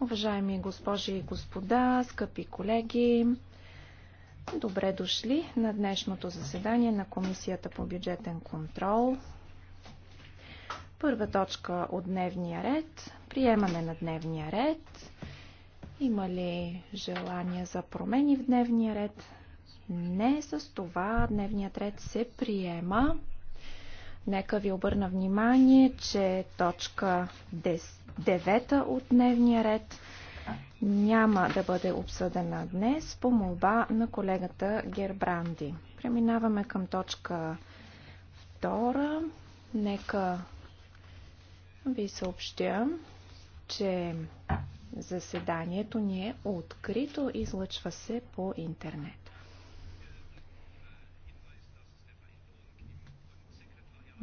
Уважаеми госпожи и господа, скъпи колеги, добре дошли на днешното заседание на Комисията по бюджетен контрол. Първа точка от дневния ред. Приемане на дневния ред. Има ли желание за промени в дневния ред? Не, с това дневният ред се приема. Нека ви обърна внимание, че точка 9 от дневния ред няма да бъде обсъдена днес по молба на колегата Гербранди. Преминаваме към точка 2. Нека ви съобщя, че заседанието ни е открито, излъчва се по интернет.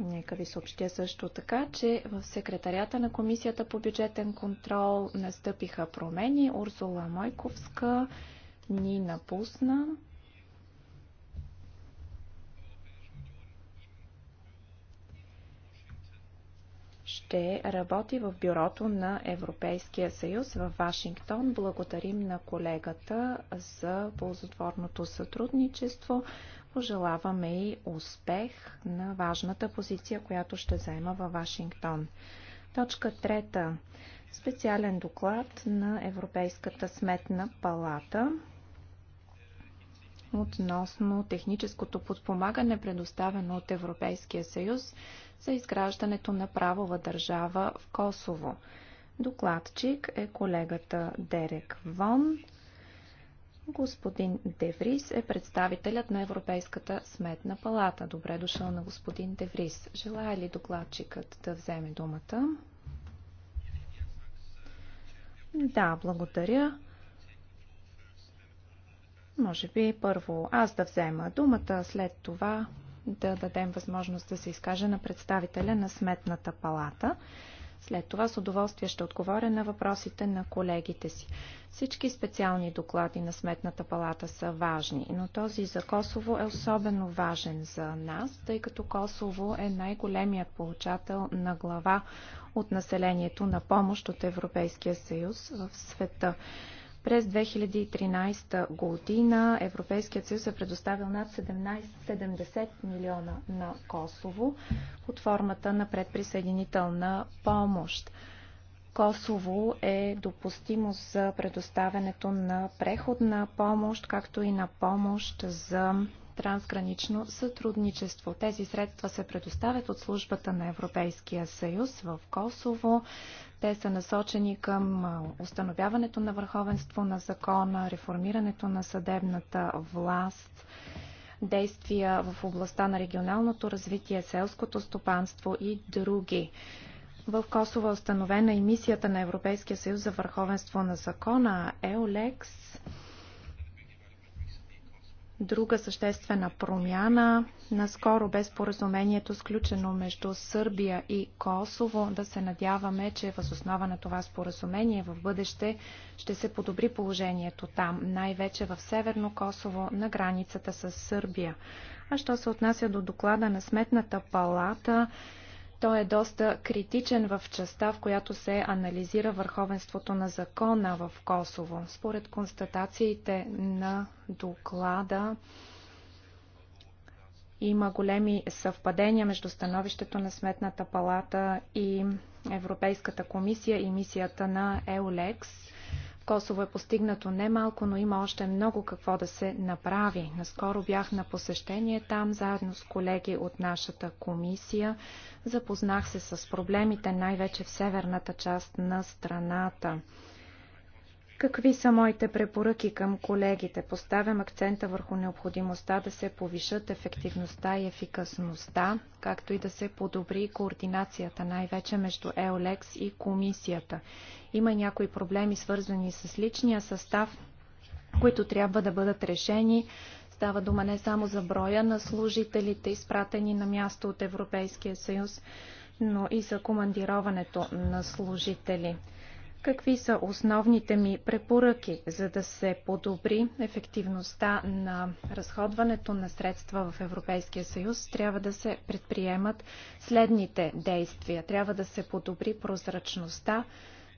Нека ви съобщя също така, че в секретарията на Комисията по бюджетен контрол настъпиха промени. Урсула Мойковска ни напусна. ще работи в бюрото на Европейския съюз в Вашингтон. Благодарим на колегата за ползотворното сътрудничество. Пожелаваме и успех на важната позиция, която ще заема във Вашингтон. Точка трета. Специален доклад на Европейската сметна палата относно техническото подпомагане, предоставено от Европейския съюз за изграждането на правова държава в Косово. Докладчик е колегата Дерек Вон. Господин Деврис е представителят на Европейската сметна палата. Добре дошъл на господин Деврис. Желая ли докладчикът да вземе думата? Да, благодаря. Може би първо аз да взема думата, след това да дадем възможност да се изкаже на представителя на Сметната палата. След това с удоволствие ще отговоря на въпросите на колегите си. Всички специални доклади на Сметната палата са важни, но този за Косово е особено важен за нас, тъй като Косово е най-големият получател на глава от населението на помощ от Европейския съюз в света. През 2013 година Европейският съюз е предоставил над 17, 70 милиона на Косово под формата на предприсъединителна помощ. Косово е допустимо за предоставянето на преходна помощ, както и на помощ за трансгранично сътрудничество. Тези средства се предоставят от службата на Европейския съюз в Косово. Те са насочени към установяването на върховенство на закона, реформирането на съдебната власт, действия в областта на регионалното развитие, селското стопанство и други. В Косово е установена и мисията на Европейския съюз за върховенство на закона, ЕОЛЕКС. Друга съществена промяна наскоро без споразумението, сключено между Сърбия и Косово. Да се надяваме, че възоснова на това споразумение в бъдеще ще се подобри положението там, най-вече в Северно Косово, на границата с Сърбия. А що се отнася до доклада на Сметната палата, той е доста критичен в частта, в която се анализира върховенството на закона в Косово. Според констатациите на доклада, има големи съвпадения между становището на Сметната палата и Европейската комисия и мисията на Еолекс. Косово е постигнато немалко, но има още много какво да се направи. Наскоро бях на посещение там, заедно с колеги от нашата комисия. Запознах се с проблемите най-вече в северната част на страната. Какви са моите препоръки към колегите? Поставям акцента върху необходимостта да се повишат ефективността и ефикасността, както и да се подобри координацията, най-вече между EOLEX и комисията. Има някои проблеми, свързани с личния състав, които трябва да бъдат решени. Става дума не само за броя на служителите, изпратени на място от Европейския съюз, но и за командироването на служители. Какви са основните ми препоръки, за да се подобри ефективността на разходването на средства в Европейския съюз? Трябва да се предприемат следните действия. Трябва да се подобри прозрачността,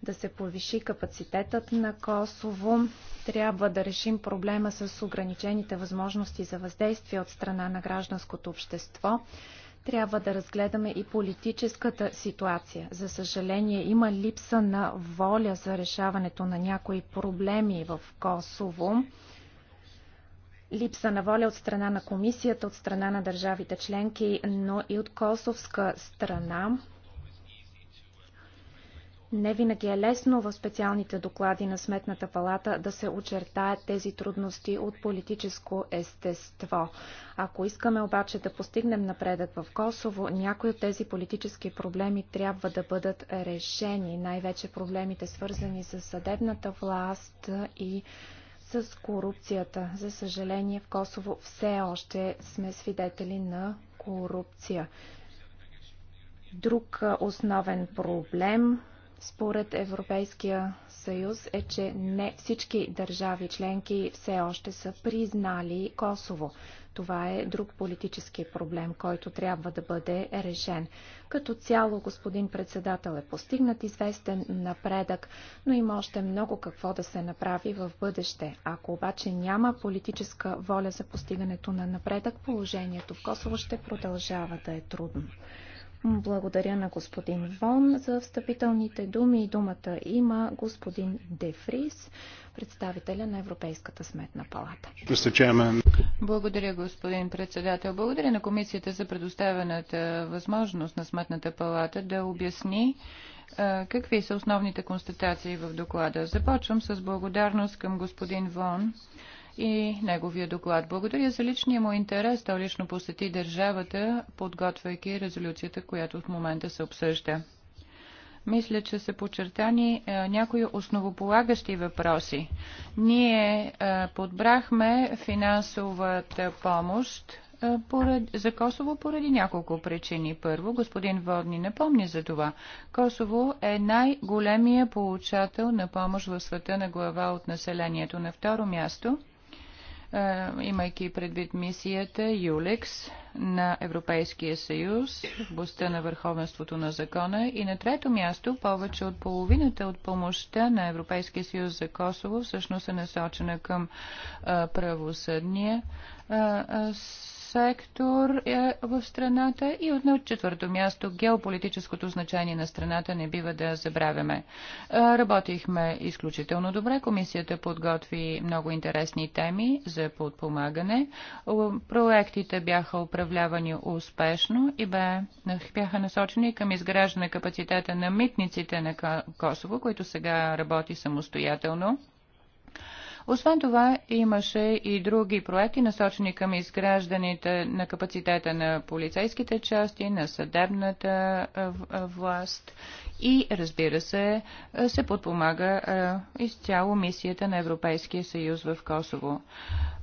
да се повиши капацитетът на Косово. Трябва да решим проблема с ограничените възможности за въздействие от страна на гражданското общество трябва да разгледаме и политическата ситуация. За съжаление, има липса на воля за решаването на някои проблеми в Косово. Липса на воля от страна на комисията, от страна на държавите членки, но и от косовска страна. Не винаги е лесно в специалните доклади на Сметната палата да се очертаят тези трудности от политическо естество. Ако искаме обаче да постигнем напредък в Косово, някои от тези политически проблеми трябва да бъдат решени. Най-вече проблемите свързани с съдебната власт и с корупцията. За съжаление в Косово все още сме свидетели на корупция. Друг основен проблем според Европейския съюз е, че не всички държави членки все още са признали Косово. Това е друг политически проблем, който трябва да бъде решен. Като цяло, господин председател, е постигнат известен напредък, но има още много какво да се направи в бъдеще. Ако обаче няма политическа воля за постигането на напредък, положението в Косово ще продължава да е трудно. Благодаря на господин Вон за встъпителните думи и думата има господин Дефрис, представителя на Европейската сметна палата. Благодаря, господин председател. Благодаря на комисията за предоставената възможност на сметната палата да обясни Какви са основните констатации в доклада? Започвам с благодарност към господин Вон и неговия доклад. Благодаря за личния му интерес. Той лично посети държавата, подготвяйки резолюцията, която в момента се обсъжда. Мисля, че са подчертани е, някои основополагащи въпроси. Ние е, подбрахме финансовата помощ е, поред, за Косово поради няколко причини. Първо, господин Водни напомни за това. Косово е най-големия получател на помощ в света на глава от населението. На второ място, е, имайки предвид мисията ЮЛЕКС на Европейския съюз в областта на върховенството на закона и на трето място повече от половината от помощта на Европейския съюз за Косово всъщност е насочена към е, правосъдния е, сектор е в страната и от на четвърто място геополитическото значение на страната не бива да забравяме. Е, работихме изключително добре. Комисията подготви много интересни теми за подпомагане. Проектите бяха управлявани успешно и бе, е, бяха насочени към изграждане капацитета на митниците на Косово, които сега работи самостоятелно освен това, имаше и други проекти, насочени към изгражданите на капацитета на полицейските части, на съдебната власт и разбира се, е, се подпомага е, изцяло мисията на Европейския съюз в Косово.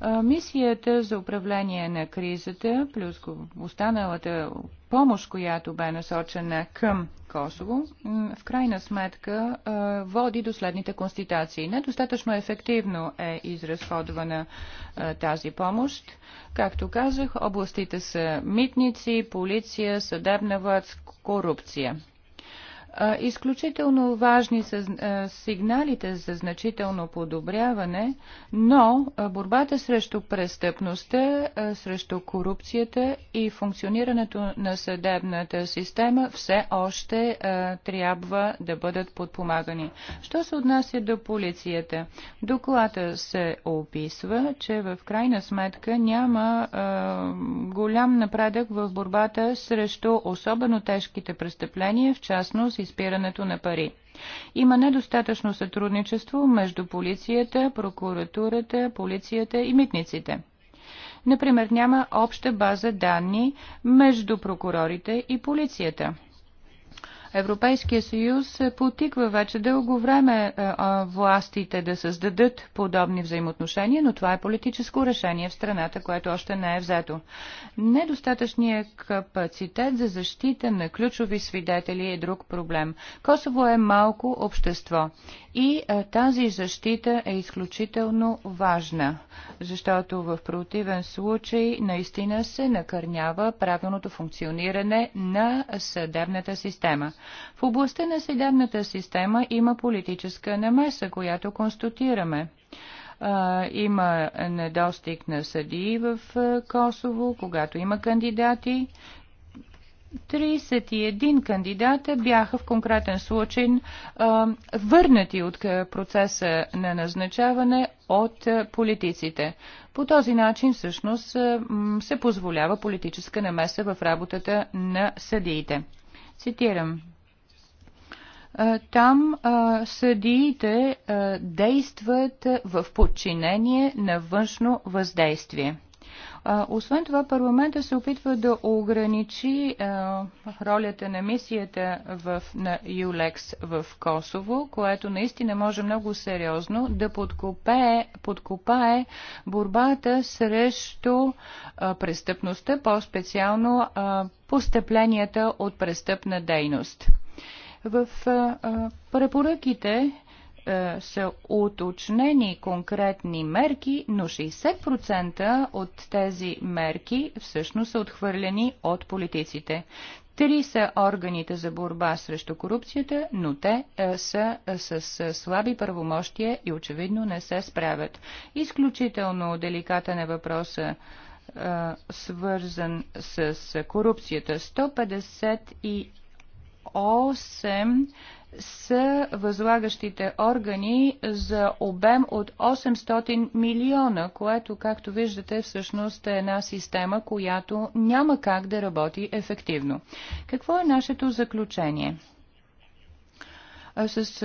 Е, мисията за управление на кризата, плюс останалата помощ, която бе насочена към Косово, в крайна сметка води до следните констатации. Недостатъчно ефективно е изразходвана тази помощ. Както казах, областите са митници, полиция, съдебна власт, корупция. Изключително важни са сигналите за значително подобряване, но борбата срещу престъпността, срещу корупцията и функционирането на съдебната система все още трябва да бъдат подпомагани. Що се отнася до полицията? Доклада се описва, че в крайна сметка няма голям напредък в борбата срещу особено тежките престъпления, в частност изпирането на пари. Има недостатъчно сътрудничество между полицията, прокуратурата, полицията и митниците. Например, няма обща база данни между прокурорите и полицията. Европейския съюз потиква вече дълго време е, властите да създадат подобни взаимоотношения, но това е политическо решение в страната, което още не е взето. Недостатъчният капацитет за защита на ключови свидетели е друг проблем. Косово е малко общество и е, тази защита е изключително важна, защото в противен случай наистина се накърнява правилното функциониране на съдебната система. В областта на съдебната система има политическа намеса, която констатираме има недостиг на съдии в Косово, когато има кандидати. 31 кандидата бяха в конкретен случай върнати от процеса на назначаване от политиците. По този начин всъщност се позволява политическа намеса в работата на съдиите. Цитирам. Е, там е, съдиите е, действат в подчинение на външно въздействие. Освен това, парламента се опитва да ограничи ролята на мисията в, на ЮЛЕКС в Косово, което наистина може много сериозно да подкопее, подкопае борбата срещу престъпността, по-специално постъпленията от престъпна дейност. В препоръките с е, са уточнени конкретни мерки, но 60% от тези мерки всъщност са отхвърлени от политиците. Три са органите за борба срещу корупцията, но те е, са е, с слаби правомощия и очевидно не се справят. Изключително деликатен е въпроса свързан с корупцията. 8 са възлагащите органи за обем от 800 милиона, което, както виждате, всъщност е една система, която няма как да работи ефективно. Какво е нашето заключение? С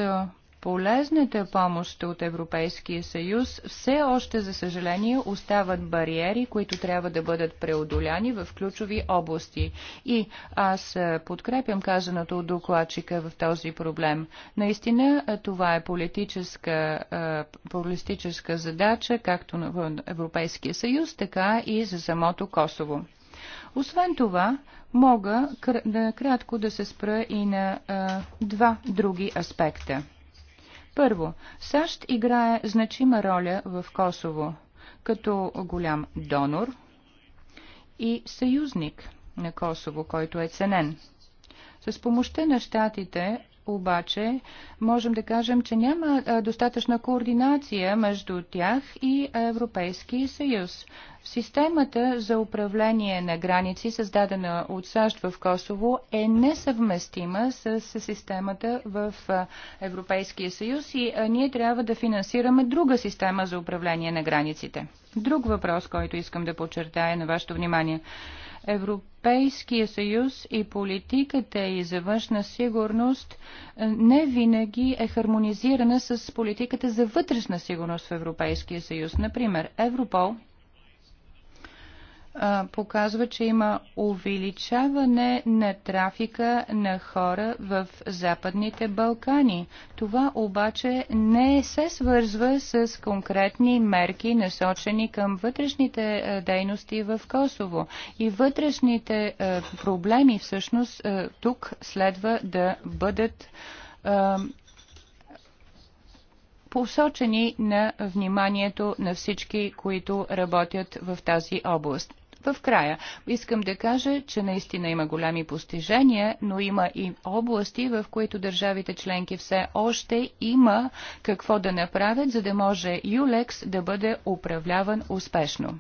полезната помощ от Европейския съюз, все още, за съжаление, остават бариери, които трябва да бъдат преодоляни в ключови области. И аз подкрепям казаното от докладчика в този проблем. Наистина, това е политическа, политическа задача, както на Европейския съюз, така и за самото Косово. Освен това, мога кратко да се спра и на а, два други аспекта. Първо, САЩ играе значима роля в Косово като голям донор и съюзник на Косово, който е ценен. С помощта на щатите обаче можем да кажем, че няма достатъчна координация между тях и Европейския съюз. Системата за управление на граници, създадена от САЩ в Косово, е несъвместима с системата в Европейския съюз и ние трябва да финансираме друга система за управление на границите. Друг въпрос, който искам да подчертая на вашето внимание – Европейския съюз и политиката и за външна сигурност е, не винаги е хармонизирана с политиката за вътрешна сигурност в Европейския съюз. Например, Европол – показва, че има увеличаване на трафика на хора в Западните Балкани. Това обаче не се свързва с конкретни мерки, насочени към вътрешните дейности в Косово. И вътрешните проблеми всъщност тук следва да бъдат посочени на вниманието на всички, които работят в тази област в края. Искам да кажа, че наистина има големи постижения, но има и области, в които държавите членки все още има какво да направят, за да може ЮЛЕКС да бъде управляван успешно.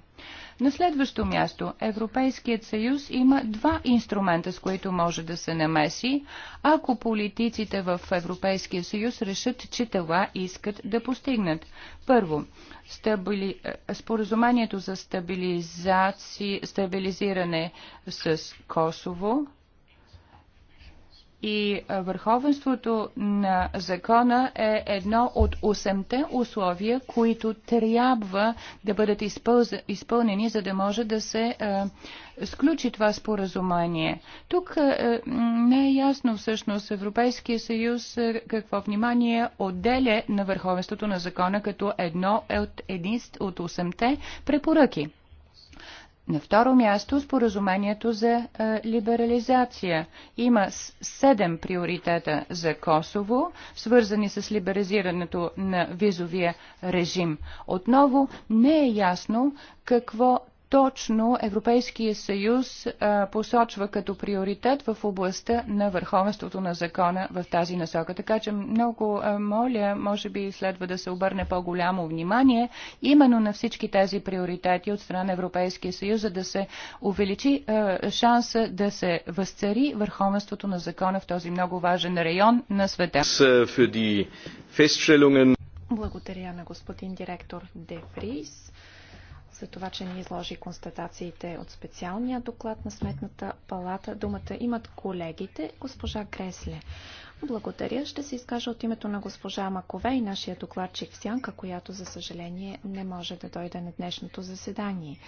На следващо място, Европейският съюз има два инструмента, с които може да се намеси, ако политиците в Европейския съюз решат, че това искат да постигнат. Първо, стабили... Е, споразумението за стабилизация... стабилизиране с Косово, и върховенството на закона е едно от 8-те условия, които трябва да бъдат изпълнени, за да може да се е, сключи това споразумение. Тук е, не е ясно всъщност Европейския съюз какво внимание отделя на върховенството на закона като едно от, един от 8-те препоръки. На второ място споразумението за а, либерализация. Има седем приоритета за Косово, свързани с либерализирането на визовия режим. Отново не е ясно какво точно Европейския съюз а, посочва като приоритет в областта на върховенството на закона в тази насока. Така че много а, моля, може би следва да се обърне по-голямо внимание именно на всички тези приоритети от страна на Европейския съюз, за да се увеличи а, шанса да се възцари върховенството на закона в този много важен район на света. Благодаря на господин директор Дефрис за това, че ни изложи констатациите от специалния доклад на Сметната палата. Думата имат колегите, госпожа Гресле. Благодаря. Ще се изкажа от името на госпожа Макове и нашия докладчик Сянка, която за съжаление не може да дойде на днешното заседание.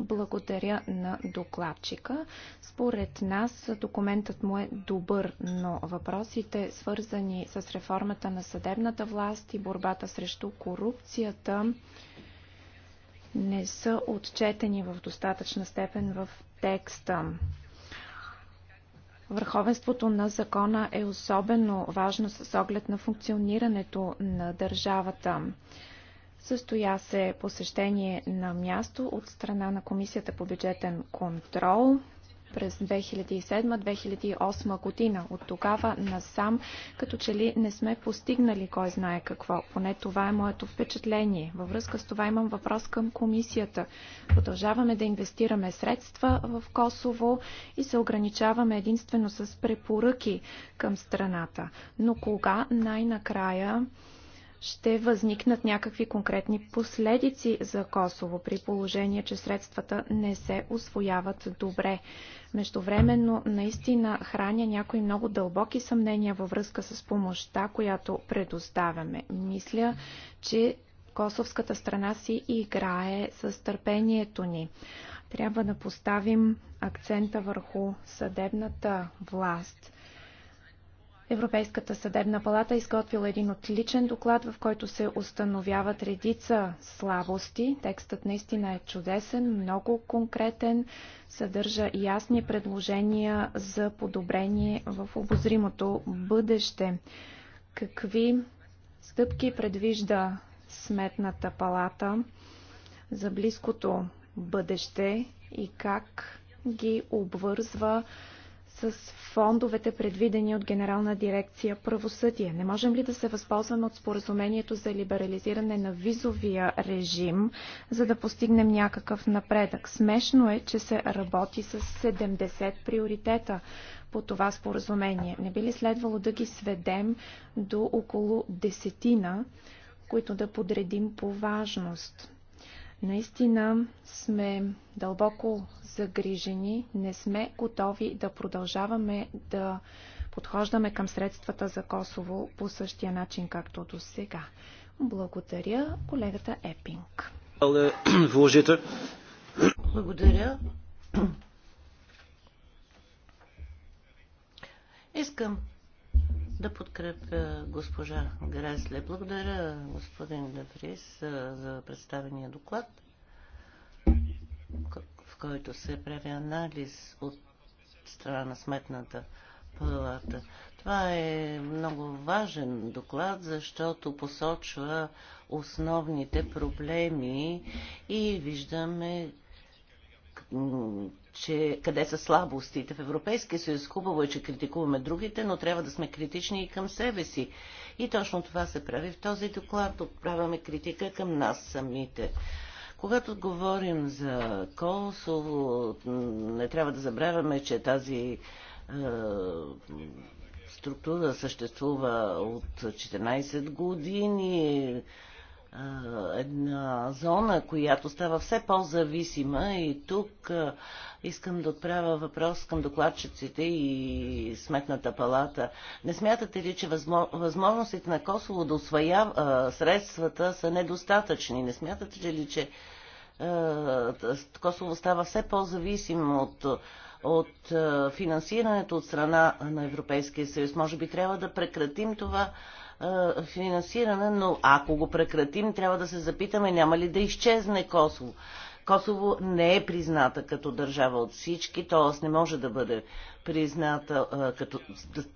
Благодаря на докладчика. Според нас документът му е добър, но въпросите свързани с реформата на съдебната власт и борбата срещу корупцията не са отчетени в достатъчна степен в текста. Върховенството на закона е особено важно с оглед на функционирането на държавата. Състоя се посещение на място от страна на Комисията по бюджетен контрол през 2007-2008 година. От тогава насам, като че ли не сме постигнали кой знае какво. Поне това е моето впечатление. Във връзка с това имам въпрос към комисията. Продължаваме да инвестираме средства в Косово и се ограничаваме единствено с препоръки към страната. Но кога най-накрая ще възникнат някакви конкретни последици за Косово при положение, че средствата не се освояват добре. Междувременно наистина храня някои много дълбоки съмнения във връзка с помощта, която предоставяме. Мисля, че косовската страна си играе с търпението ни. Трябва да поставим акцента върху съдебната власт – Европейската съдебна палата е изготвила един отличен доклад, в който се установяват редица слабости. Текстът наистина е чудесен, много конкретен, съдържа ясни предложения за подобрение в обозримото бъдеще. Какви стъпки предвижда Сметната палата за близкото бъдеще и как ги обвързва с фондовете, предвидени от Генерална дирекция правосъдие? Не можем ли да се възползваме от споразумението за либерализиране на визовия режим, за да постигнем някакъв напредък? Смешно е, че се работи с 70 приоритета по това споразумение. Не би ли следвало да ги сведем до около десетина, които да подредим по важност? Наистина сме дълбоко загрижени, не сме готови да продължаваме да подхождаме към средствата за Косово по същия начин, както до сега. Благодаря колегата Епинг. Благодаря. Искам да подкрепя госпожа Гресле. Благодаря господин Дефрис за представения доклад, в който се прави анализ от страна на сметната палата. Това е много важен доклад, защото посочва основните проблеми и виждаме че къде са слабостите в Европейския съюз. Хубаво е, че критикуваме другите, но трябва да сме критични и към себе си. И точно това се прави в този доклад. Отправяме критика към нас самите. Когато говорим за Косово, не трябва да забравяме, че тази е, структура съществува от 14 години една зона, която става все по-зависима и тук искам да отправя въпрос към докладчиците и Сметната палата. Не смятате ли, че възможностите на Косово да освоява средствата са недостатъчни? Не смятате ли, че Косово става все по-зависимо от, от финансирането от страна на Европейския съюз? Може би трябва да прекратим това финансиране, но ако го прекратим, трябва да се запитаме няма ли да изчезне Косово. Косово не е призната като държава от всички, т.е. не може да бъде призната а, като,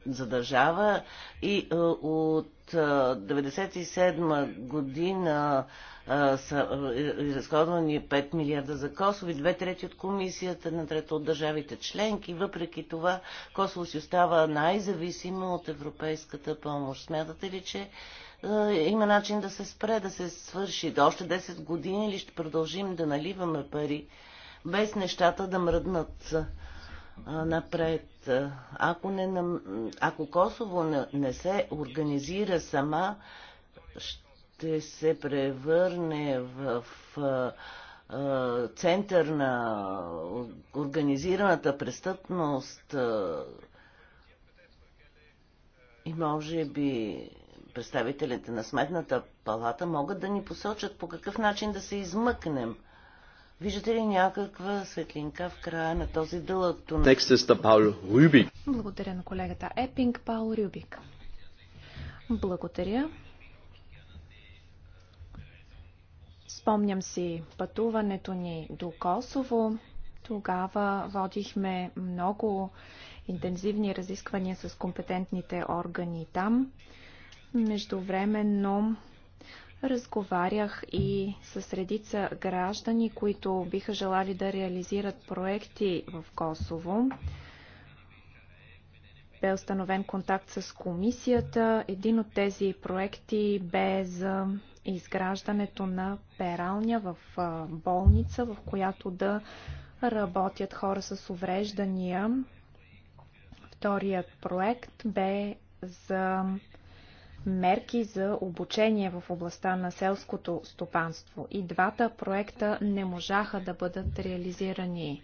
за държава и а, от 1997 година а, са изразходвани 5 милиарда за Косово и две трети от комисията, на трета от държавите членки. Въпреки това Косово си остава най-зависимо от европейската помощ. Смятате ли, че е, има начин да се спре, да се свърши. До още 10 години ли ще продължим да наливаме пари, без нещата да мръднат е, напред. Е, ако, не, ако Косово не, не се организира сама, ще се превърне в център на организираната престъпност и може би представителите на Сметната палата могат да ни посочат по какъв начин да се измъкнем. Виждате ли някаква светлинка в края на този дълъг тунел? Текстът е Пауло Рюбик. Благодаря на колегата Епинг Паул Рюбик. Благодаря. Спомням си пътуването ни до Косово. Тогава водихме много интензивни разисквания с компетентните органи там. Междувременно разговарях и с редица граждани, които биха желали да реализират проекти в Косово. Бе установен контакт с комисията. Един от тези проекти бе за изграждането на пералня в болница, в която да работят хора с увреждания. Вторият проект бе за мерки за обучение в областта на селското стопанство. И двата проекта не можаха да бъдат реализирани.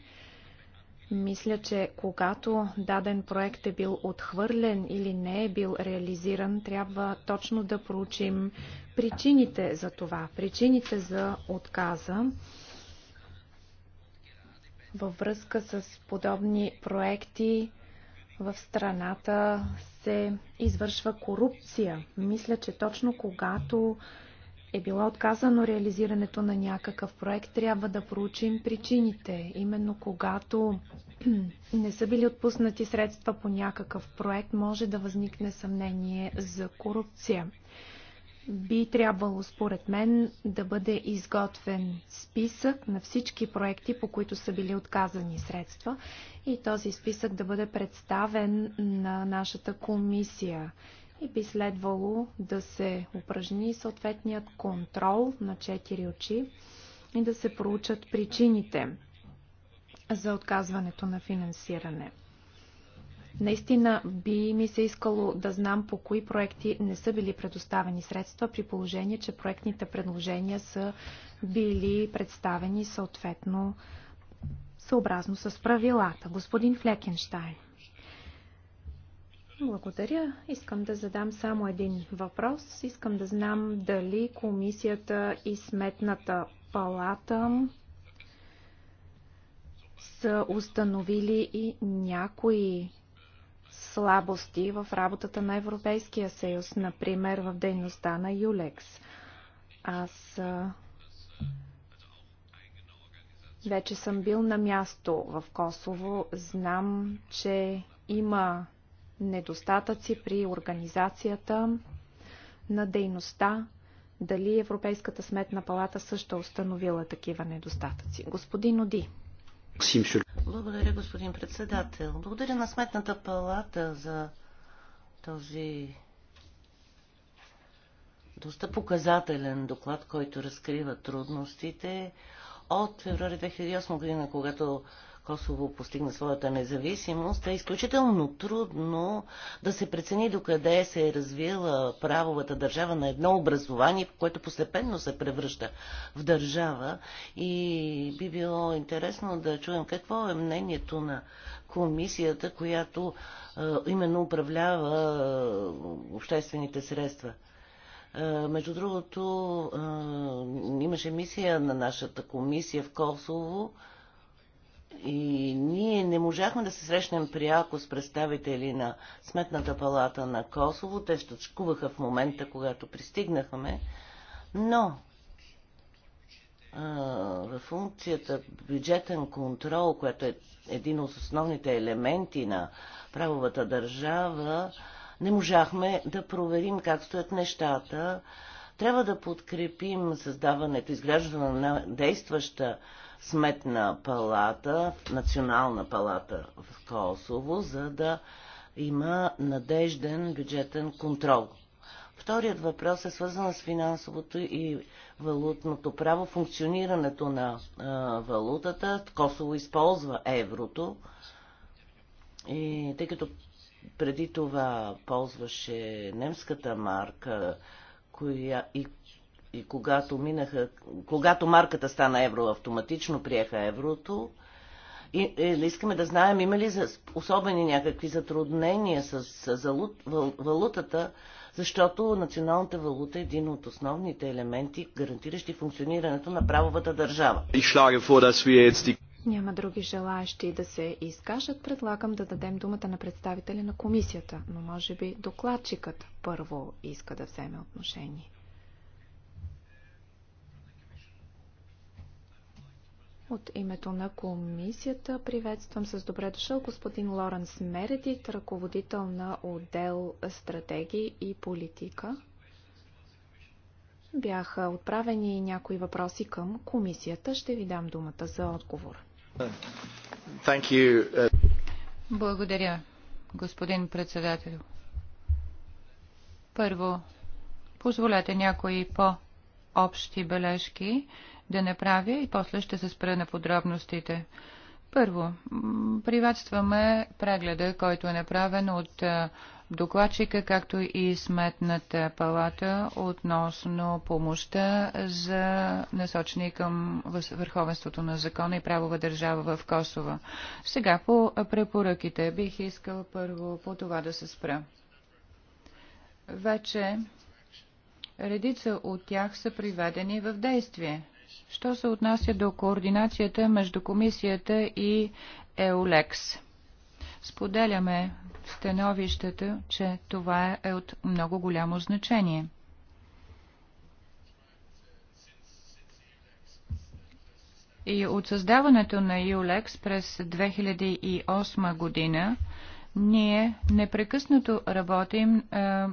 Мисля, че когато даден проект е бил отхвърлен или не е бил реализиран, трябва точно да проучим причините за това, причините за отказа във връзка с подобни проекти в страната се извършва корупция. Мисля, че точно когато е било отказано реализирането на някакъв проект, трябва да проучим причините. Именно когато не са били отпуснати средства по някакъв проект, може да възникне съмнение за корупция. Би трябвало, според мен, да бъде изготвен списък на всички проекти, по които са били отказани средства и този списък да бъде представен на нашата комисия и би следвало да се упражни съответният контрол на четири очи и да се проучат причините за отказването на финансиране. Наистина би ми се искало да знам по кои проекти не са били предоставени средства, при положение, че проектните предложения са били представени съответно съобразно с правилата. Господин Флекенштайн. Благодаря. Искам да задам само един въпрос. Искам да знам дали комисията и сметната палата са установили и някои слабости в работата на Европейския съюз, например в дейността на ЮЛЕКС. Аз вече съм бил на място в Косово. Знам, че има недостатъци при организацията на дейността. Дали Европейската сметна палата също е установила такива недостатъци? Господин Оди. Благодаря, господин председател. Благодаря на Сметната палата за този доста показателен доклад, който разкрива трудностите от феврари 2008 година, когато Косово постигна своята независимост, е изключително трудно да се прецени докъде се е развила правовата държава на едно образование, което постепенно се превръща в държава. И би било интересно да чуем какво е мнението на комисията, която е, именно управлява е, обществените средства. Е, между другото, имаше мисия на нашата комисия в Косово и ние не можахме да се срещнем пряко с представители на Сметната палата на Косово. Те щачкуваха в момента, когато пристигнахме. Но в функцията бюджетен контрол, която е един от основните елементи на правовата държава, не можахме да проверим как стоят нещата. Трябва да подкрепим създаването, изграждане на действаща сметна палата, национална палата в Косово, за да има надежден бюджетен контрол. Вторият въпрос е свързан с финансовото и валутното право, функционирането на а, валутата. Косово използва еврото. И тъй като преди това ползваше немската марка, коя, и и когато, минаха, когато марката стана евро, автоматично приеха еврото. И, и, е, искаме да знаем има ли за, особени някакви затруднения с, с залут, вал, валутата, защото националната валута е един от основните елементи, гарантиращи функционирането на правовата държава. Няма други желаящи да се изкажат. Предлагам да дадем думата на представители на комисията, но може би докладчикът първо иска да вземе отношение. От името на комисията приветствам с добре дошъл господин Лоренс Мередит, ръководител на отдел стратегии и политика. Бяха отправени някои въпроси към комисията. Ще ви дам думата за отговор. Uh, Благодаря, господин председател. Първо, позволете някои по-общи бележки да направя и после ще се спра на подробностите. Първо, приветстваме прегледа, който е направен от докладчика, както и сметната палата относно помощта за насочени към върховенството на закона и правова държава в Косово. Сега по препоръките бих искал първо по това да се спра. Вече редица от тях са приведени в действие – Що се отнася до координацията между комисията и ЕОЛЕКС? Споделяме становището, че това е от много голямо значение. И от създаването на ЮЛЕКС през 2008 година ние непрекъснато работим а,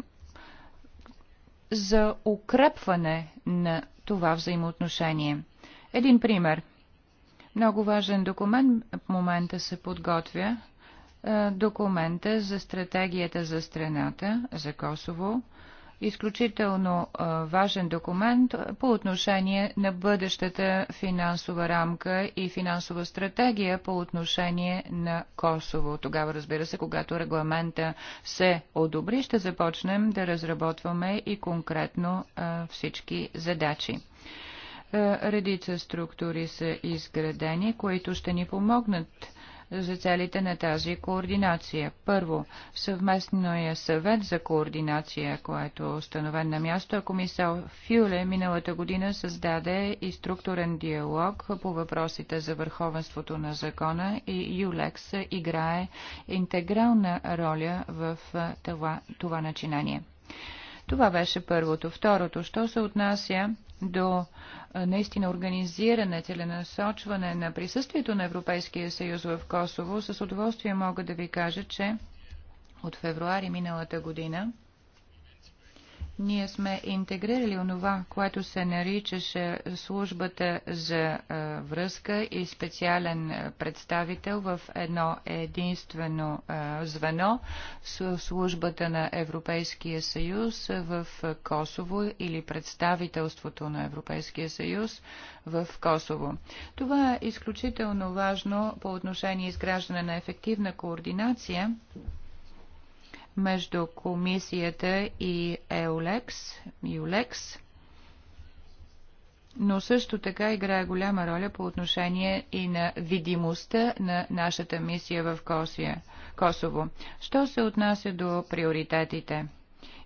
за укрепване на това взаимоотношение. Един пример. Много важен документ в момента се подготвя. Е, документа за стратегията за страната, за Косово, изключително важен документ по отношение на бъдещата финансова рамка и финансова стратегия по отношение на Косово. Тогава, разбира се, когато регламента се одобри, ще започнем да разработваме и конкретно всички задачи редица структури са изградени, които ще ни помогнат за целите на тази координация. Първо, съвместния съвет за координация, което е установен на място, комисар Фюле миналата година създаде и структурен диалог по въпросите за върховенството на закона и ЮЛЕКС играе интегрална роля в това, това начинание. Това беше първото. Второто, що се отнася до наистина организиране, целенасочване на присъствието на Европейския съюз в Косово, с удоволствие мога да ви кажа, че от февруари миналата година ние сме интегрирали онова, което се наричаше службата за е, връзка и специален е, представител в едно единствено е, звено с службата на Европейския съюз в Косово или представителството на Европейския съюз в Косово. Това е изключително важно по отношение изграждане на ефективна координация между комисията и EULEX, ЮЛЕКС, но също така играе голяма роля по отношение и на видимостта на нашата мисия в Косия, Косово. Що се отнася до приоритетите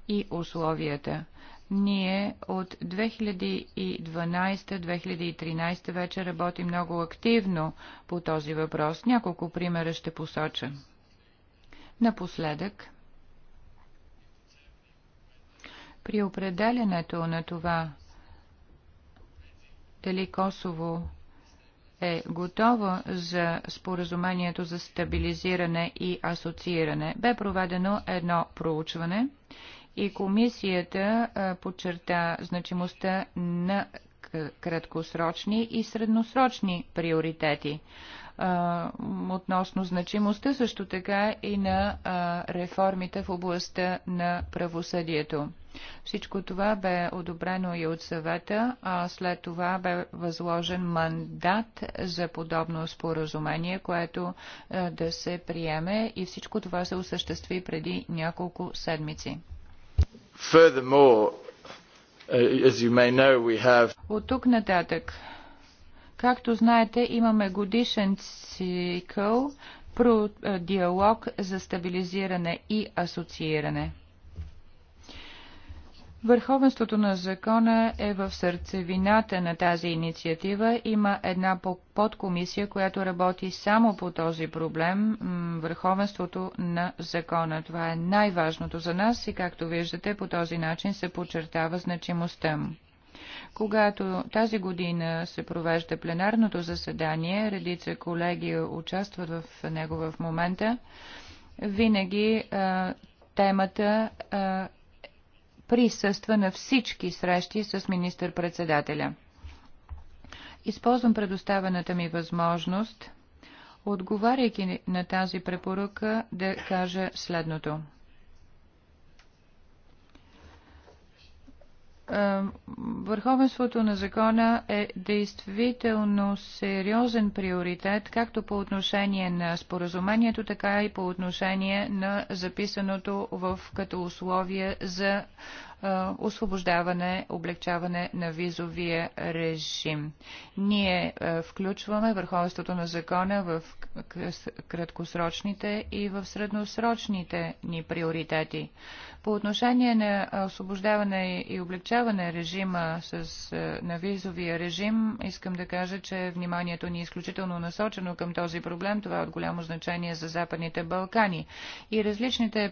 и условията? Ние от 2012-2013 вече работим много активно по този въпрос. Няколко примера ще посоча. Напоследък При определенето на това, дали Косово е готова за споразумението за стабилизиране и асоцииране. Бе проведено едно проучване и комисията подчерта значимостта на краткосрочни и средносрочни приоритети. Относно значимостта също така и на реформите в областта на правосъдието. Всичко това бе одобрено и от съвета, а след това бе възложен мандат за подобно споразумение, което е, да се приеме и всичко това се осъществи преди няколко седмици. Е, know, have... От тук нататък, както знаете, имаме годишен цикъл про е, диалог за стабилизиране и асоцииране. Върховенството на закона е в сърцевината на тази инициатива. Има една подкомисия, която работи само по този проблем върховенството на закона. Това е най-важното за нас и, както виждате, по този начин се подчертава значимостта му. Когато тази година се провежда пленарното заседание, редица колеги участват в него в момента, винаги а, темата а, присъства на всички срещи с министър-председателя. Използвам предоставената ми възможност, отговаряйки на тази препоръка, да кажа следното. Е, върховенството на закона е действително сериозен приоритет, както по отношение на споразумението, така и по отношение на записаното в като условие за освобождаване, облегчаване на визовия режим. Ние включваме върховенството на закона в краткосрочните и в средносрочните ни приоритети. По отношение на освобождаване и облегчаване режима с, на визовия режим, искам да кажа, че вниманието ни е изключително насочено към този проблем. Това е от голямо значение за Западните Балкани. И различните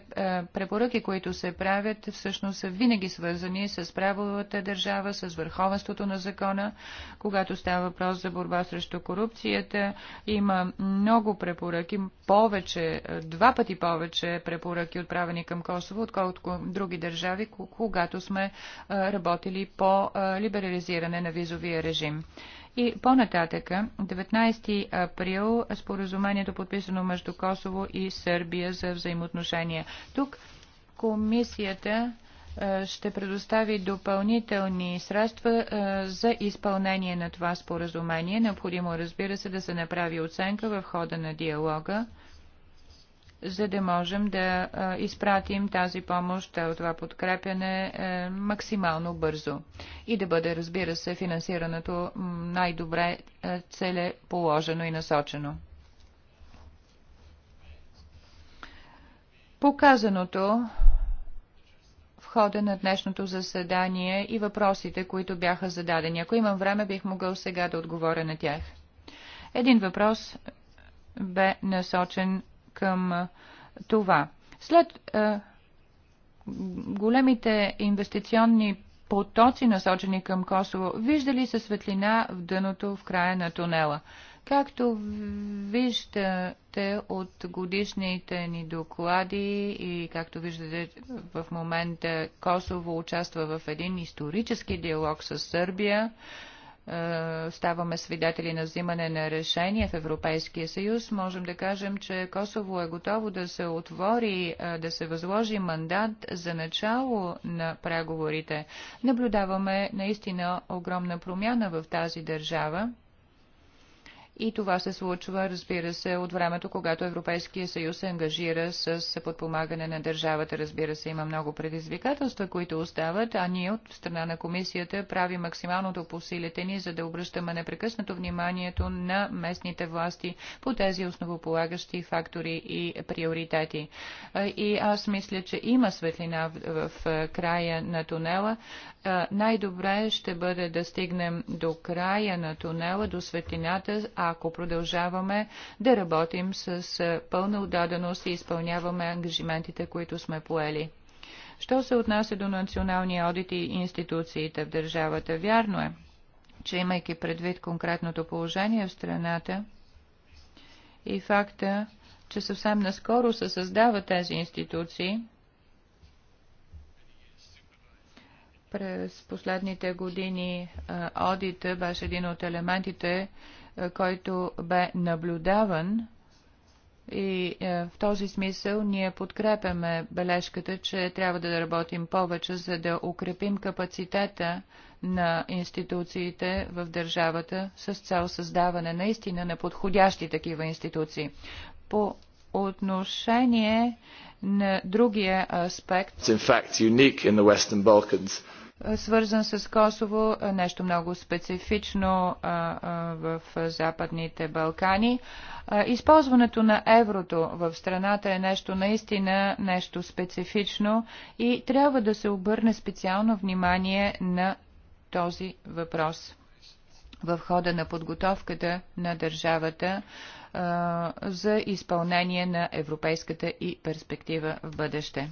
препоръки, които се правят, всъщност са винаги винаги свързани с правовата държава, с върховенството на закона. Когато става въпрос за борба срещу корупцията, има много препоръки, повече, два пъти повече препоръки отправени към Косово, отколкото други държави, когато сме работили по либерализиране на визовия режим. И по-нататъка, 19 април, споразумението подписано между Косово и Сърбия за взаимоотношения. Тук комисията е, ще предостави допълнителни средства е, за изпълнение на това споразумение. Необходимо, разбира се, да се направи оценка в хода на диалога, за да можем да е, изпратим тази помощ, това подкрепяне максимално бързо и да бъде, разбира се, финансирането най-добре целеположено и насочено. Показаното хода на днешното заседание и въпросите, които бяха зададени. Ако имам време, бих могъл сега да отговоря на тях. Един въпрос бе насочен към това. След е, големите инвестиционни потоци, насочени към Косово, виждали се светлина в дъното в края на тунела? Както виждате от годишните ни доклади и както виждате в момента Косово участва в един исторически диалог с Сърбия, е, ставаме свидетели на взимане на решения в Европейския съюз, можем да кажем, че Косово е готово да се отвори, е, да се възложи мандат за начало на преговорите. Наблюдаваме наистина огромна промяна в тази държава и това се случва, разбира се, от времето, когато Европейския съюз се ангажира с подпомагане на държавата. Разбира се, има много предизвикателства, които остават, а ние от страна на комисията правим максималното по силите ни, за да обръщаме непрекъснато вниманието на местните власти по тези основополагащи фактори и приоритети. И аз мисля, че има светлина в, в края на тунела. Най-добре ще бъде да стигнем до края на тунела, до светлината, ако продължаваме да работим с пълна отдаденост и изпълняваме ангажиментите, които сме поели. Що се отнася до националния одит и институциите в държавата, вярно е, че имайки предвид конкретното положение в страната и факта, че съвсем наскоро се създават тези институции, през последните години одита беше един от елементите, е, който бе наблюдаван. И е, в този смисъл ние подкрепяме бележката, че трябва да работим повече, за да укрепим капацитета на институциите в държавата с цел създаване наистина на подходящи такива институции. По отношение на другия аспект. It's in fact unique in the Western Balkans свързан с Косово, нещо много специфично в Западните Балкани. Използването на еврото в страната е нещо наистина, нещо специфично и трябва да се обърне специално внимание на този въпрос в хода на подготовката на държавата за изпълнение на европейската и перспектива в бъдеще.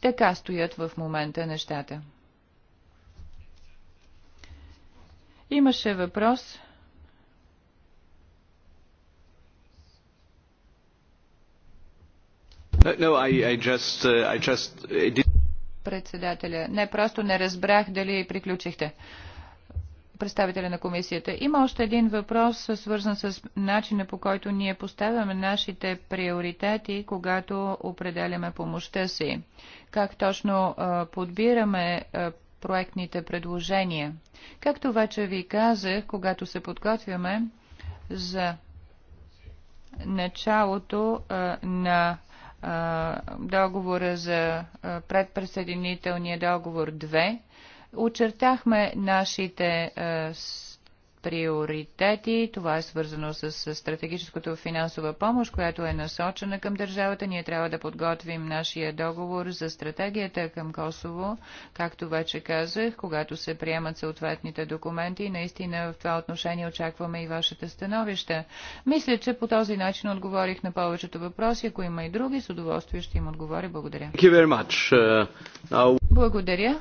Така стоят в момента нещата. Имаше въпрос. No, I, I just, uh, I just, Председателя, не, просто не разбрах дали приключихте. Uh, представителя на комисията. Има още един въпрос, свързан с начина по който ние поставяме нашите приоритети, когато определяме помощта си. Как точно подбираме проектните предложения. Както вече ви казах, когато се подготвяме за началото на договора за предпресъединителния договор Очертахме нашите е, приоритети. Това е свързано с стратегическото финансова помощ, която е насочена към държавата. Ние трябва да подготвим нашия договор за стратегията към Косово. Както вече казах, когато се приемат съответните документи, наистина в това отношение очакваме и вашите становища. Мисля, че по този начин отговорих на повечето въпроси. Ако има и други, с удоволствие ще им отговоря. Благодаря. Uh, Благодаря.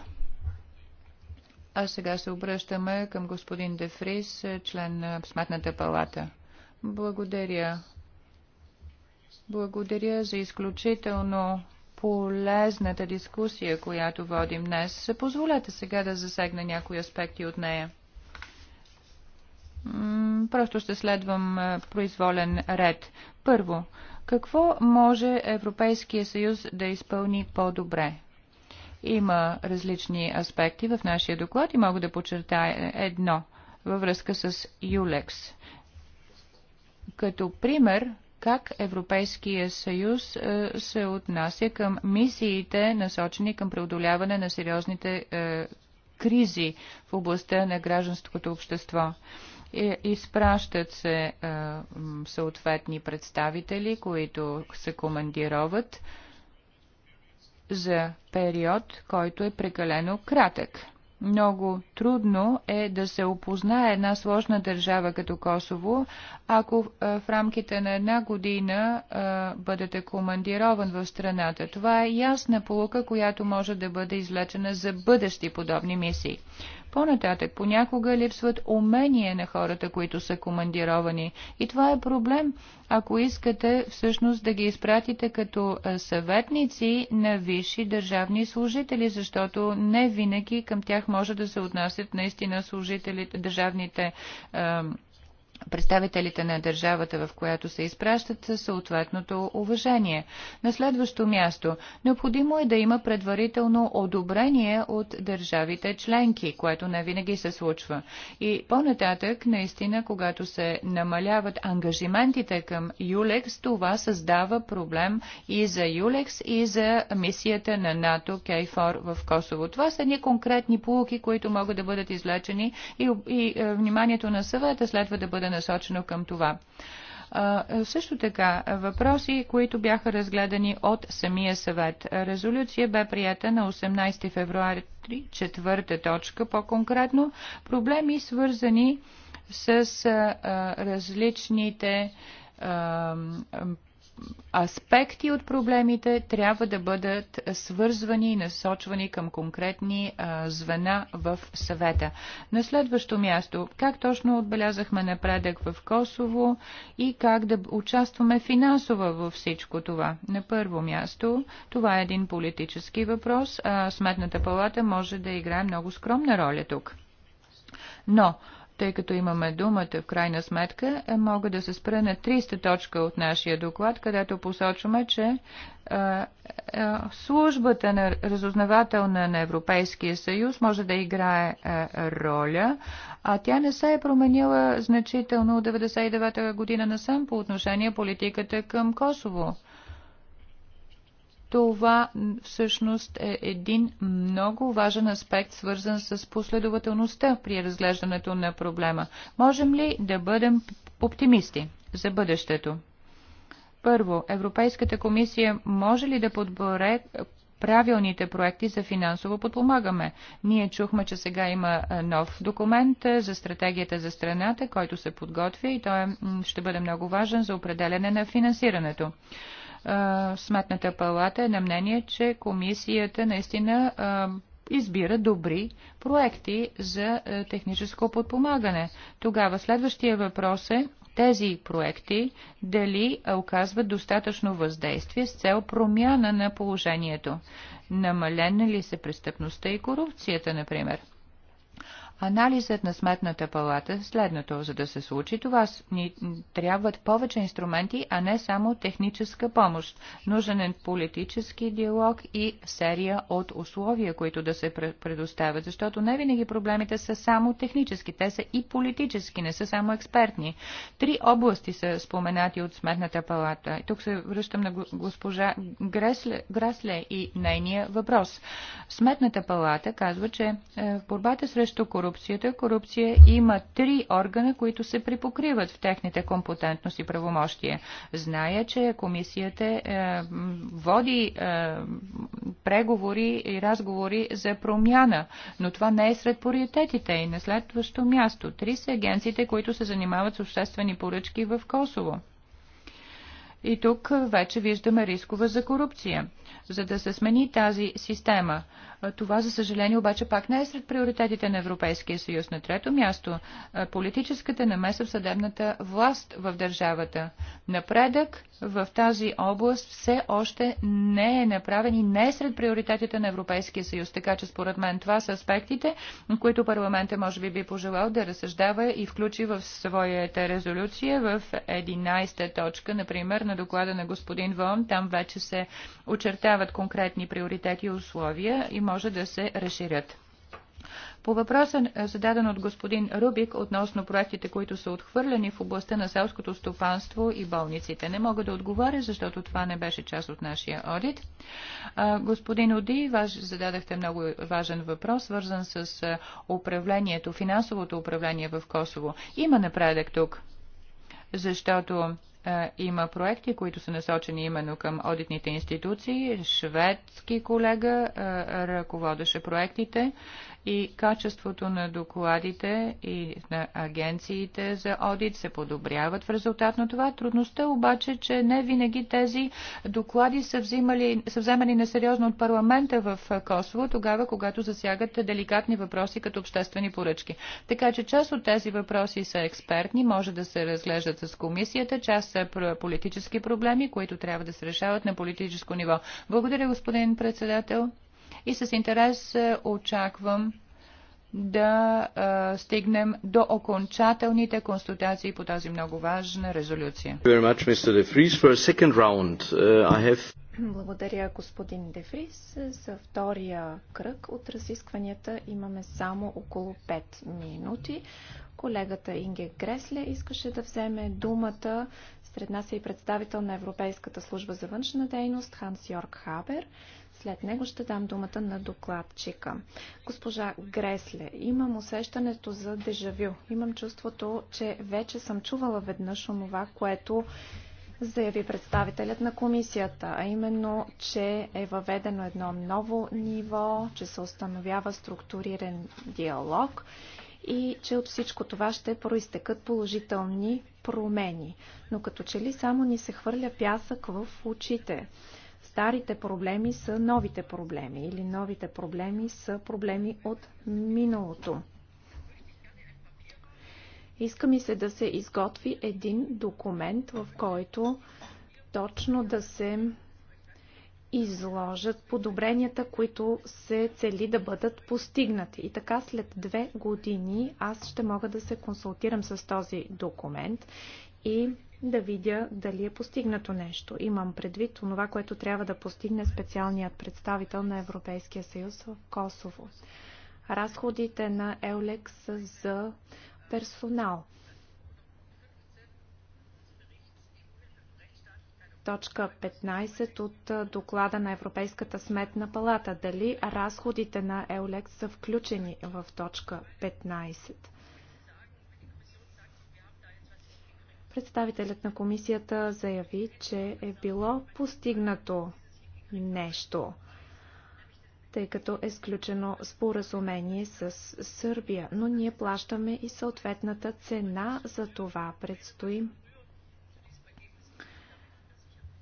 А сега се обръщаме към господин Дефрис, член на Сметната палата. Благодаря. Благодаря за изключително полезната дискусия, която водим днес. Позволете сега да засегна някои аспекти от нея. Просто ще следвам произволен ред. Първо, какво може Европейския съюз да изпълни по-добре? Има различни аспекти в нашия доклад и мога да подчертая едно във връзка с ЮЛЕКС. Като пример, как Европейския съюз е, се отнася към мисиите, насочени към преодоляване на сериозните е, кризи в областта на гражданското общество. Изпращат се е, съответни представители, които се командироват за период, който е прекалено кратък. Много трудно е да се опознае една сложна държава като Косово, ако в рамките на една година а, бъдете командирован в страната. Това е ясна полука, която може да бъде излечена за бъдещи подобни мисии. По-нататък понякога липсват умения на хората, които са командировани. И това е проблем, ако искате всъщност да ги изпратите като съветници на висши държавни служители, защото не винаги към тях може да се отнасят наистина служителите, държавните служители представителите на държавата, в която се изпращат, със съответното уважение. На следващо място, необходимо е да има предварително одобрение от държавите членки, което не винаги се случва. И по-нататък, наистина, когато се намаляват ангажиментите към ЮЛЕКС, това създава проблем и за ЮЛЕКС, и за мисията на НАТО КЕЙФОР в Косово. Това са ни конкретни полуки, които могат да бъдат излечени и, и е, вниманието на съвета следва да бъде бъде насочено към това. Също така, въпроси, които бяха разгледани от самия съвет. Резолюция бе прията на 18 февруари, четвърта точка по-конкретно. Проблеми свързани с различните аспекти от проблемите трябва да бъдат свързвани и насочвани към конкретни а, звена в съвета. На следващо място, как точно отбелязахме напредък в Косово и как да участваме финансово във всичко това? На първо място, това е един политически въпрос, а Сметната палата може да играе много скромна роля тук. Но тъй като имаме думата в крайна сметка, е, мога да се спра на 300 точка от нашия доклад, където посочваме, че е, е, службата на разузнавателна на Европейския съюз може да играе роля, а тя не се е променила значително от 1999 година насам по отношение политиката към Косово. Това всъщност е един много важен аспект, свързан с последователността при разглеждането на проблема. Можем ли да бъдем оптимисти за бъдещето? Първо, Европейската комисия може ли да подборе правилните проекти за финансово подпомагаме. Ние чухме, че сега има нов документ за стратегията за страната, който се подготвя и той ще бъде много важен за определене на финансирането. Сметната палата е на мнение, че комисията наистина избира добри проекти за техническо подпомагане. Тогава следващия въпрос е тези проекти дали оказват достатъчно въздействие с цел промяна на положението. Намалена ли се престъпността и корупцията, например? Анализът на сметната палата е следното. За да се случи това, ни трябват повече инструменти, а не само техническа помощ. Нужен е политически диалог и серия от условия, които да се предоставят, защото не винаги проблемите са само технически, те са и политически, не са само експертни. Три области са споменати от сметната палата. И тук се връщам на госпожа Гресле, Грасле и нейния въпрос. Сметната палата казва, че е, в борбата срещу корупция корупцията. Корупция има три органа, които се припокриват в техните компетентност и правомощия. Зная, че комисията е, води е, преговори и разговори за промяна, но това не е сред приоритетите и на следващо място. Три са агенциите, които се занимават с обществени поръчки в Косово. И тук вече виждаме рискове за корупция. За да се смени тази система. Това, за съжаление, обаче пак не е сред приоритетите на Европейския съюз. На трето място, политическата намеса в съдебната власт в държавата. Напредък в тази област все още не е направен и не е сред приоритетите на Европейския съюз. Така че, според мен, това са аспектите, които парламента може би би пожелал да разсъждава и включи в своята резолюция в 11 точка, например, на доклада на господин Вон. Там вече се очертават конкретни приоритети и условия и може да се разширят. По въпроса, е, зададен от господин Рубик, относно проектите, които са отхвърлени в областта на селското стопанство и болниците, не мога да отговоря, защото това не беше част от нашия одит. Господин Оди, ваш, зададахте много важен въпрос, свързан с е, управлението, финансовото управление в Косово. Има напредък тук, защото е, има проекти, които са насочени именно към одитните институции. Шведски колега е, ръководеше проектите и качеството на докладите и на агенциите за одит се подобряват в резултат на това. Трудността обаче, че не винаги тези доклади са, взимали, са вземани несериозно от парламента в Косово, тогава когато засягат деликатни въпроси като обществени поръчки. Така че част от тези въпроси са експертни, може да се разглеждат с комисията, част са политически проблеми, които трябва да се решават на политическо ниво. Благодаря, господин председател и с интерес е, очаквам да е, стигнем до окончателните консултации по тази много важна резолюция. Uh, Благодаря, господин Дефрис. За втория кръг от разискванията имаме само около 5 минути. Колегата Инге Гресле искаше да вземе думата. Сред нас е и представител на Европейската служба за външна дейност Ханс Йорг Хабер. След него ще дам думата на докладчика. Госпожа Гресле, имам усещането за дежавю. Имам чувството, че вече съм чувала веднъж онова, което заяви представителят на комисията, а именно, че е въведено едно ново ниво, че се установява структуриран диалог и че от всичко това ще проистекат положителни промени. Но като че ли само ни се хвърля пясък в очите старите проблеми са новите проблеми или новите проблеми са проблеми от миналото. Иска ми се да се изготви един документ, в който точно да се изложат подобренията, които се цели да бъдат постигнати. И така след две години аз ще мога да се консултирам с този документ и да видя дали е постигнато нещо. Имам предвид това, което трябва да постигне специалният представител на Европейския съюз в Косово. Разходите на Елекс за персонал. точка 15 от доклада на Европейската сметна палата. Дали разходите на Еолекс са включени в точка 15? Представителят на комисията заяви, че е било постигнато нещо, тъй като е сключено споразумение с Сърбия, но ние плащаме и съответната цена за това. Предстои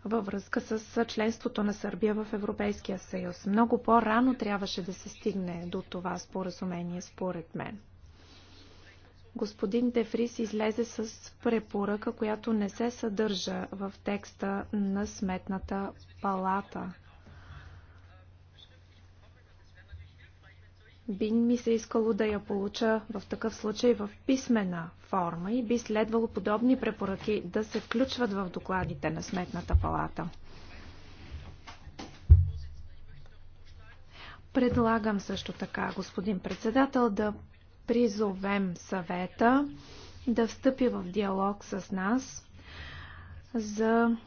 във връзка с членството на Сърбия в Европейския съюз. Много по-рано трябваше да се стигне до това споразумение, според мен господин Дефрис излезе с препоръка, която не се съдържа в текста на Сметната палата. би ми се искало да я получа в такъв случай в писмена форма и би следвало подобни препоръки да се включват в докладите на Сметната палата. Предлагам също така, господин председател, да призовем съвета да встъпи в диалог с нас за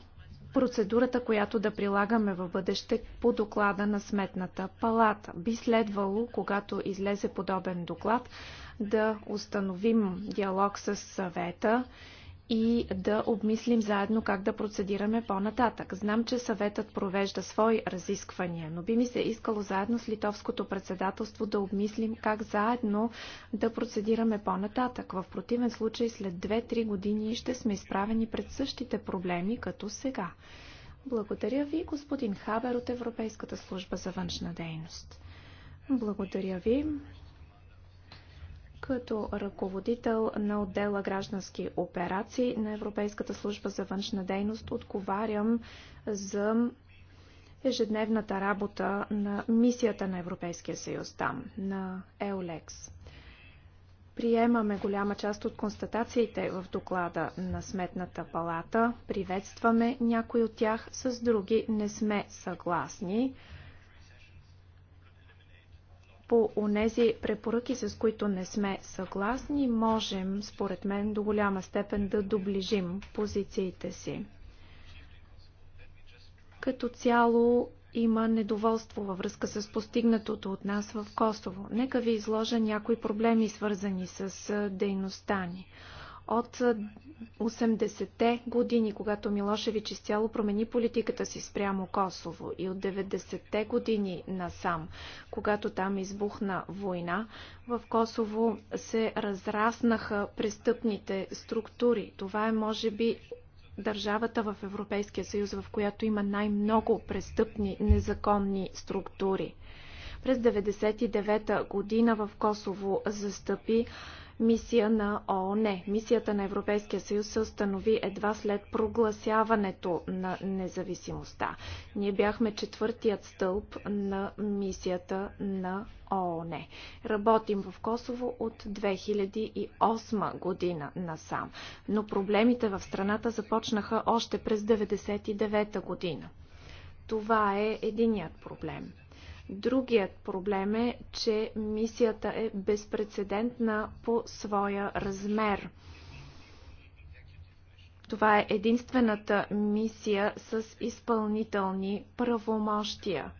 процедурата, която да прилагаме в бъдеще по доклада на Сметната палата. Би следвало, когато излезе подобен доклад, да установим диалог с съвета и да обмислим заедно как да процедираме по-нататък. Знам, че съветът провежда свои разисквания, но би ми се искало заедно с литовското председателство да обмислим как заедно да процедираме по-нататък. В противен случай след 2-3 години ще сме изправени пред същите проблеми като сега. Благодаря ви, господин Хабер от Европейската служба за външна дейност. Благодаря ви като ръководител на отдела граждански операции на Европейската служба за външна дейност отговарям за ежедневната работа на мисията на Европейския съюз там, на EULEX. Приемаме голяма част от констатациите в доклада на Сметната палата, приветстваме някои от тях, с други не сме съгласни. По онези препоръки, с които не сме съгласни, можем, според мен, до голяма степен да доближим позициите си. Като цяло има недоволство във връзка с постигнатото от нас в Косово. Нека ви изложа някои проблеми, свързани с дейността ни от 80-те години, когато Милошевич изцяло промени политиката си спрямо Косово и от 90-те години насам, когато там избухна война, в Косово се разраснаха престъпните структури. Това е, може би, държавата в Европейския съюз, в която има най-много престъпни незаконни структури. През 1999 година в Косово застъпи мисия на ООН. Мисията на Европейския съюз се установи едва след прогласяването на независимостта. Ние бяхме четвъртият стълб на мисията на ООН. Работим в Косово от 2008 година насам, но проблемите в страната започнаха още през 1999 година. Това е единият проблем. Другият проблем е, че мисията е безпредседентна по своя размер. Това е единствената мисия с изпълнителни правомощия.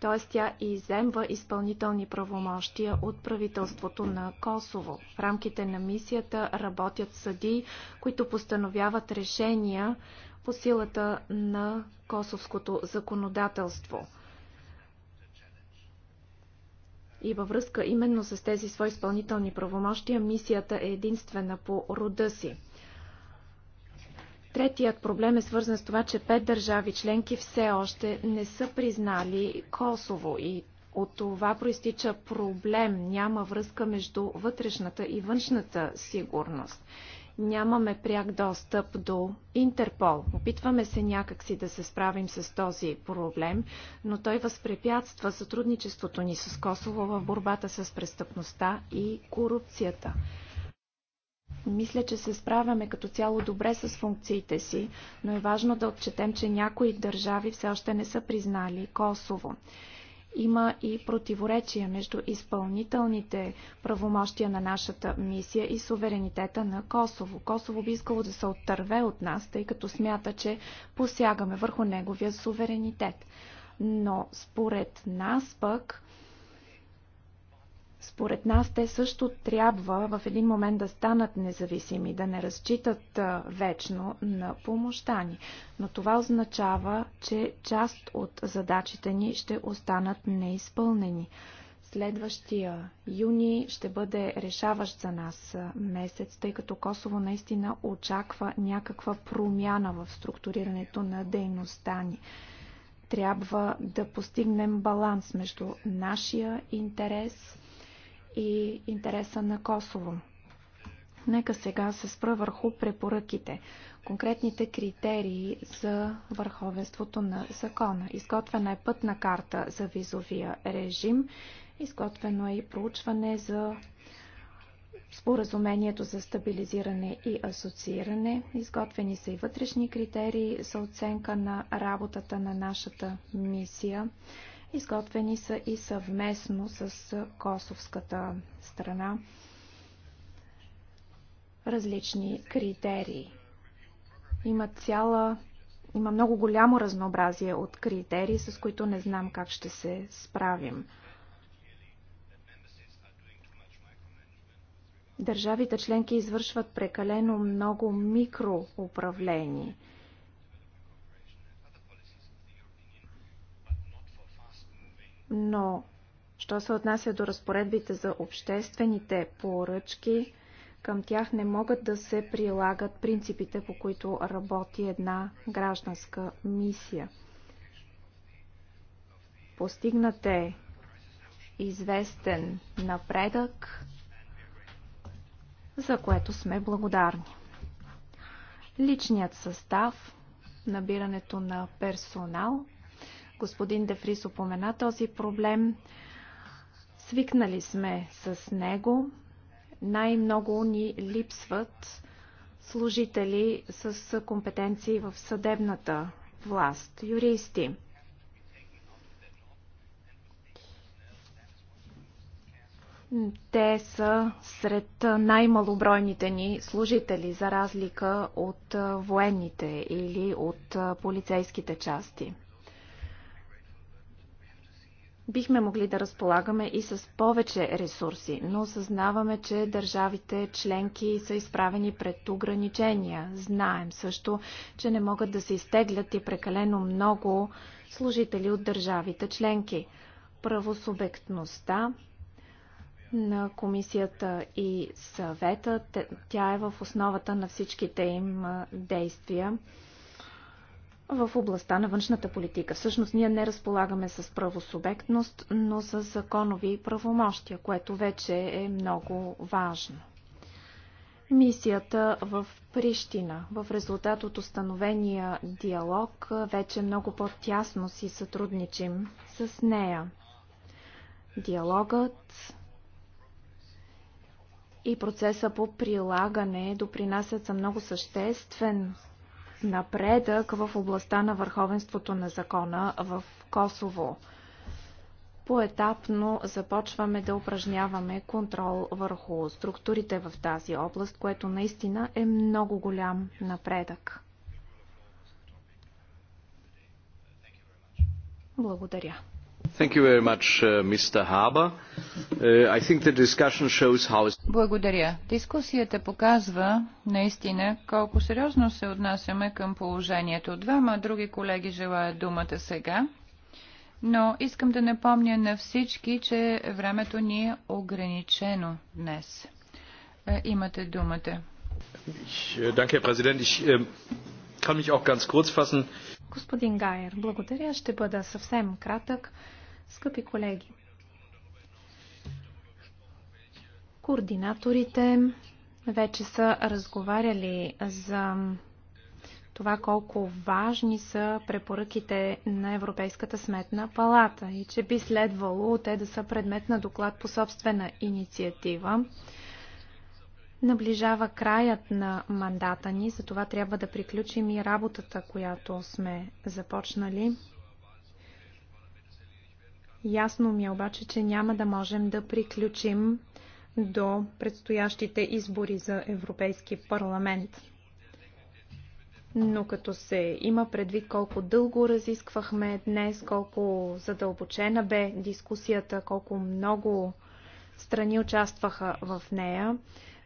Т.е. тя иземва изпълнителни правомощия от правителството на Косово. В рамките на мисията работят съди, които постановяват решения по силата на косовското законодателство. И във връзка именно с тези свои изпълнителни правомощия, мисията е единствена по рода си. Третият проблем е свързан с това, че пет държави членки все още не са признали Косово и от това проистича проблем, няма връзка между вътрешната и външната сигурност нямаме пряк достъп до Интерпол. Опитваме се някакси да се справим с този проблем, но той възпрепятства сътрудничеството ни с Косово в борбата с престъпността и корупцията. Мисля, че се справяме като цяло добре с функциите си, но е важно да отчетем, че някои държави все още не са признали Косово. Има и противоречия между изпълнителните правомощия на нашата мисия и суверенитета на Косово. Косово би искало да се оттърве от нас, тъй като смята, че посягаме върху неговия суверенитет. Но според нас пък според нас те също трябва в един момент да станат независими, да не разчитат вечно на помощта ни. Но това означава, че част от задачите ни ще останат неизпълнени. Следващия юни ще бъде решаващ за нас месец, тъй като Косово наистина очаква някаква промяна в структурирането на дейността ни трябва да постигнем баланс между нашия интерес и интереса на Косово. Нека сега се спра върху препоръките, конкретните критерии за върховенството на закона. Изготвена е пътна карта за визовия режим, изготвено е и проучване за споразумението за стабилизиране и асоцииране. Изготвени са и вътрешни критерии за оценка на работата на нашата мисия. Изготвени са и съвместно с косовската страна различни критерии. Има цяла, има много голямо разнообразие от критерии, с които не знам как ще се справим. Държавите членки извършват прекалено много микроуправление – но що се отнася до разпоредбите за обществените поръчки, към тях не могат да се прилагат принципите, по които работи една гражданска мисия. Постигнат е известен напредък, за което сме благодарни. Личният състав, набирането на персонал – Господин Дефрис упомена този проблем. Свикнали сме с него. Най-много ни липсват служители с компетенции в съдебната власт, юристи. Те са сред най-малобройните ни служители, за разлика от военните или от полицейските части. Бихме могли да разполагаме и с повече ресурси, но съзнаваме, че държавите членки са изправени пред ограничения. Знаем също, че не могат да се изтеглят и прекалено много служители от държавите членки. Правосубектността на комисията и съвета, тя е в основата на всичките им действия в областта на външната политика. Всъщност ние не разполагаме с правосубектност, но с законови правомощия, което вече е много важно. Мисията в Прищина в резултат от установения диалог вече много по-тясно си сътрудничим с нея. Диалогът и процеса по прилагане допринасят за много съществен напредък в областта на върховенството на закона в Косово. Поетапно започваме да упражняваме контрол върху структурите в тази област, което наистина е много голям напредък. Благодаря. Uh, uh, благодаря. Дискусията показва наистина колко сериозно се отнасяме към положението. Двама други колеги желаят думата сега, но искам да напомня на всички, че времето ни е ограничено днес. Е, имате думата. Е, е, Господин Гайер, благодаря. Ще бъда съвсем кратък. Скъпи колеги, координаторите вече са разговаряли за това колко важни са препоръките на Европейската сметна палата и че би следвало те да са предмет на доклад по собствена инициатива. Наближава краят на мандата ни, затова трябва да приключим и работата, която сме започнали. Ясно ми е обаче, че няма да можем да приключим до предстоящите избори за Европейски парламент. Но като се има предвид колко дълго разисквахме днес, колко задълбочена бе дискусията, колко много страни участваха в нея,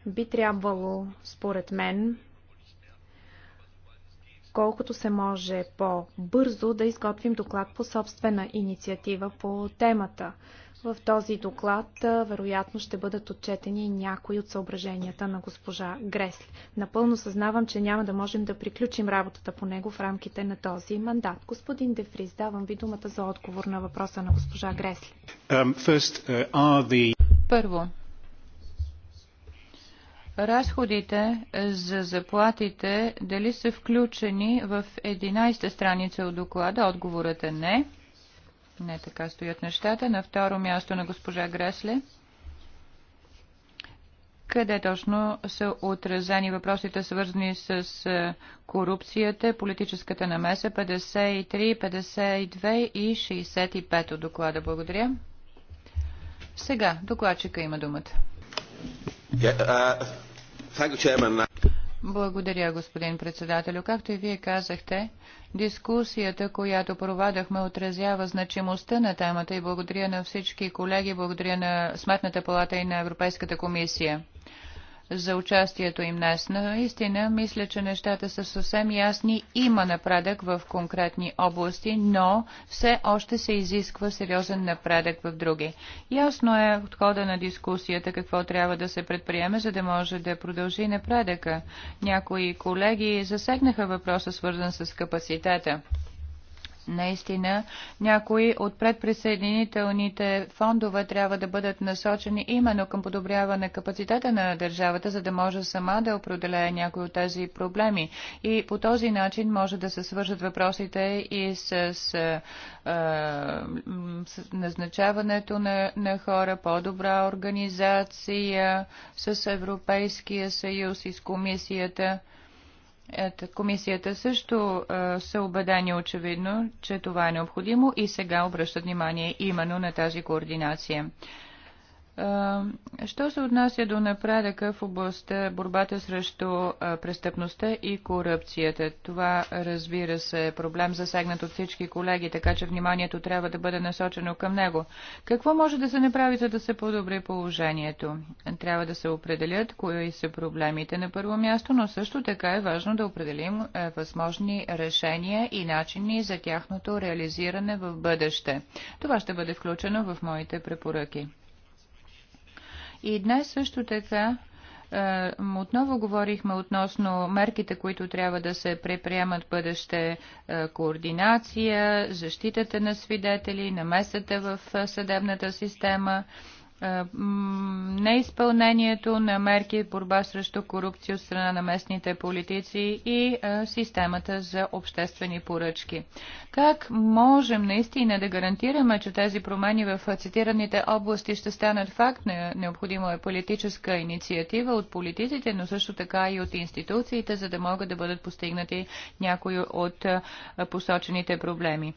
би трябвало, според мен, колкото се може по-бързо да изготвим доклад по собствена инициатива по темата. В този доклад вероятно ще бъдат отчетени някои от съображенията на госпожа Гресли. Напълно съзнавам, че няма да можем да приключим работата по него в рамките на този мандат. Господин Дефрис, давам ви думата за отговор на въпроса на госпожа Гресли. Um, uh, Първо, Разходите за заплатите дали са включени в 11-та страница от доклада? Отговорът е не. Не така стоят нещата. На второ място на госпожа Гресле. Къде точно са отразени въпросите, свързани с е, корупцията, политическата намеса 53, 52 и 65 от доклада? Благодаря. Сега докладчика има думата. Благодаря, господин председателю. Както и вие казахте, дискусията, която провадахме, отразява значимостта на темата и благодаря на всички колеги, благодаря на Сметната палата и на Европейската комисия за участието им днес. Наистина, мисля, че нещата са съвсем ясни. Има напредък в конкретни области, но все още се изисква сериозен напредък в други. Ясно е от хода на дискусията какво трябва да се предприеме, за да може да продължи напредъка. Някои колеги засегнаха въпроса, свързан с капацитета. Наистина, някои от предприсъединителните фондове трябва да бъдат насочени именно към подобряване капацитета на държавата, за да може сама да определяе някои от тези проблеми. И по този начин може да се свържат въпросите и с, а, с назначаването на, на хора, по-добра организация с Европейския съюз и с комисията. Комисията също е, са убедени очевидно, че това е необходимо и сега обръщат внимание именно на тази координация. Що се отнася до напредъка в областта борбата срещу престъпността и корупцията? Това, разбира се, е проблем засегнат от всички колеги, така че вниманието трябва да бъде насочено към него. Какво може да се направи, за да се подобри положението? Трябва да се определят кои са проблемите на първо място, но също така е важно да определим възможни решения и начини за тяхното реализиране в бъдеще. Това ще бъде включено в моите препоръки. И днес също така е, отново говорихме относно мерките, които трябва да се преприемат бъдеще е, координация, защитата на свидетели, намесата в е, съдебната система е, неизпълнението на мерки борба срещу корупция от страна на местните политици и е, системата за обществени поръчки. Как можем наистина да гарантираме, че тези промени в цитираните области ще станат факт? Необходима е политическа инициатива от политиците, но също така и от институциите, за да могат да бъдат постигнати някои от е, посочените проблеми.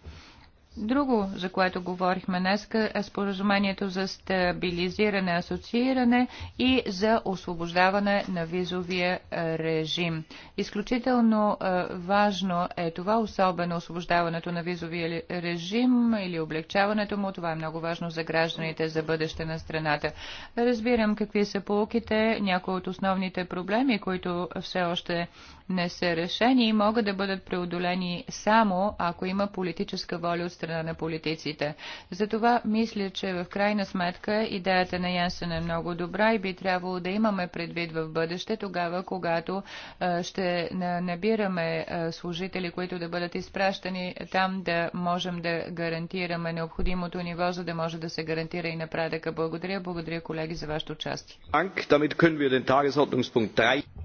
Друго, за което говорихме днес, е споразумението за стабилизиране, асоцииране и за освобождаване на визовия е, режим. Изключително е, важно е това, особено освобождаването на визовия режим или облегчаването му. Това е много важно за гражданите, за бъдеще на страната. Разбирам какви са полуките, някои от основните проблеми, които все още не са решени и могат да бъдат преодолени само ако има политическа воля от страна на политиците. Затова мисля, че в крайна сметка идеята на Янсен е много добра и би трябвало да имаме предвид в бъдеще, тогава когато ще набираме служители, които да бъдат изпращани там, да можем да гарантираме необходимото ниво, за да може да се гарантира и напредъка. Благодаря, благодаря колеги за вашето участие.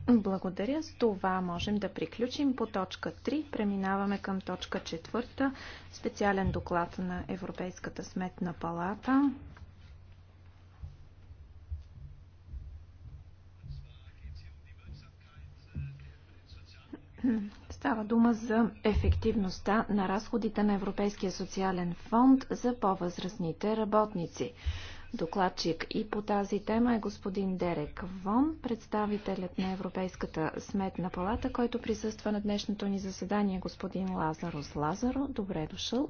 Благодаря. С това можем да приключим по точка 3. Преминаваме към точка 4. Специален доклад на Европейската сметна палата. Става дума за ефективността на разходите на Европейския социален фонд за по-възрастните работници. Докладчик и по тази тема е господин Дерек Вон, представителят на Европейската сметна палата, който присъства на днешното ни заседание, господин Лазарос Лазаро. Добре дошъл.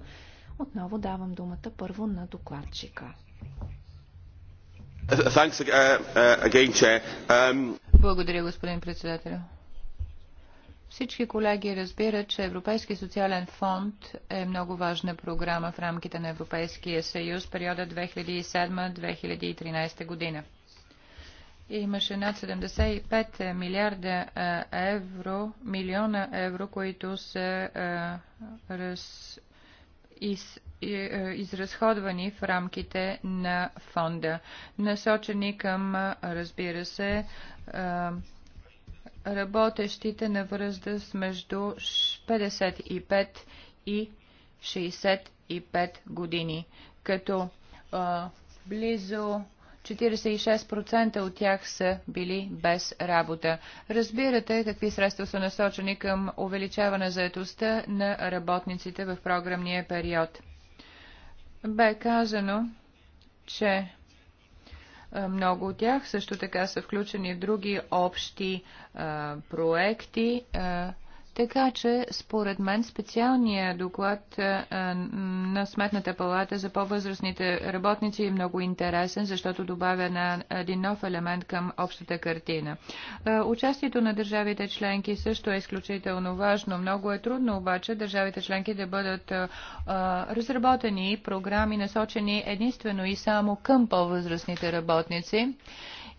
Отново давам думата първо на докладчика. Uh, uh, um, Благодаря, господин председател. Всички колеги разбират, че Европейски социален фонд е много важна програма в рамките на Европейския съюз периода 2007-2013 година. И имаше над 75 милиарда евро, милиона евро, които са раз, из, изразходвани в рамките на фонда, насочени към, разбира се, а, работещите на възраст между 55 и 65 години, като а, близо 46% от тях са били без работа. Разбирате какви средства са насочени към увеличаване заетостта на работниците в програмния период. Бе казано, че е, много от тях също така са включени в други общи е, проекти е, така че, според мен, специалният доклад е, е, на Сметната палата за по-възрастните работници е много интересен, защото добавя на един нов елемент към общата картина. Е, участието на държавите членки също е изключително важно. Много е трудно обаче държавите членки да бъдат разработени програми, насочени единствено и само към по-възрастните работници.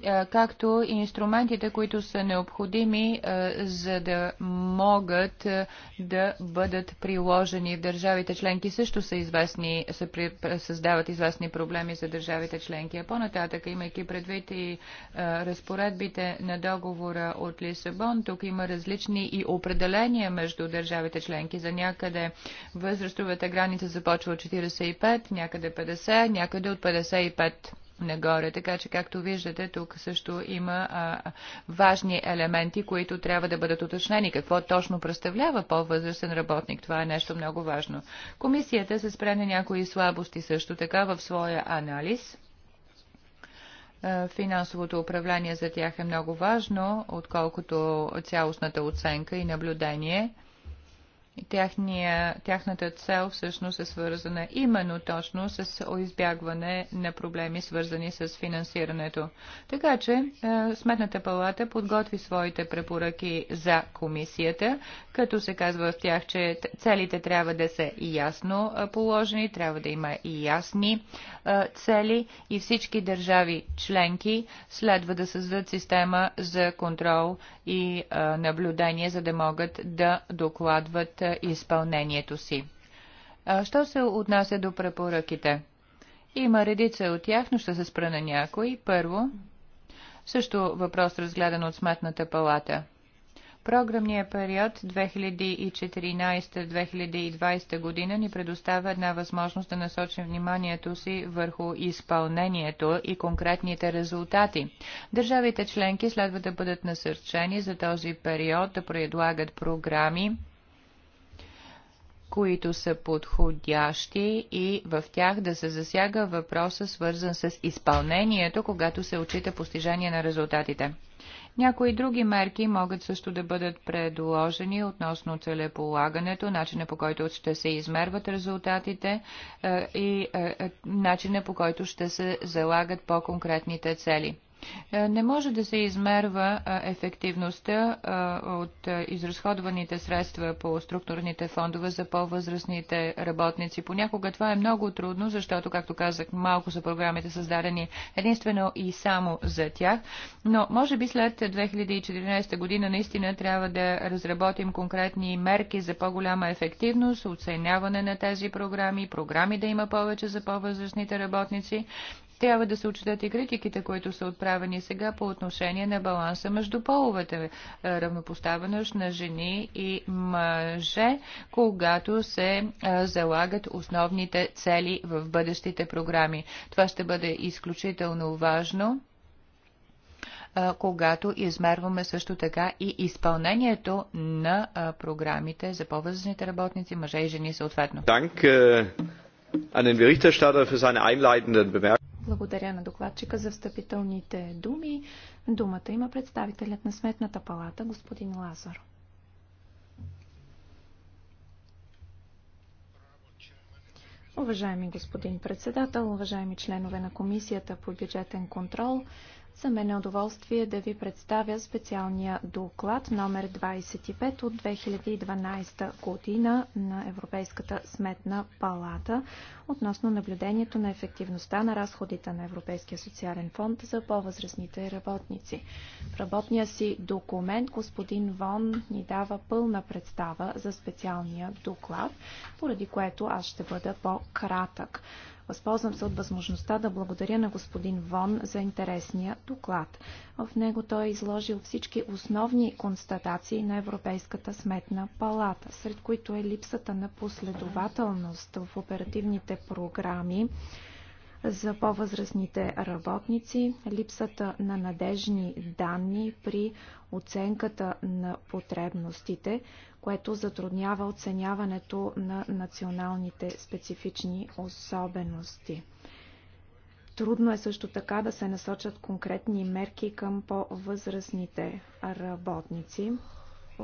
Е, както и инструментите, които са необходими, е, за да могат е, да бъдат приложени в държавите членки. Също са известни, при, създават известни проблеми за държавите членки. А по-нататък, имайки предвид и разпоредбите на договора от Лисабон, тук има различни и определения между държавите членки. За някъде възрастовата граница започва от 45, някъде 50, някъде от 55 нагоре. Така че, както виждате, тук също има а, важни елементи, които трябва да бъдат уточнени. Какво точно представлява по-възрастен работник? Това е нещо много важно. Комисията се спре на някои слабости също така в своя анализ финансовото управление за тях е много важно, отколкото цялостната оценка и наблюдение – и тяхния, тяхната цел всъщност е свързана именно точно с избягване на проблеми, свързани с финансирането. Така че е, Сметната палата подготви своите препоръки за комисията, като се казва в тях, че целите трябва да са ясно е, положени, трябва да има и ясни е, е, цели и всички държави членки следва да създадат система за контрол и е, наблюдение, за да могат да докладват е, изпълнението си. Що се отнася до препоръките? Има редица от тях, но ще се спра на някои. Първо, също въпрос разгледан от Сметната палата – Програмният период 2014-2020 година ни предоставя една възможност да насочим вниманието си върху изпълнението и конкретните резултати. Държавите членки следва да бъдат насърчени за този период да предлагат програми, които са подходящи и в тях да се засяга въпроса, свързан с изпълнението, когато се очита постижение на резултатите. Някои други мерки могат също да бъдат предложени относно целеполагането, начина по който ще се измерват резултатите е, и е, е, начина по който ще се залагат по-конкретните цели. Е, не може да се измерва е, ефективността е, от изразходваните средства по структурните фондове за по-възрастните работници. Понякога това е много трудно, защото, както казах, малко са програмите създадени единствено и само за тях. Но може би след 2014 година наистина трябва да разработим конкретни мерки за по-голяма ефективност, оценяване на тези програми, програми да има повече за по-възрастните работници трябва да се отчитат и критиките, които са отправени сега по отношение на баланса между половете, е, равнопоставеност на жени и мъже, когато се е, залагат основните цели в бъдещите програми. Това ще бъде изключително важно е, когато измерваме също така и изпълнението на програмите за по-възрастните работници, мъже и жени съответно. Благодаря на докладчика за встъпителните думи. Думата има представителят на Сметната палата, господин Лазар. Уважаеми господин председател, уважаеми членове на Комисията по бюджетен контрол, за мен е удоволствие да ви представя специалния доклад номер 25 от 2012 година на Европейската сметна палата относно наблюдението на ефективността на разходите на Европейския социален фонд за по-възрастните работници. В работния си документ господин Вон ни дава пълна представа за специалния доклад, поради което аз ще бъда по-кратък. Възползвам се от възможността да благодаря на господин Вон за интересния доклад. В него той е изложил всички основни констатации на Европейската сметна палата, сред които е липсата на последователност в оперативните програми, за по-възрастните работници, липсата на надежни данни при оценката на потребностите, което затруднява оценяването на националните специфични особености. Трудно е също така да се насочат конкретни мерки към по-възрастните работници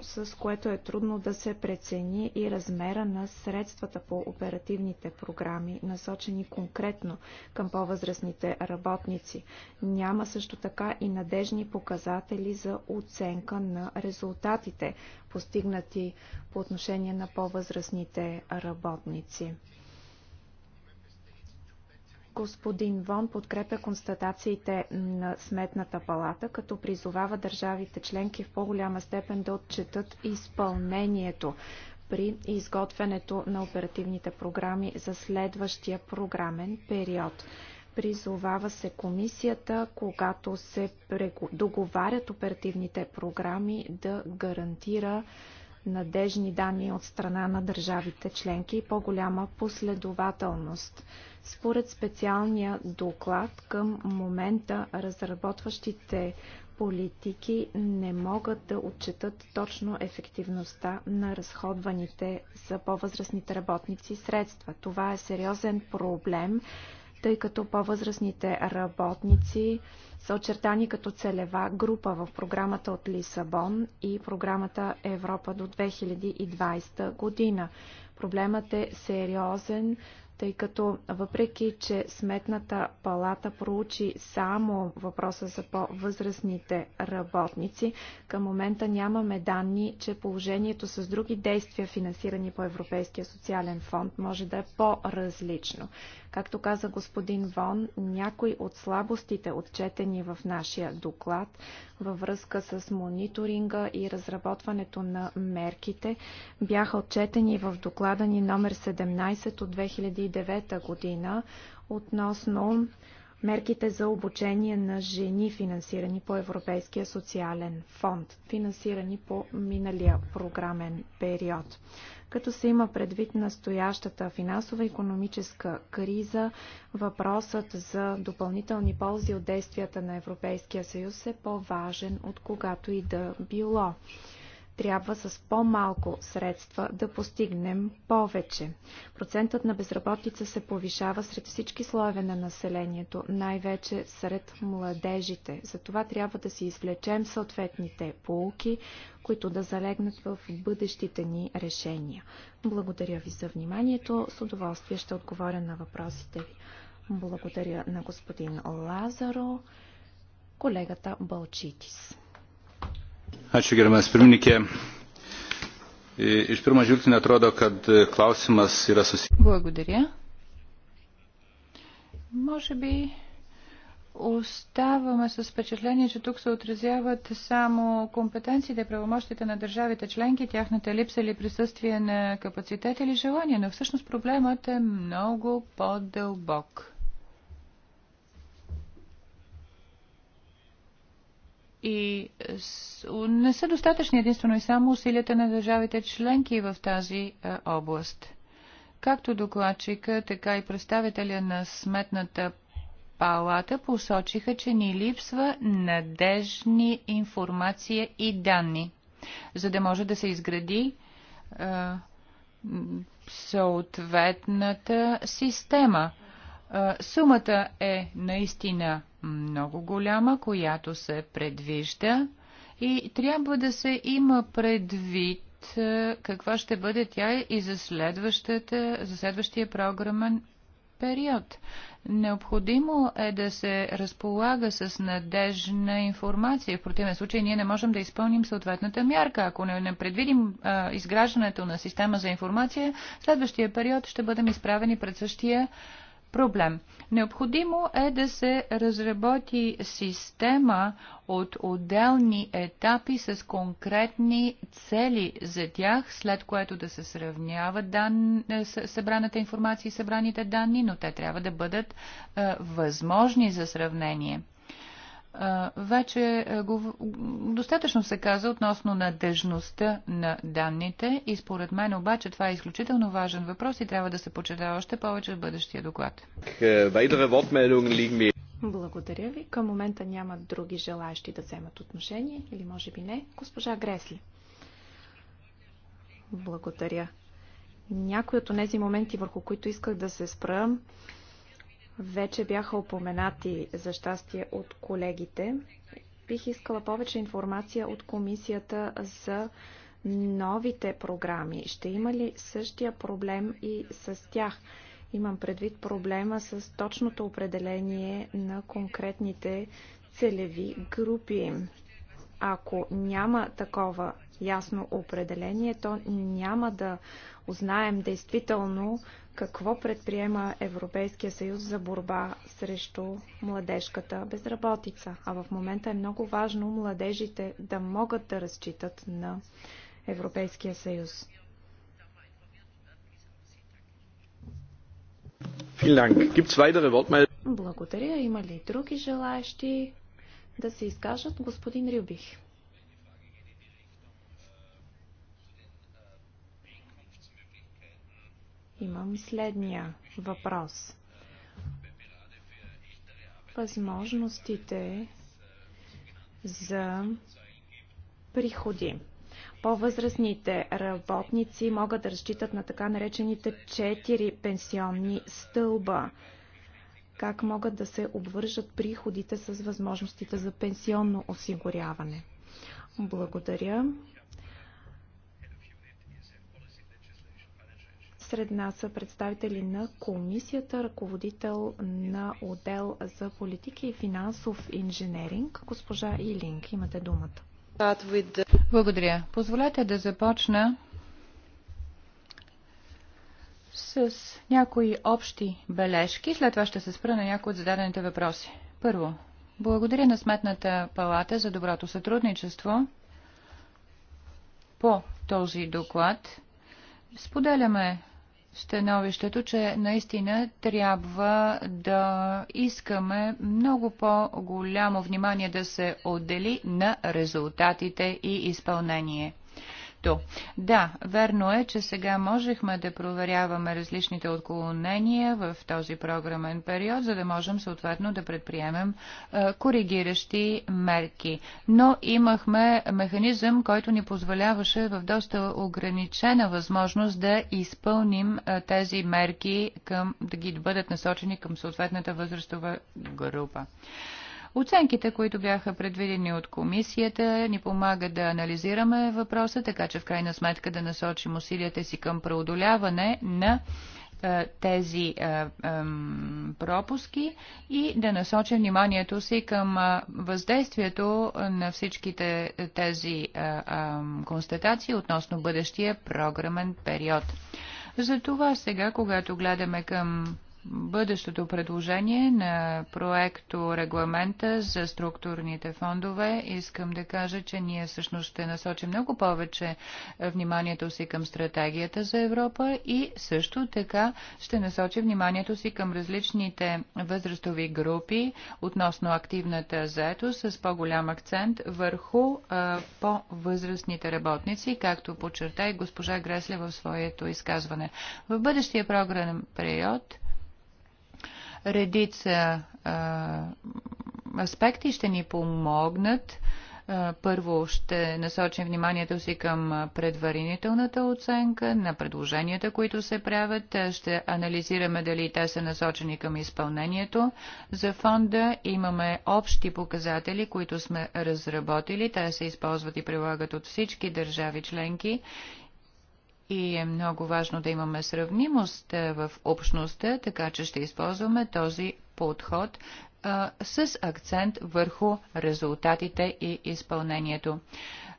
с което е трудно да се прецени и размера на средствата по оперативните програми, насочени конкретно към по-възрастните работници. Няма също така и надежни показатели за оценка на резултатите, постигнати по отношение на по-възрастните работници. Господин Вон подкрепя констатациите на Сметната палата, като призовава държавите членки в по-голяма степен да отчетат изпълнението при изготвянето на оперативните програми за следващия програмен период. Призовава се комисията, когато се договарят оперативните програми, да гарантира надежни данни от страна на държавите членки и по-голяма последователност. Според специалния доклад към момента разработващите политики не могат да отчетат точно ефективността на разходваните за по-възрастните работници средства. Това е сериозен проблем, тъй като по-възрастните работници са очертани като целева група в програмата от Лисабон и програмата Европа до 2020 година. Проблемът е сериозен, тъй като въпреки, че Сметната палата проучи само въпроса за по-възрастните работници, към момента нямаме данни, че положението с други действия, финансирани по Европейския социален фонд, може да е по-различно. Както каза господин Вон, някои от слабостите, отчетени в нашия доклад, във връзка с мониторинга и разработването на мерките, бяха отчетени в доклада ни номер 17 от 2009 година относно мерките за обучение на жени, финансирани по Европейския социален фонд, финансирани по миналия програмен период. Като се има предвид настоящата финансова и економическа криза, въпросът за допълнителни ползи от действията на Европейския съюз е по-важен от когато и да било трябва с по-малко средства да постигнем повече. Процентът на безработица се повишава сред всички слоеве на населението, най-вече сред младежите. За това трябва да си извлечем съответните полуки, които да залегнат в бъдещите ни решения. Благодаря ви за вниманието. С удоволствие ще отговоря на въпросите ви. Благодаря на господин Лазаро, колегата Балчитис. Ačiū gerbiamas pirmininkė. E, iš pirmo žvilgsnio atrodo, kad e, klausimas yra susijęs. Благодаря. Може би оставаме с впечатление, че тук се отразяват само компетенциите, правомощите на държавите членки, тяхната липса или присъствие на капацитет или желание, но всъщност проблемът е много по-дълбок. И не са достатъчни единствено и само усилията на държавите членки в тази е, област. Както докладчика, така и представителя на сметната палата посочиха, че ни липсва надежни информация и данни, за да може да се изгради е, съответната система. Сумата е наистина много голяма, която се предвижда и трябва да се има предвид каква ще бъде тя и за, за следващия програмен период. Необходимо е да се разполага с надежна информация. В противен случай ние не можем да изпълним съответната мярка. Ако не, не предвидим а, изграждането на система за информация, следващия период ще бъдем изправени пред същия проблем. Необходимо е да се разработи система от отделни етапи с конкретни цели за тях, след което да се сравнява дан... Е, събраната информация и събраните данни, но те трябва да бъдат е, възможни за сравнение вече е, достатъчно се каза относно надежността на данните и според мен обаче това е изключително важен въпрос и трябва да се почета още повече в бъдещия доклад. Е, Благодаря ви. Към момента няма други желаящи да вземат отношение или може би не. Госпожа Гресли. Благодаря. Някои от тези моменти, върху които исках да се спра, вече бяха упоменати за щастие от колегите. Бих искала повече информация от комисията за новите програми. Ще има ли същия проблем и с тях? Имам предвид проблема с точното определение на конкретните целеви групи. Ако няма такова ясно определение, то няма да узнаем действително какво предприема Европейския съюз за борба срещу младежката безработица. А в момента е много важно младежите да могат да разчитат на Европейския съюз. Благодаря. Има ли други желаящи да се изкажат? Господин Рюбих. Имам следния въпрос. Възможностите за приходи. По-възрастните работници могат да разчитат на така наречените четири пенсионни стълба. Как могат да се обвържат приходите с възможностите за пенсионно осигуряване? Благодаря. Сред нас са представители на комисията, ръководител на отдел за политики и финансов инженеринг, госпожа Илинг. Имате думата. Благодаря. Позволете да започна с някои общи бележки. След това ще се спра на някои от зададените въпроси. Първо, благодаря на Сметната палата за доброто сътрудничество по този доклад. Споделяме становището, че наистина трябва да искаме много по-голямо внимание да се отдели на резултатите и изпълнение. То, да, верно е, че сега можехме да проверяваме различните отклонения в този програмен период, за да можем съответно да предприемем е, коригиращи мерки. Но имахме механизъм, който ни позволяваше в доста ограничена възможност да изпълним е, тези мерки, към, да ги бъдат насочени към съответната възрастова група. Оценките, които бяха предвидени от комисията, ни помага да анализираме въпроса, така че в крайна сметка да насочим усилията си към преодоляване на е, тези е, пропуски и да насоча вниманието си към е, въздействието на всичките тези констатации относно бъдещия програмен период. Затова сега, когато гледаме към бъдещото предложение на проекто регламента за структурните фондове, искам да кажа, че ние всъщност ще насочим много повече вниманието си към стратегията за Европа и също така ще насочим вниманието си към различните възрастови групи относно активната заетост с по-голям акцент върху по-възрастните работници, както подчерта и госпожа Гресле в своето изказване. В бъдещия програмен период редица а, аспекти ще ни помогнат. Първо ще насочим вниманието си към предварителната оценка на предложенията, които се правят. Ще анализираме дали те са насочени към изпълнението. За фонда имаме общи показатели, които сме разработили. Те се използват и прилагат от всички държави членки и е много важно да имаме сравнимост е, в общността, така че ще използваме този подход а, е, с акцент върху резултатите и изпълнението.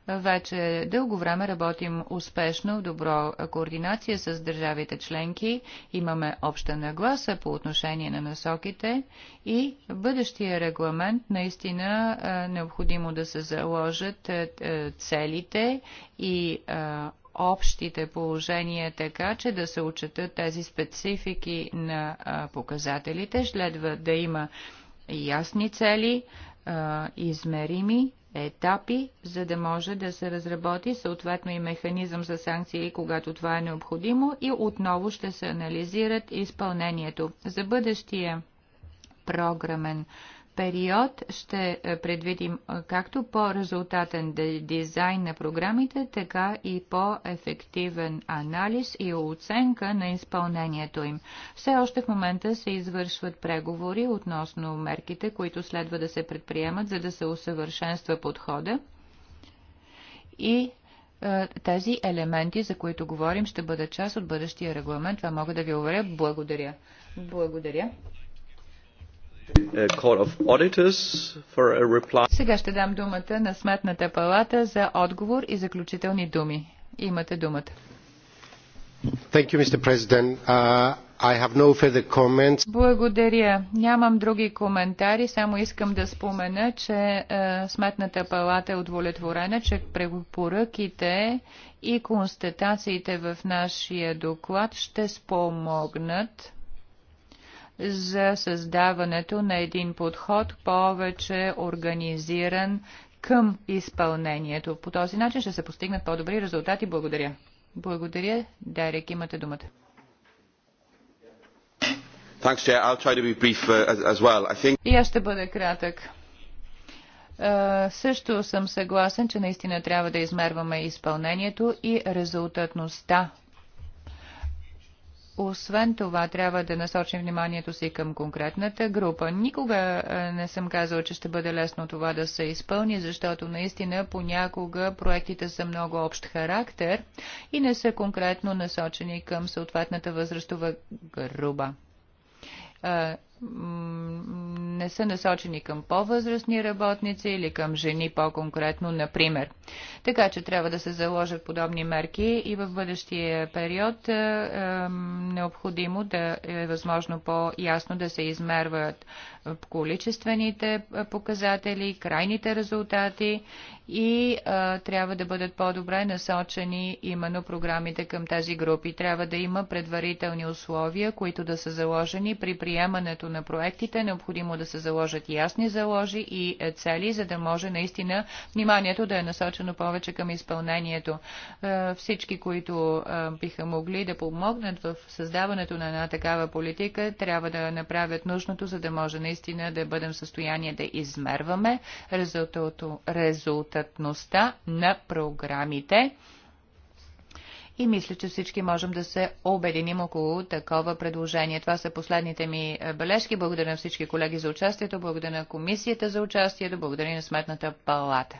Вече дълго време работим успешно в добро координация с държавите членки, имаме обща нагласа по отношение на насоките и в бъдещия регламент наистина е необходимо да се заложат е, целите и общите положения, така че да се учетат тези специфики на показателите. Следва да има ясни цели, измерими етапи, за да може да се разработи съответно и механизъм за санкции, когато това е необходимо и отново ще се анализират изпълнението. За бъдещия програмен период ще е, предвидим е, както по-резултатен дизайн на програмите, така и по-ефективен анализ и оценка на изпълнението им. Все още в момента се извършват преговори относно мерките, които следва да се предприемат, за да се усъвършенства подхода. И е, тези елементи, за които говорим, ще бъдат част от бъдещия регламент. Това мога да ви уверя. Благодаря. Благодаря. Uh, Сега ще дам думата на Сметната палата за отговор и заключителни думи. Имате думата. You, uh, no Благодаря. Нямам други коментари, само искам да спомена, че uh, Сметната палата е удовлетворена, че препоръките и констатациите в нашия доклад ще спомогнат за създаването на един подход повече организиран към изпълнението. По този начин ще се постигнат по-добри резултати. Благодаря. Благодаря. Дарек, имате думата. И аз ще бъда кратък. Е, също съм съгласен, че наистина трябва да измерваме изпълнението и резултатността освен това, трябва да насочим вниманието си към конкретната група. Никога е, не съм казал, че ще бъде лесно това да се изпълни, защото наистина понякога проектите са много общ характер и не са конкретно насочени към съответната възрастова група е, не са насочени към по-възрастни работници или към жени по-конкретно, например. Така че трябва да се заложат подобни мерки и в бъдещия период е, е, необходимо да е възможно по-ясно да се измерват количествените е, показатели, крайните резултати и а, трябва да бъдат по-добре насочени именно програмите към тези групи. Трябва да има предварителни условия, които да са заложени при приемането на проектите. Необходимо да се заложат ясни заложи и е, цели, за да може наистина вниманието да е насочено повече към изпълнението. А, всички, които а, биха могли да помогнат в създаването на една такава политика, трябва да направят нужното, за да може наистина да бъдем в състояние да измерваме резултата адекватността на програмите. И мисля, че всички можем да се обединим около такова предложение. Това са последните ми е, бележки. Благодаря на всички колеги за участието, благодаря на комисията за участието, благодаря на Сметната палата.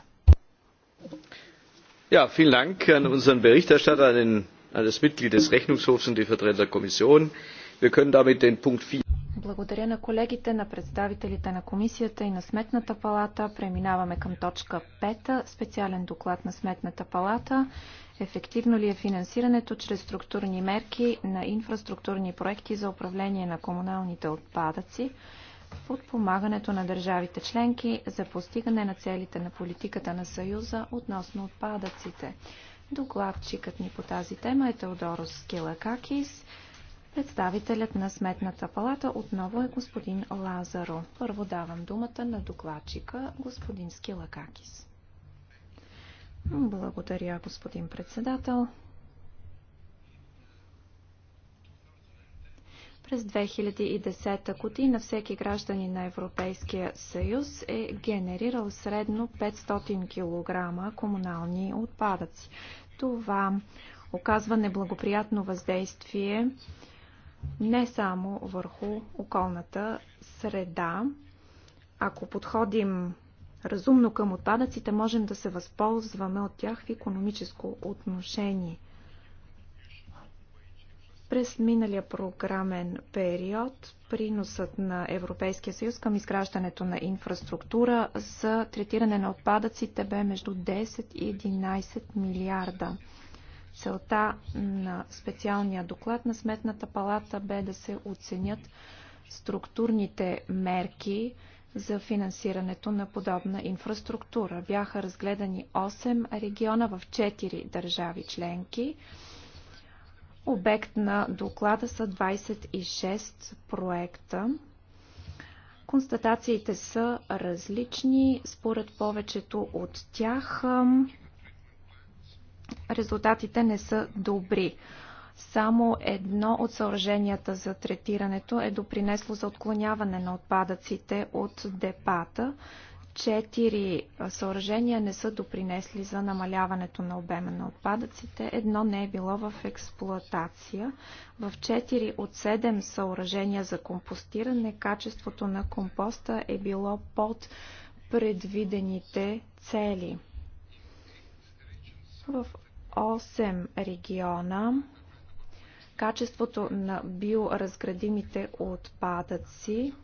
Ja, vielen Dank an unseren Berichterstatter, an, den, an das Mitglied des Rechnungshofs und die Vertreter der Kommission. Wir können damit den Punkt 4. Благодаря на колегите, на представителите на комисията и на Сметната палата. Преминаваме към точка 5. Специален доклад на Сметната палата. Ефективно ли е финансирането чрез структурни мерки на инфраструктурни проекти за управление на комуналните отпадъци? подпомагането на държавите членки за постигане на целите на политиката на Съюза относно отпадъците. Докладчикът ни по тази тема е Теодорос Келакакис. Представителят на Сметната палата отново е господин Лазаро. Първо давам думата на докладчика, господин Скилакакис. Благодаря, господин председател. През 2010 година всеки граждани на Европейския съюз е генерирал средно 500 кг комунални отпадъци. Това оказва неблагоприятно въздействие не само върху околната среда. Ако подходим разумно към отпадъците, можем да се възползваме от тях в економическо отношение. През миналия програмен период приносът на Европейския съюз към изграждането на инфраструктура за третиране на отпадъците бе между 10 и 11 милиарда. Целта на специалния доклад на Сметната палата бе да се оценят структурните мерки за финансирането на подобна инфраструктура. Бяха разгледани 8 региона в 4 държави членки. Обект на доклада са 26 проекта. Констатациите са различни. Според повечето от тях резултатите не са добри. Само едно от съоръженията за третирането е допринесло за отклоняване на отпадъците от депата. Четири съоръжения не са допринесли за намаляването на обема на отпадъците. Едно не е било в експлоатация. В четири от седем съоръжения за компостиране качеството на компоста е било под предвидените цели – в 8 региона качеството на биоразградимите отпадъци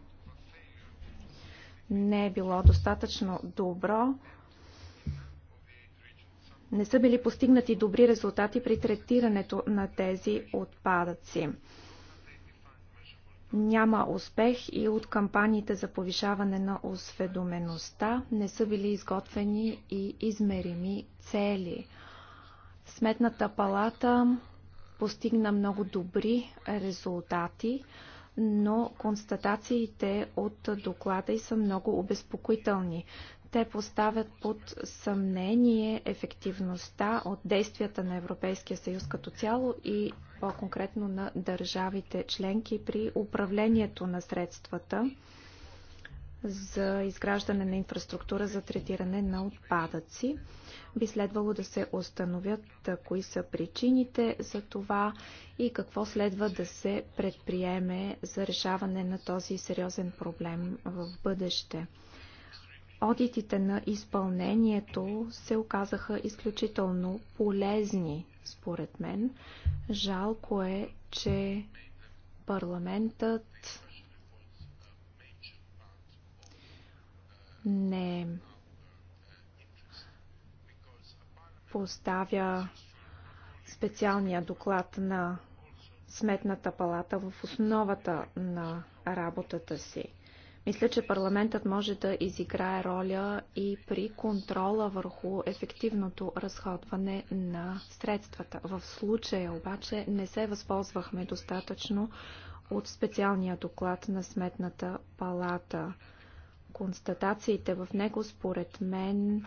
не е било достатъчно добро. Не са били постигнати добри резултати при третирането на тези отпадъци. Няма успех и от кампаниите за повишаване на осведомеността не са били изготвени и измерими цели – Сметната палата постигна много добри резултати, но констатациите от доклада й са много обезпокоителни. Те поставят под съмнение ефективността от действията на Европейския съюз като цяло и по-конкретно на държавите членки при управлението на средствата за изграждане на инфраструктура за третиране на отпадъци. Би следвало да се установят кои са причините за това и какво следва да се предприеме за решаване на този сериозен проблем в бъдеще. Одитите на изпълнението се оказаха изключително полезни, според мен. Жалко е, че парламентът не поставя специалния доклад на Сметната палата в основата на работата си. Мисля, че парламентът може да изиграе роля и при контрола върху ефективното разходване на средствата. В случая обаче не се възползвахме достатъчно от специалния доклад на Сметната палата констатациите в него, според мен,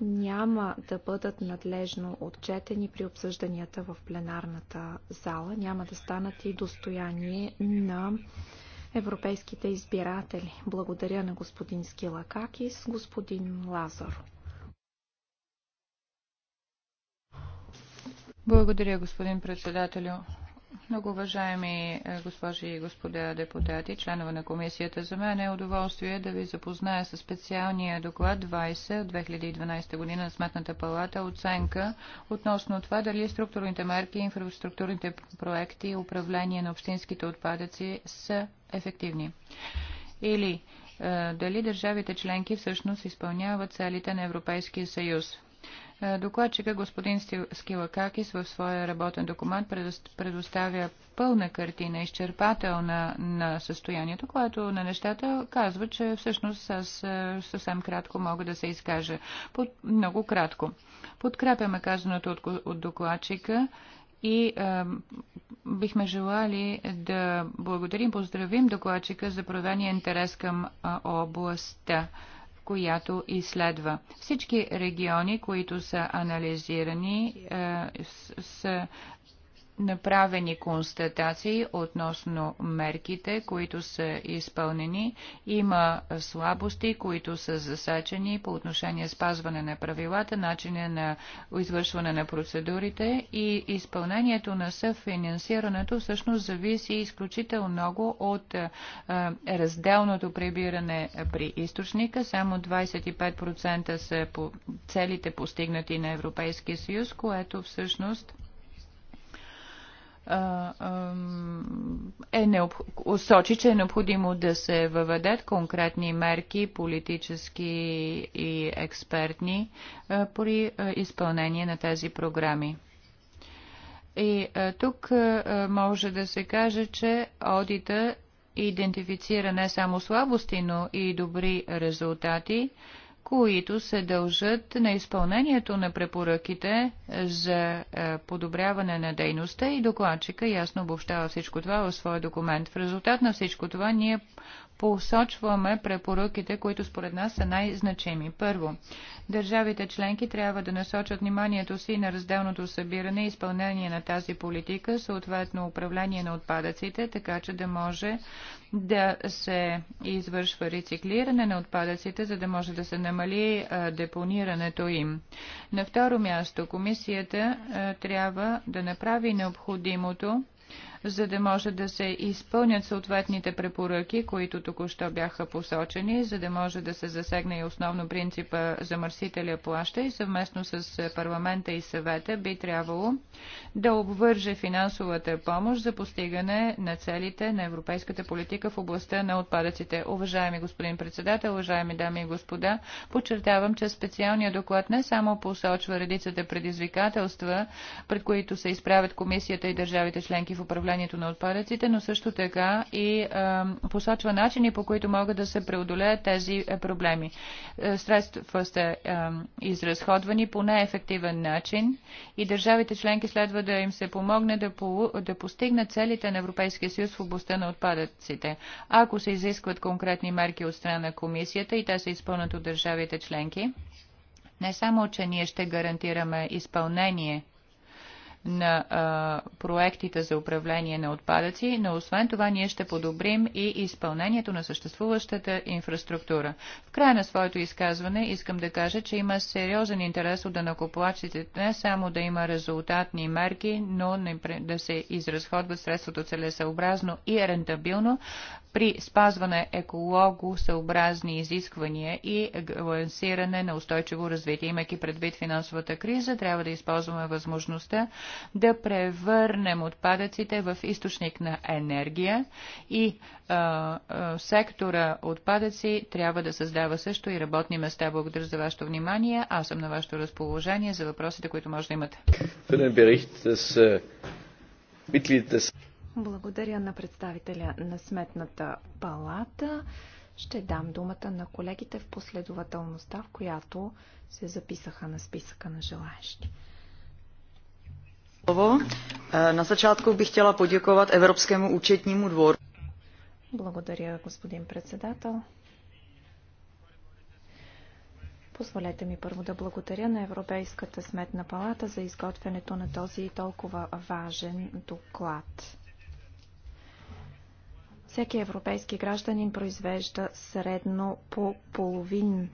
няма да бъдат надлежно отчетени при обсъжданията в пленарната зала, няма да станат и достояние на европейските избиратели. Благодаря на господин Скилакакис, господин Лазар. Благодаря, господин председателю. Много уважаеми е, госпожи и господа депутати, членове на комисията, за мен е удоволствие да ви запозная с специалния доклад 20 от 2012 година на Сметната палата оценка относно това дали структурните мерки, инфраструктурните проекти и управление на общинските отпадъци са ефективни. Или е, дали държавите членки всъщност изпълняват целите на Европейския съюз. Е, докладчика господин Скилакакис в своя работен документ предоставя пълна картина, изчерпателна на състоянието, което на нещата казва, че всъщност аз е, съвсем кратко мога да се изкажа. Под, много кратко. Подкрепяме казаното от, от докладчика и а, е, бихме желали да благодарим, поздравим докладчика за проведения интерес към а, областта която изследва. Всички региони, които са анализирани, е, са направени констатации относно мерките, които са изпълнени. Има слабости, които са засачени по отношение спазване на правилата, начина на извършване на процедурите и изпълнението на съфинансирането всъщност зависи изключително много от разделното прибиране при източника. Само 25% са по целите постигнати на Европейския съюз, което всъщност е сочи, че е необходимо да се въведат конкретни мерки, политически и експертни, при изпълнение на тези програми. И тук може да се каже, че одита идентифицира не само слабости, но и добри резултати, които се дължат на изпълнението на препоръките за е, подобряване на дейността и докладчика ясно обобщава всичко това в своя документ. В резултат на всичко това ние посочваме препоръките, които според нас са най-значими. Първо, държавите членки трябва да насочат вниманието си на разделното събиране и изпълнение на тази политика, съответно управление на отпадъците, така че да може да се извършва рециклиране на отпадъците, за да може да се намали депонирането им. На второ място, комисията трябва да направи необходимото за да може да се изпълнят съответните препоръки, които току-що бяха посочени, за да може да се засегне и основно принципа замърсителя плаща и съвместно с парламента и съвета би трябвало да обвърже финансовата помощ за постигане на целите на европейската политика в областта на отпадъците. Уважаеми господин председател, уважаеми дами и господа, подчертавам, че специалният доклад не само посочва редицата предизвикателства, пред които се изправят комисията и държавите членки в управлението, управлението на отпадъците, но също така и посочва начини, по които могат да се преодолеят тези е, проблеми. Е, средства са е, изразходвани по неефективен начин и държавите членки следва да им се помогне да, по, да постигнат целите на Европейския съюз в областта на отпадъците. Ако се изискват конкретни мерки от страна на комисията и те се изпълнат от държавите членки, не само, че ние ще гарантираме изпълнение на а, проектите за управление на отпадъци, но освен това ние ще подобрим и изпълнението на съществуващата инфраструктура. В края на своето изказване искам да кажа, че има сериозен интерес от данакоплачите не само да има резултатни мерки, но да се изразходват средството целесъобразно и рентабилно при спазване екологосъобразни изисквания и лансиране на устойчиво развитие. Имайки предвид финансовата криза, трябва да използваме възможността да превърнем отпадъците в източник на енергия и а, а, сектора отпадъци трябва да създава също и работни места. Благодаря за вашето внимание. Аз съм на вашето разположение за въпросите, които може да имате. Äh, Благодаря на представителя на Сметната палата. Ще дам думата на колегите в последователността, в която се записаха на списъка на желаящи. На зачатку бих хотела подяковать Европскому учетному двору. Благодаря, господин председател. Позволете ми първо да благодаря на Европейската сметна палата за изготвянето на този толкова важен доклад. Всеки европейски гражданин произвежда средно по половин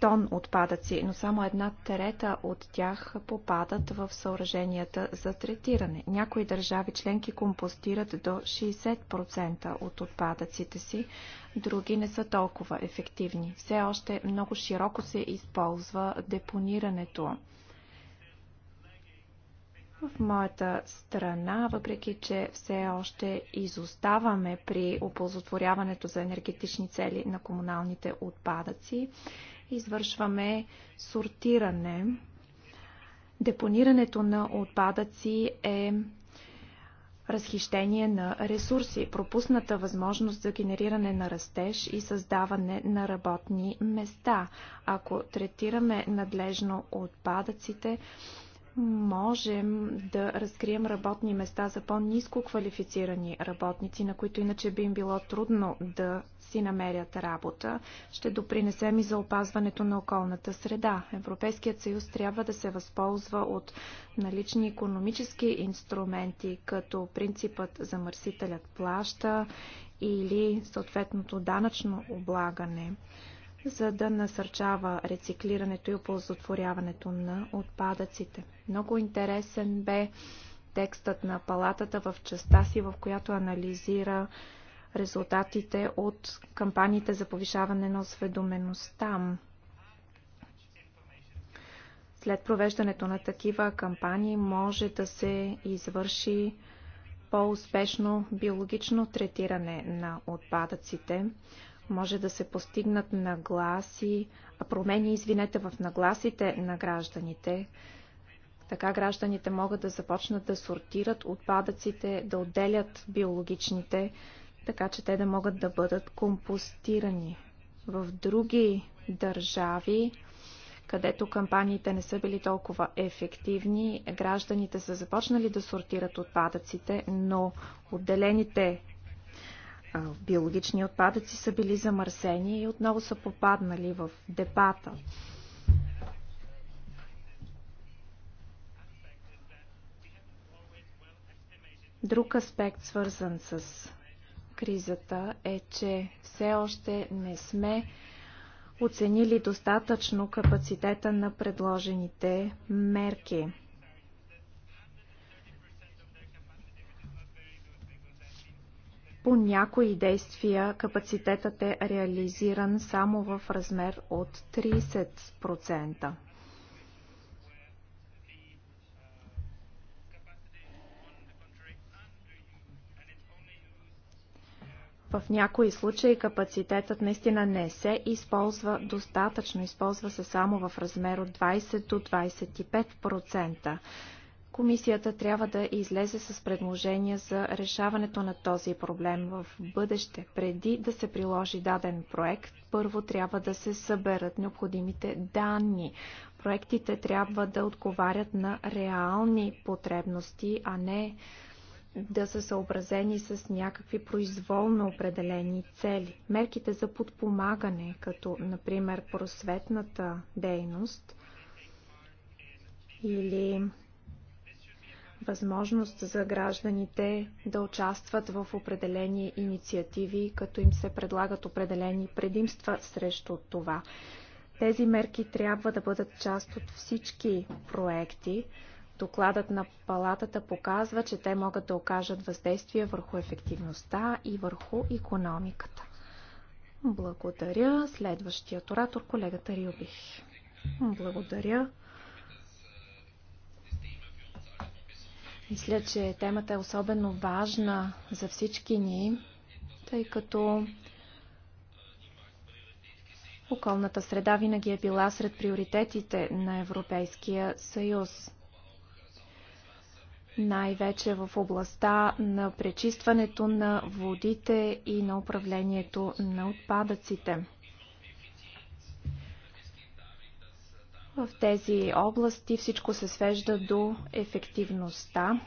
тон отпадъци, но само една трета от тях попадат в съоръженията за третиране. Някои държави членки компостират до 60% от отпадъците си, други не са толкова ефективни. Все още много широко се използва депонирането. В моята страна, въпреки че все още изоставаме при оползотворяването за енергетични цели на комуналните отпадъци, извършваме сортиране. Депонирането на отпадъци е разхищение на ресурси, пропусната възможност за генериране на растеж и създаване на работни места. Ако третираме надлежно отпадъците, можем да разкрием работни места за по-низко квалифицирани работници, на които иначе би им било трудно да си намерят работа, ще допринесем и за опазването на околната среда. Европейският съюз трябва да се възползва от налични економически инструменти, като принципът замърсителят плаща или съответното данъчно облагане за да насърчава рециклирането и оползотворяването на отпадъците. Много интересен бе текстът на палатата в частта си, в която анализира резултатите от кампаниите за повишаване на осведомеността. След провеждането на такива кампании може да се извърши по-успешно биологично третиране на отпадъците може да се постигнат нагласи, а промени, извинете, в нагласите на гражданите. Така гражданите могат да започнат да сортират отпадъците, да отделят биологичните, така че те да могат да бъдат компостирани. В други държави, където кампаниите не са били толкова ефективни, гражданите са започнали да сортират отпадъците, но отделените биологични отпадъци са били замърсени и отново са попаднали в депата. Друг аспект, свързан с кризата, е, че все още не сме оценили достатъчно капацитета на предложените мерки. По някои действия капацитетът е реализиран само в размер от 30%. В някои случаи капацитетът наистина не се използва достатъчно, използва се само в размер от 20 до 25%. Комисията трябва да излезе с предложения за решаването на този проблем в бъдеще. Преди да се приложи даден проект, първо трябва да се съберат необходимите данни. Проектите трябва да отговарят на реални потребности, а не да са съобразени с някакви произволно определени цели. Мерките за подпомагане, като например просветната дейност или възможност за гражданите да участват в определени инициативи, като им се предлагат определени предимства срещу това. Тези мерки трябва да бъдат част от всички проекти. Докладът на палатата показва, че те могат да окажат въздействие върху ефективността и върху економиката. Благодаря. Следващият оратор, колегата Рюбих. Благодаря. Мисля, че темата е особено важна за всички ни, тъй като околната среда винаги е била сред приоритетите на Европейския съюз. Най-вече в областта на пречистването на водите и на управлението на отпадъците. В тези области всичко се свежда до ефективността.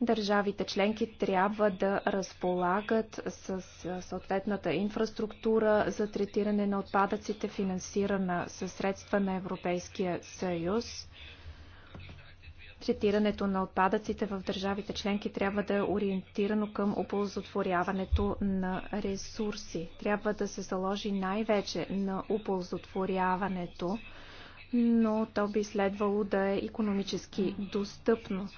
Държавите членки трябва да разполагат с съответната инфраструктура за третиране на отпадъците, финансирана със средства на Европейския съюз. Третирането на отпадъците в държавите членки трябва да е ориентирано към оползотворяването на ресурси. Трябва да се заложи най-вече на оползотворяването но то би следвало да е економически достъпно.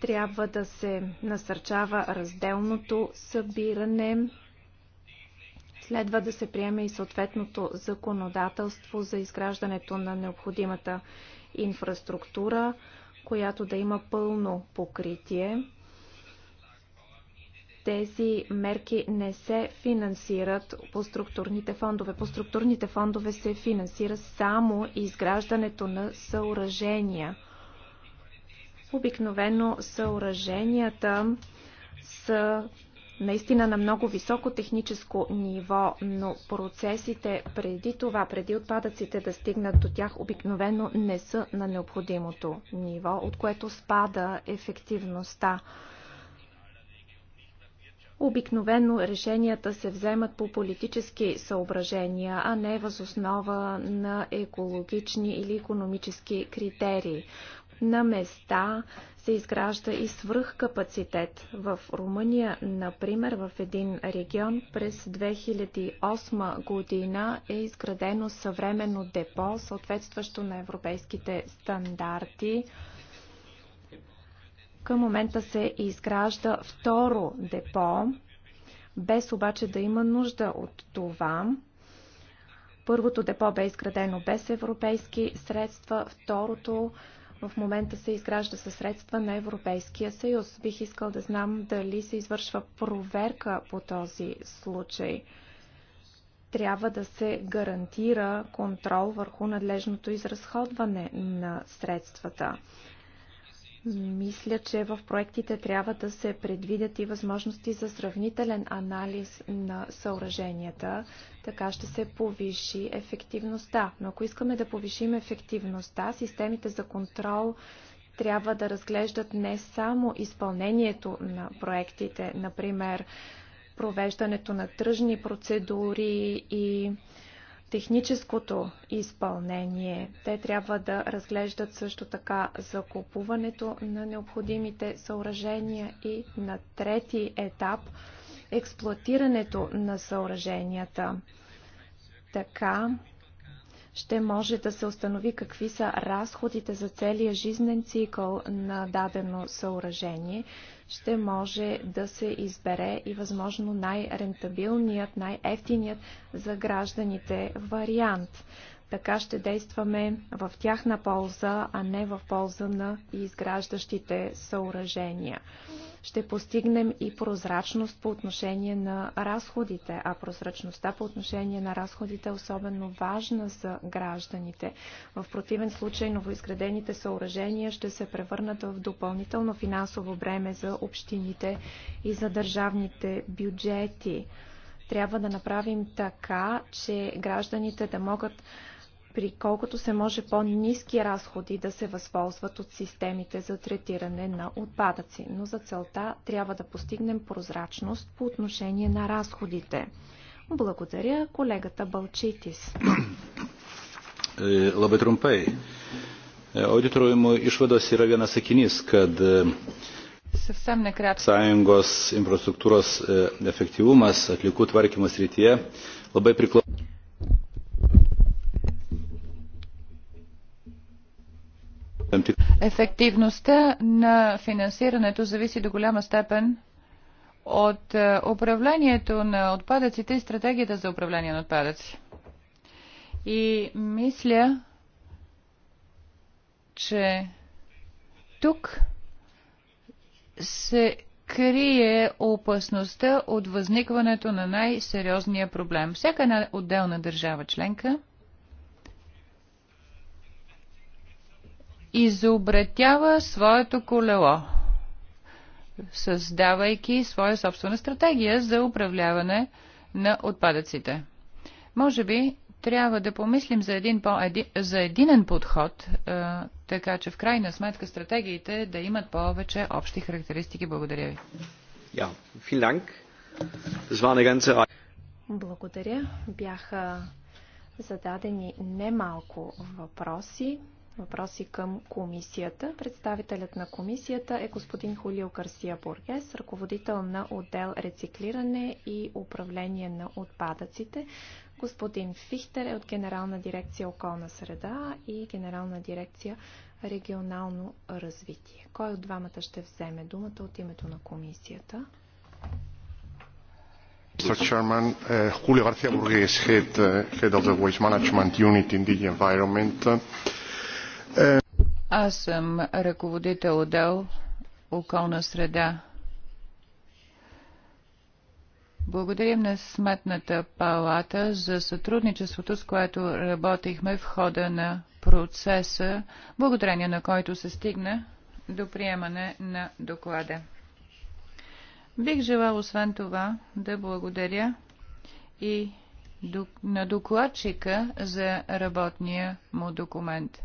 Трябва да се насърчава разделното събиране, Следва да се приеме и съответното законодателство за изграждането на необходимата инфраструктура, която да има пълно покритие тези мерки не се финансират по структурните фондове. По структурните фондове се финансира само изграждането на съоръжения. Обикновено съоръженията са наистина на много високо техническо ниво, но процесите преди това, преди отпадъците да стигнат до тях, обикновено не са на необходимото ниво, от което спада ефективността. Обикновено решенията се вземат по политически съображения, а не възоснова на екологични или економически критерии. На места се изгражда и свръхкапацитет. В Румъния, например, в един регион през 2008 година е изградено съвременно депо, съответстващо на европейските стандарти – към момента се изгражда второ депо, без обаче да има нужда от това. Първото депо бе изградено без европейски средства, второто в момента се изгражда със средства на Европейския съюз. Бих искал да знам дали се извършва проверка по този случай. Трябва да се гарантира контрол върху надлежното изразходване на средствата. Мисля, че в проектите трябва да се предвидят и възможности за сравнителен анализ на съоръженията, така ще се повиши ефективността. Но ако искаме да повишим ефективността, системите за контрол трябва да разглеждат не само изпълнението на проектите, например провеждането на тръжни процедури и техническото изпълнение. Те трябва да разглеждат също така закупуването на необходимите съоръжения и на трети етап експлуатирането на съоръженията. Така ще може да се установи какви са разходите за целия жизнен цикъл на дадено съоръжение ще може да се избере и възможно най-рентабилният, най-ефтиният за гражданите вариант. Така ще действаме в тяхна полза, а не в полза на изграждащите съоръжения. Ще постигнем и прозрачност по отношение на разходите, а прозрачността по отношение на разходите е особено важна за гражданите. В противен случай новоизградените съоръжения ще се превърнат в допълнително финансово бреме за общините и за държавните бюджети трябва да направим така, че гражданите да могат при колкото се може по-низки разходи да се възползват от системите за третиране на отпадъци, но за целта трябва да постигнем прозрачност по отношение на разходите. Благодаря колегата Балчитис. Е, лабе трумпей. Labai trumpai. Auditorimo išvados yra vienas sakinys, kad Sąjungos infrastruktūros ефективумас, атлику тварки srityje лабе приклад. Ефективността на финансирането зависи до голяма степен от е, управлението на отпадъците и стратегията за управление на отпадъци. И мисля, че тук се крие опасността от възникването на най-сериозния проблем. Всяка една отделна държава членка – изобретява своето колело, създавайки своя собствена стратегия за управляване на отпадъците. Може би трябва да помислим за един по -еди, за единен подход, а, така че в крайна сметка стратегиите да имат повече общи характеристики. Благодаря ви. Ja, vielen Dank. Das war eine ganze Благодаря. Бяха зададени немалко въпроси въпроси към комисията. Представителят на комисията е господин Хулио Карсия Бургес, ръководител на отдел рециклиране и управление на отпадъците. Господин Фихтер е от Генерална дирекция околна среда и Генерална дирекция регионално развитие. Кой от двамата ще вземе думата от името на комисията? Mr. Chairman, uh, Julio García Burgues, head, uh, head of the Waste Management Unit in the Environment. Uh, аз съм ръководител отдел околна среда. Благодарим на Сметната палата за сътрудничеството, с което работихме в хода на процеса, благодарение на който се стигна до приемане на доклада. Бих желал освен това да благодаря и на докладчика за работния му документ.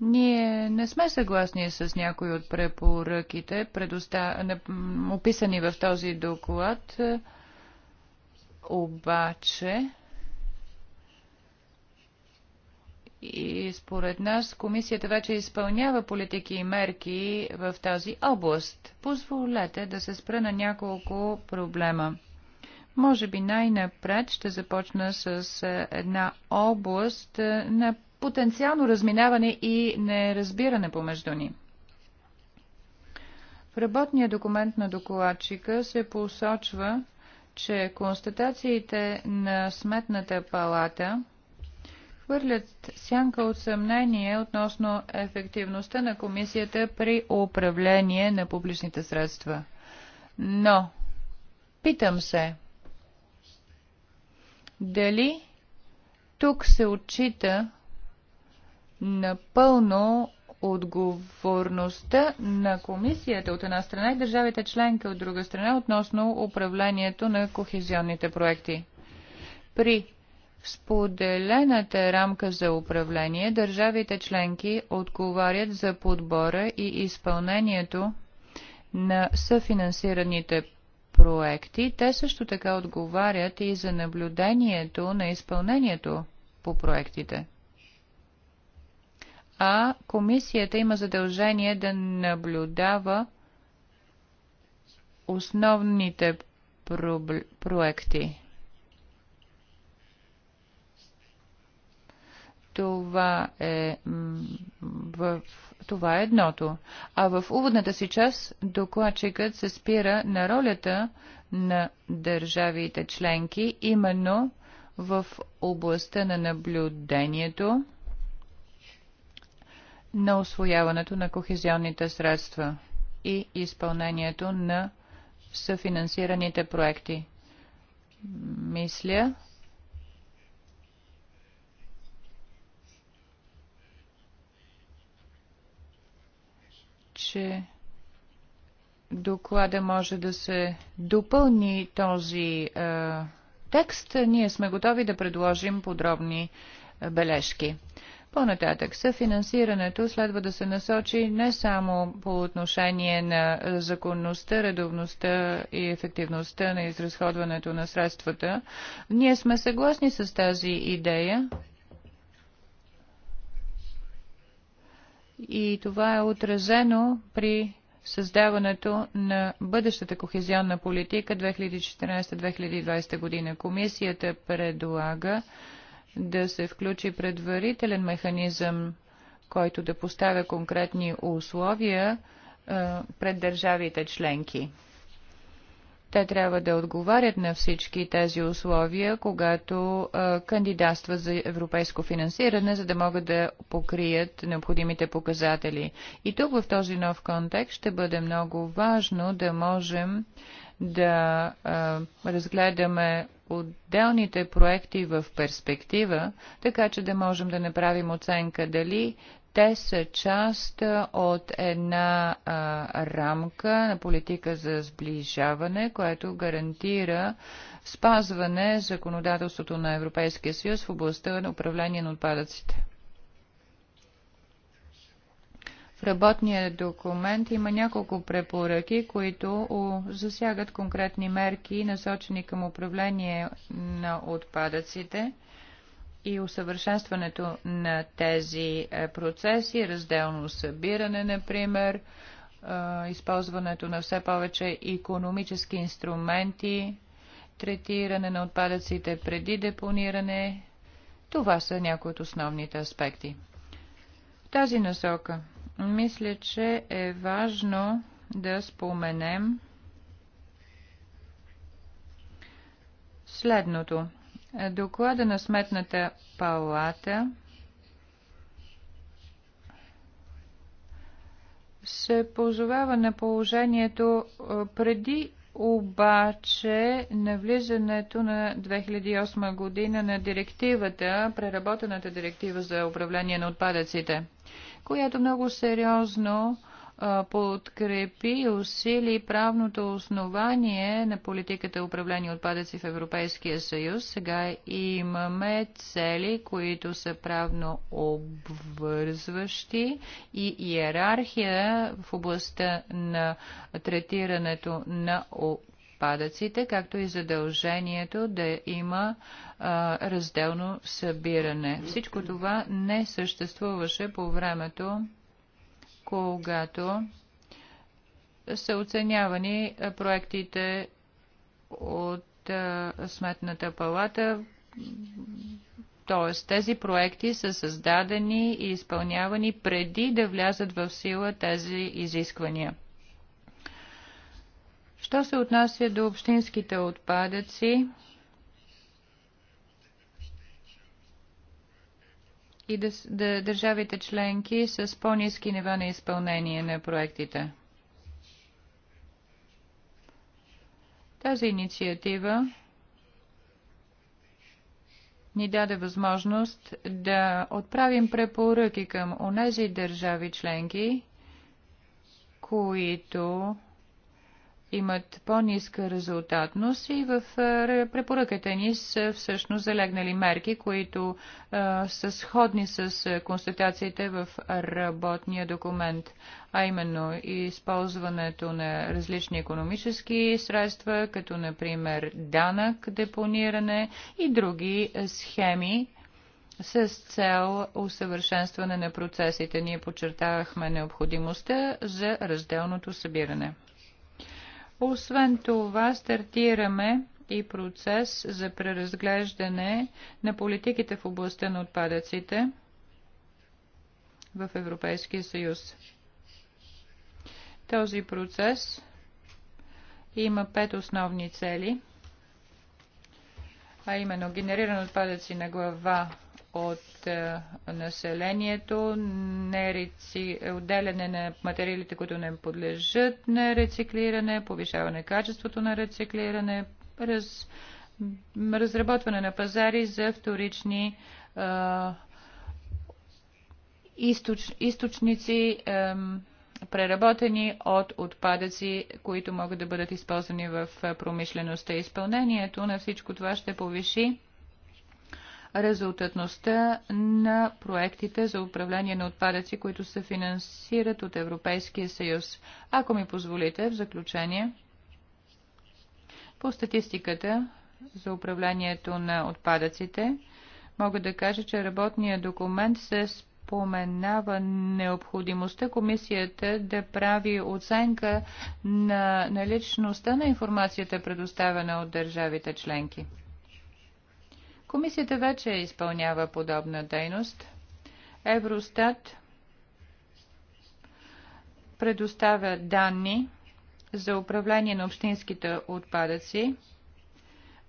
Ние не сме съгласни с някои от препоръките, предоста... описани в този доклад, обаче и според нас комисията вече изпълнява политики и мерки в тази област. Позволете да се спра на няколко проблема. Може би най-напред ще започна с е, една област е, на потенциално разминаване и неразбиране помежду ни. В работния документ на докладчика се посочва, че констатациите на Сметната палата хвърлят сянка от съмнение относно ефективността на комисията при управление на публичните средства. Но, питам се, дали тук се отчита напълно отговорността на комисията от една страна и държавите членки от друга страна относно управлението на кохезионните проекти. При споделената рамка за управление държавите членки отговарят за подбора и изпълнението на съфинансираните проекти. Те също така отговарят и за наблюдението на изпълнението по проектите а комисията има задължение да наблюдава основните проекти. Това е, в, това е едното. А в уводната си част докладчикът се спира на ролята на държавите членки именно в областта на наблюдението на освояването на кохезионните средства и изпълнението на съфинансираните проекти. Мисля, че доклада може да се допълни този е, текст. Ние сме готови да предложим подробни бележки. По-нататък, съфинансирането следва да се насочи не само по отношение на законността, редовността и ефективността на изразходването на средствата. Ние сме съгласни с тази идея. И това е отразено при създаването на бъдещата кохезионна политика 2014-2020 година. Комисията предлага да се включи предварителен механизъм, който да поставя конкретни условия пред държавите членки. Те трябва да отговарят на всички тези условия, когато кандидатства кандидатстват за европейско финансиране, за да могат да покрият необходимите показатели. И тук в този нов контекст ще бъде много важно да можем да а, разгледаме отделните проекти в перспектива, така че да можем да направим оценка дали те са част от една а, рамка на политика за сближаване, което гарантира спазване законодателството на Европейския съюз в областта на управление на отпадъците. В работния документ има няколко препоръки, които засягат конкретни мерки, насочени към управление на отпадъците и усъвършенстването на тези е, процеси, разделно събиране, например, е, използването на все повече економически инструменти, третиране на отпадъците преди депониране. Това са някои от основните аспекти. В тази насока мисля, че е важно да споменем следното. Доклада на Сметната палата се позовава на положението преди обаче навлизането на 2008 година на директивата, преработената директива за управление на отпадъците която много сериозно подкрепи и усили правното основание на политиката управление отпадъци в Европейския съюз. Сега имаме цели, които са правно обвързващи и иерархия в областта на третирането на отпадъците, както и задължението да има а, разделно събиране. Всичко това не съществуваше по времето, когато са оценявани проектите от а, Сметната палата т.е. тези проекти са създадени и изпълнявани преди да влязат в сила тези изисквания. Що се отнася до общинските отпадъци и да, да, държавите членки с по-низки нива на изпълнение на проектите? Тази инициатива ни даде възможност да отправим препоръки към онези държави членки, които имат по-ниска резултатност и в препоръката ни са всъщност залегнали мерки, които са сходни с констатациите в работния документ, а именно използването на различни економически средства, като например данък, депониране и други схеми, с цел усъвършенстване на процесите. Ние подчертавахме необходимостта за разделното събиране. Освен това, стартираме и процес за преразглеждане на политиките в областта на отпадъците в Европейския съюз. Този процес има пет основни цели, а именно генериран отпадъци на глава от е, населението, нереци... отделяне на материалите, които не подлежат на рециклиране, повишаване на качеството на рециклиране, раз... разработване на пазари за вторични а... Е, източ... източници. А преработени от отпадъци, които могат да бъдат използвани в е, промишлеността. Изпълнението на всичко това ще повиши резултатността на проектите за управление на отпадъци, които се финансират от Европейския съюз. Ако ми позволите, в заключение, по статистиката за управлението на отпадъците, мога да кажа, че работният документ се споменава необходимостта комисията да прави оценка на наличността на информацията, предоставена от държавите членки. Комисията вече изпълнява подобна дейност. Евростат предоставя данни за управление на общинските отпадъци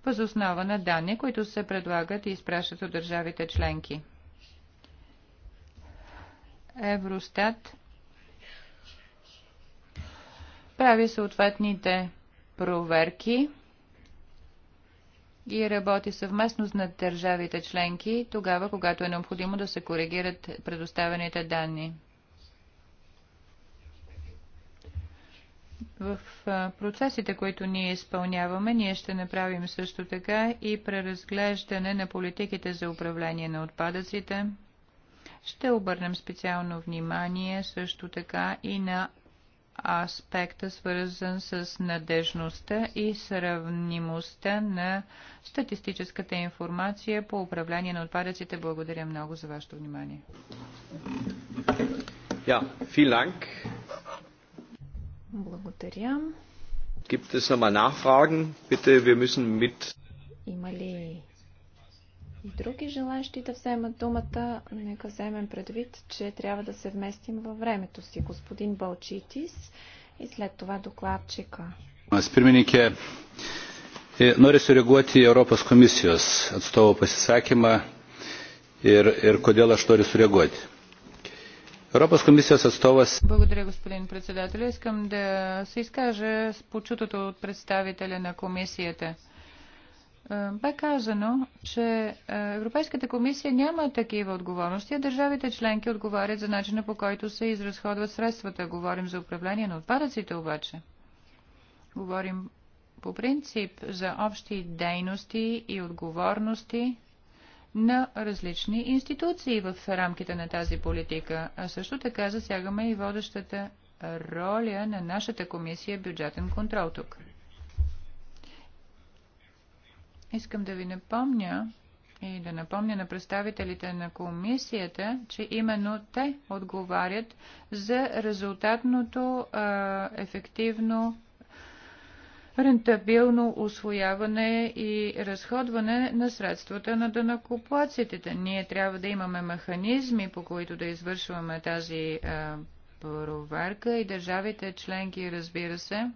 възоснова на данни, които се предлагат и изпращат от държавите членки. Евростат прави съответните проверки и работи съвместно с държавите членки, тогава, когато е необходимо да се коригират предоставените данни. В процесите, които ние изпълняваме, ние ще направим също така и преразглеждане на политиките за управление на отпадъците. Ще обърнем специално внимание също така и на аспекта, свързан с надежността и сравнимостта на статистическата информация по управление на отпадъците. Благодаря много за вашето внимание. Ja, vielen Dank. Благодаря. Gibt es noch mal Nachfragen? Bitte, wir müssen mit. Има ли други желащи да вземат думата, нека вземем предвид, че трябва да се вместим във времето си. Господин Балчитис и след това докладчика. Спирмininkė, noriu sureaguoti į Europos komisijos atstovo посисакима и кодел kodėl нори се sureaguoti. Европас комисия с това... Благодаря, господин председател. Искам да се изкажа с почутото от представителя на комисията. Е, бе казано, че е, Европейската комисия няма такива отговорности, а държавите членки отговарят за начина по който се изразходват средствата. Говорим за управление на отпадъците обаче. Говорим по принцип за общи дейности и отговорности на различни институции в рамките на тази политика, а също така засягаме и водещата роля на нашата комисия бюджетен контрол тук. Искам да ви напомня и да напомня на представителите на комисията, че именно те отговарят за резултатното а, ефективно рентабилно освояване и разходване на средствата на дънакоплаците. Ние трябва да имаме механизми, по които да извършваме тази а, проверка и държавите членки, разбира се,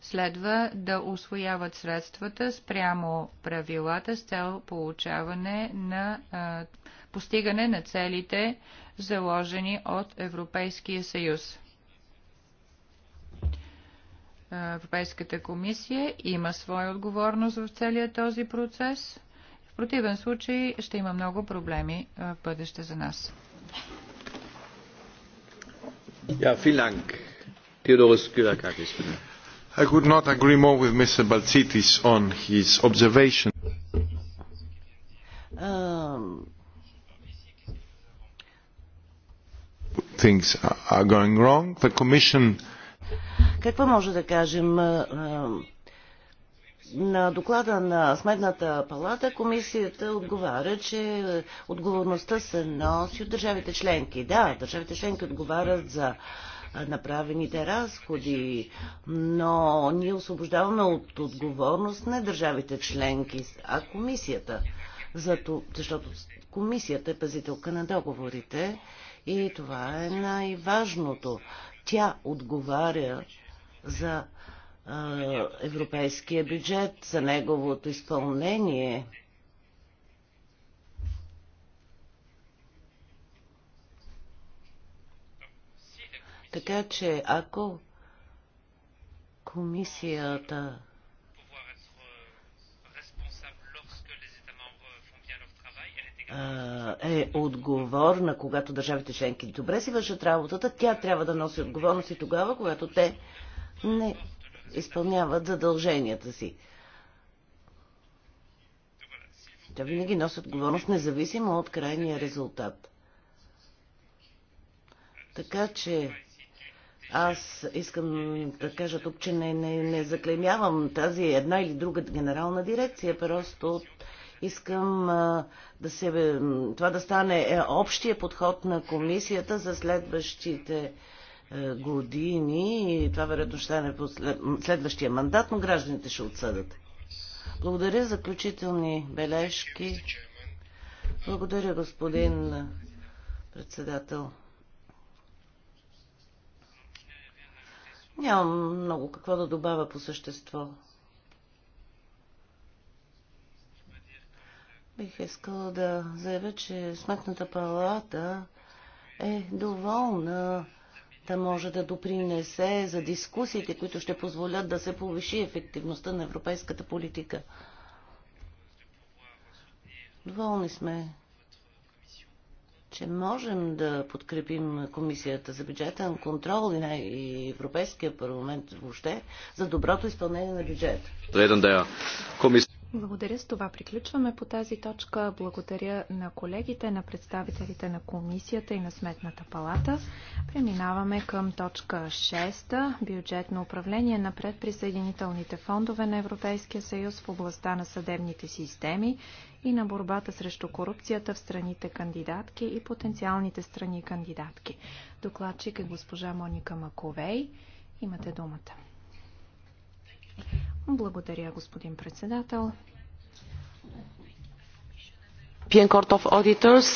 следва да освояват средствата спрямо правилата с цел получаване на а, постигане на целите, заложени от Европейския съюз. Европейската комисия има своя отговорност в целия този процес. В противен случай ще има много проблеми в бъдеще за нас. Ja, vielen Dank. Theodorus Kylakakis, bitte. I could not agree more with Mr. Balcitis on his observation. Um, things are going wrong. The Commission. Какво може да кажем на доклада на Сметната палата комисията отговаря, че отговорността се носи от държавите членки. Да, държавите членки отговарят за направените разходи, но ние освобождаваме от отговорност не държавите членки, а комисията. Зато, защото комисията е пазителка на договорите и това е най-важното. Тя отговаря за е, европейския бюджет, за неговото изпълнение. Така че ако комисията е отговорна, когато държавите членки добре си вършат работата, тя трябва да носи отговорност и тогава, когато те не изпълняват задълженията си. Тя винаги носи отговорност, независимо от крайния резултат. Така че аз искам да кажа тук, че не, не, не заклемявам тази една или друга генерална дирекция, просто искам а, да се, това да стане е, общия подход на комисията за следващите е, години и това вероятно ще стане следващия мандат, но гражданите ще отсъдат. Благодаря за заключителни бележки. Благодаря, господин председател. Нямам много какво да добавя по същество. Бих искала да заявя, че Сметната палата е доволна да може да допринесе за дискусиите, които ще позволят да се повиши ефективността на европейската политика. Доволни сме че можем да подкрепим Комисията за бюджетен контрол и, и Европейския парламент въобще за доброто изпълнение на бюджета. Благодаря. С това приключваме по тази точка. Благодаря на колегите, на представителите на комисията и на Сметната палата. Преминаваме към точка 6. Бюджетно управление на предприсъединителните фондове на Европейския съюз в областта на съдебните системи и на борбата срещу корупцията в страните кандидатки и потенциалните страни кандидатки. Докладчик е госпожа Моника Маковей. Имате думата. Благодаря, господин председател.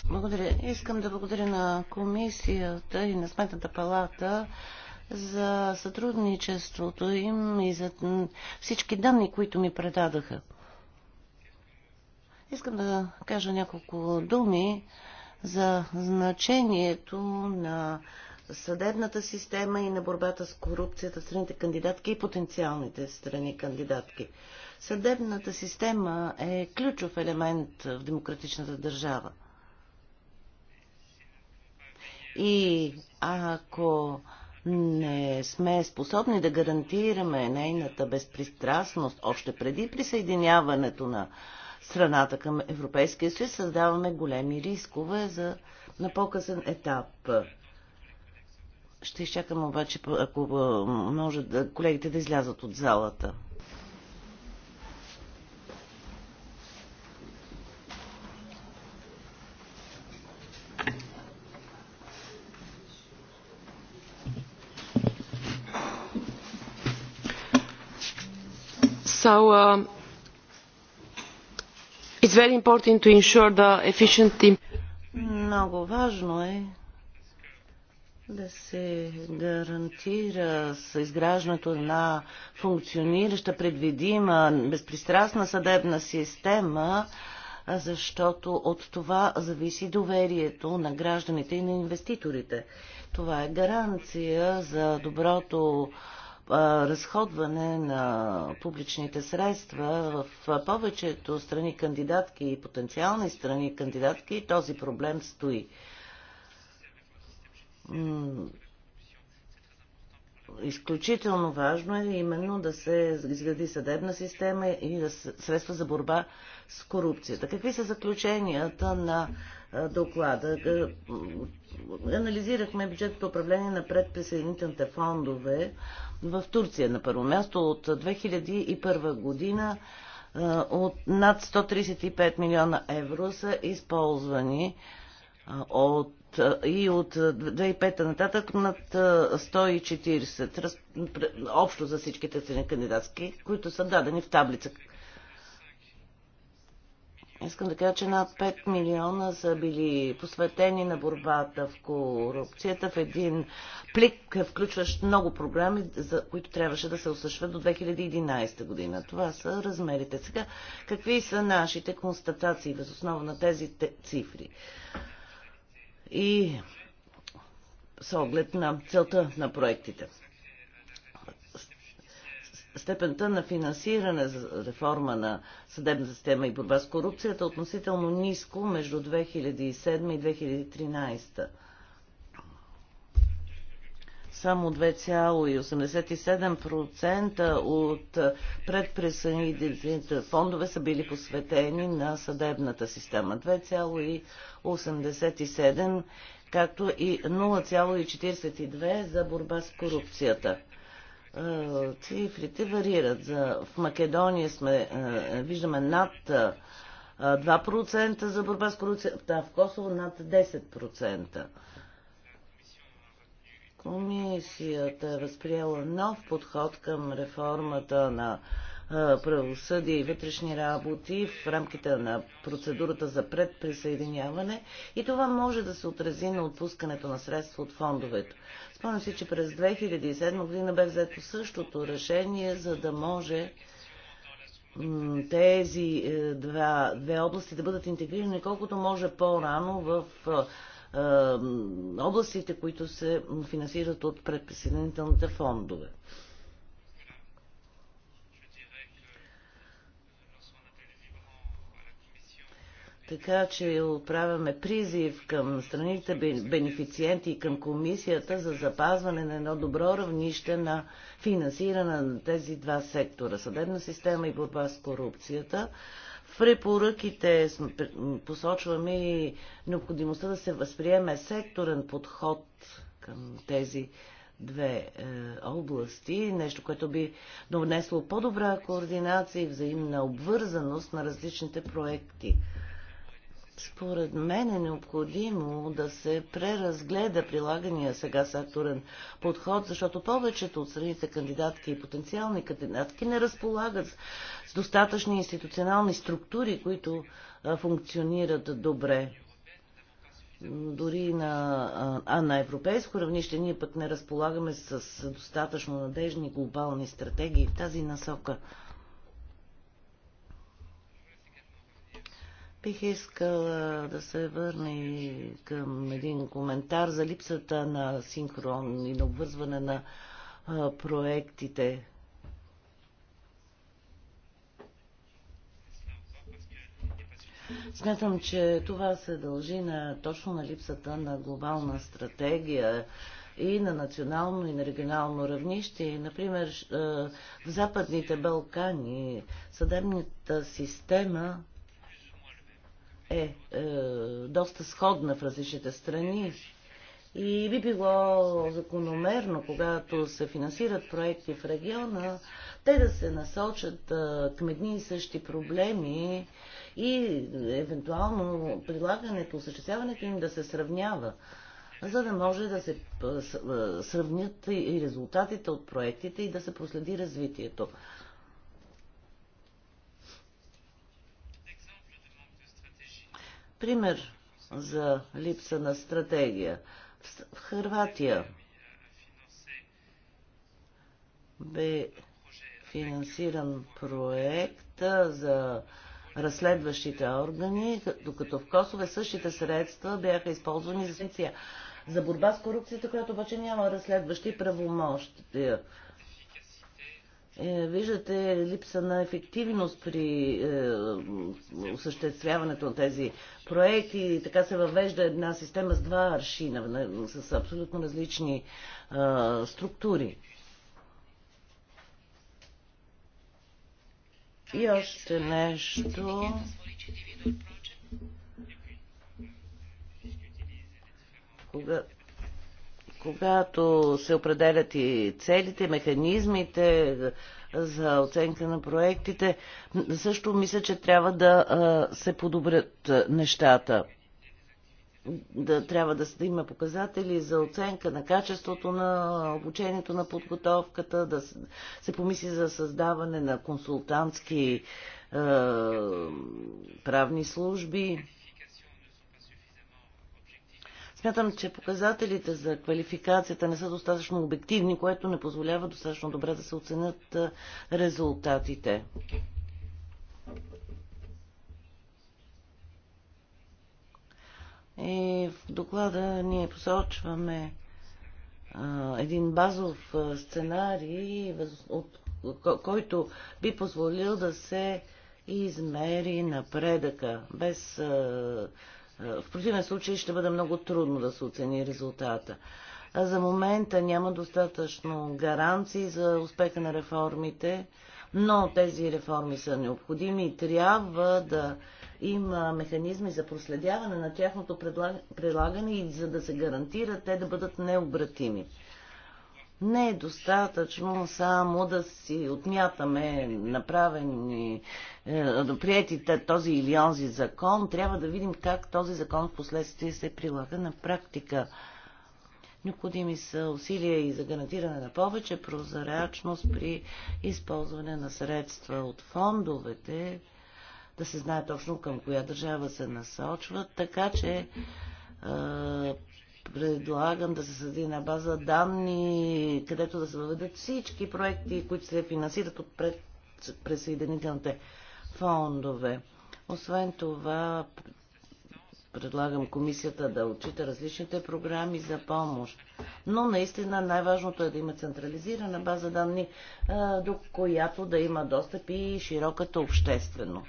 Благодаря. Искам да благодаря на комисията и на сметната палата за сътрудничеството им и за всички данни, които ми предадаха. Искам да кажа няколко думи за значението на съдебната система и на борбата с корупцията в страните кандидатки и потенциалните страни кандидатки. Съдебната система е ключов елемент в демократичната държава. И ако не сме способни да гарантираме нейната безпристрастност още преди присъединяването на страната към Европейския съюз, създаваме големи рискове за, на по-късен етап. Ще изчакам обаче, ако може да, колегите да излязат от залата. so uh, it's very important to ensure the efficient Много важно е да се гарантира с изграждането на функционираща, предвидима, безпристрастна съдебна система, защото от това зависи доверието на гражданите и на инвеститорите. Това е гаранция за доброто разходване на публичните средства в повечето страни кандидатки и потенциални страни кандидатки този проблем стои изключително важно е именно да се изгради съдебна система и да средства за борба с корупцията. Какви са заключенията на доклада? Анализирахме бюджетното управление на предприсъединителните фондове в Турция на първо място от 2001 година от над 135 милиона евро са използвани от, и от 2005 нататък над 140 раз, общо за всичките цени кандидатски, които са дадени в таблица. Искам да кажа, че над 5 милиона са били посветени на борбата в корупцията в един плик, включващ много програми, за които трябваше да се осъщат до 2011 година. Това са размерите. Сега, какви са нашите констатации възоснова на тези цифри? и с оглед на целта на проектите. Степента на финансиране за реформа на съдебна система и борба с корупцията е относително ниско между 2007 и 2013 само 2,87% от предпресъдните фондове са били посветени на съдебната система. 2,87% както и 0,42 за борба с корупцията. Е, цифрите варират. В Македония сме, е, виждаме над 2% е, за борба с корупцията, а в Косово над 10%. Комисията е възприела нов подход към реформата на правосъдие и вътрешни работи в рамките на процедурата за предприсъединяване и това може да се отрази на отпускането на средства от фондовете. Спомням си, че през 2007 година бе взето същото решение, за да може тези е, два, две области да бъдат интегрирани колкото може по-рано в областите, които се финансират от предприсъединителните фондове. Така че отправяме призив към страните бенефициенти и към комисията за запазване на едно добро равнище на финансиране на тези два сектора съдебна система и борба с корупцията. В препоръките посочваме и необходимостта да се възприеме секторен подход към тези две е, области, нещо, което би донесло по-добра координация и взаимна обвързаност на различните проекти според мен е необходимо да се преразгледа прилагания сега секторен подход, защото повечето от страните кандидатки и потенциални кандидатки не разполагат с достатъчни институционални структури, които функционират добре. Дори на, а на европейско равнище ние пък не разполагаме с достатъчно надежни глобални стратегии в тази насока. Бих искала да се върна и към един коментар за липсата на синхрон и на обвързване на а, проектите. Смятам, че това се дължи на, точно на липсата на глобална стратегия и на национално и на регионално равнище. Например, в Западните Балкани съдебната система е, е доста сходна в различните страни. И би било закономерно, когато се финансират проекти в региона, те да се насочат е, към едни и същи проблеми и евентуално прилагането, осъществяването им да се сравнява, за да може да се е, е, сравнят и резултатите от проектите и да се проследи развитието. Пример за липса на стратегия. В Хърватия бе финансиран проект за разследващите органи, докато в Косове същите средства бяха използвани за за борба с корупцията, която обаче няма разследващи правомощия. Е, виждате липса на ефективност при е, осъществяването на тези проекти. така се въвежда една система с два аршина, с абсолютно различни е, структури. И още нещо. Кога когато се определят и целите, механизмите за оценка на проектите, също мисля, че трябва да се подобрят нещата. Да, трябва да, има показатели за оценка на качеството на обучението, на подготовката, да се помисли за създаване на консултантски е, правни служби. Смятам, че показателите за квалификацията не са достатъчно обективни, което не позволява достатъчно добре да се оценят резултатите. И в доклада ние посочваме а, един базов сценарий, от, който би позволил да се измери напредъка без а, в противен случай ще бъде много трудно да се оцени резултата. А за момента няма достатъчно гаранции за успеха на реформите, но тези реформи са необходими и трябва да има механизми за проследяване на тяхното прилагане и за да се гарантира те да бъдат необратими. Не е достатъчно само да си отмятаме направени, е, приятите този или онзи закон. Трябва да видим как този закон в последствие се прилага на практика. Необходими са усилия и за гарантиране на повече прозрачност при използване на средства от фондовете, да се знае точно към коя държава се насочват, така че е, Предлагам да се създаде на база данни, където да се въведат всички проекти, които се финансират от пред, присъединителните фондове. Освен това, предлагам комисията да отчита различните програми за помощ. Но наистина най-важното е да има централизирана база данни, до която да има достъп и широката обществено.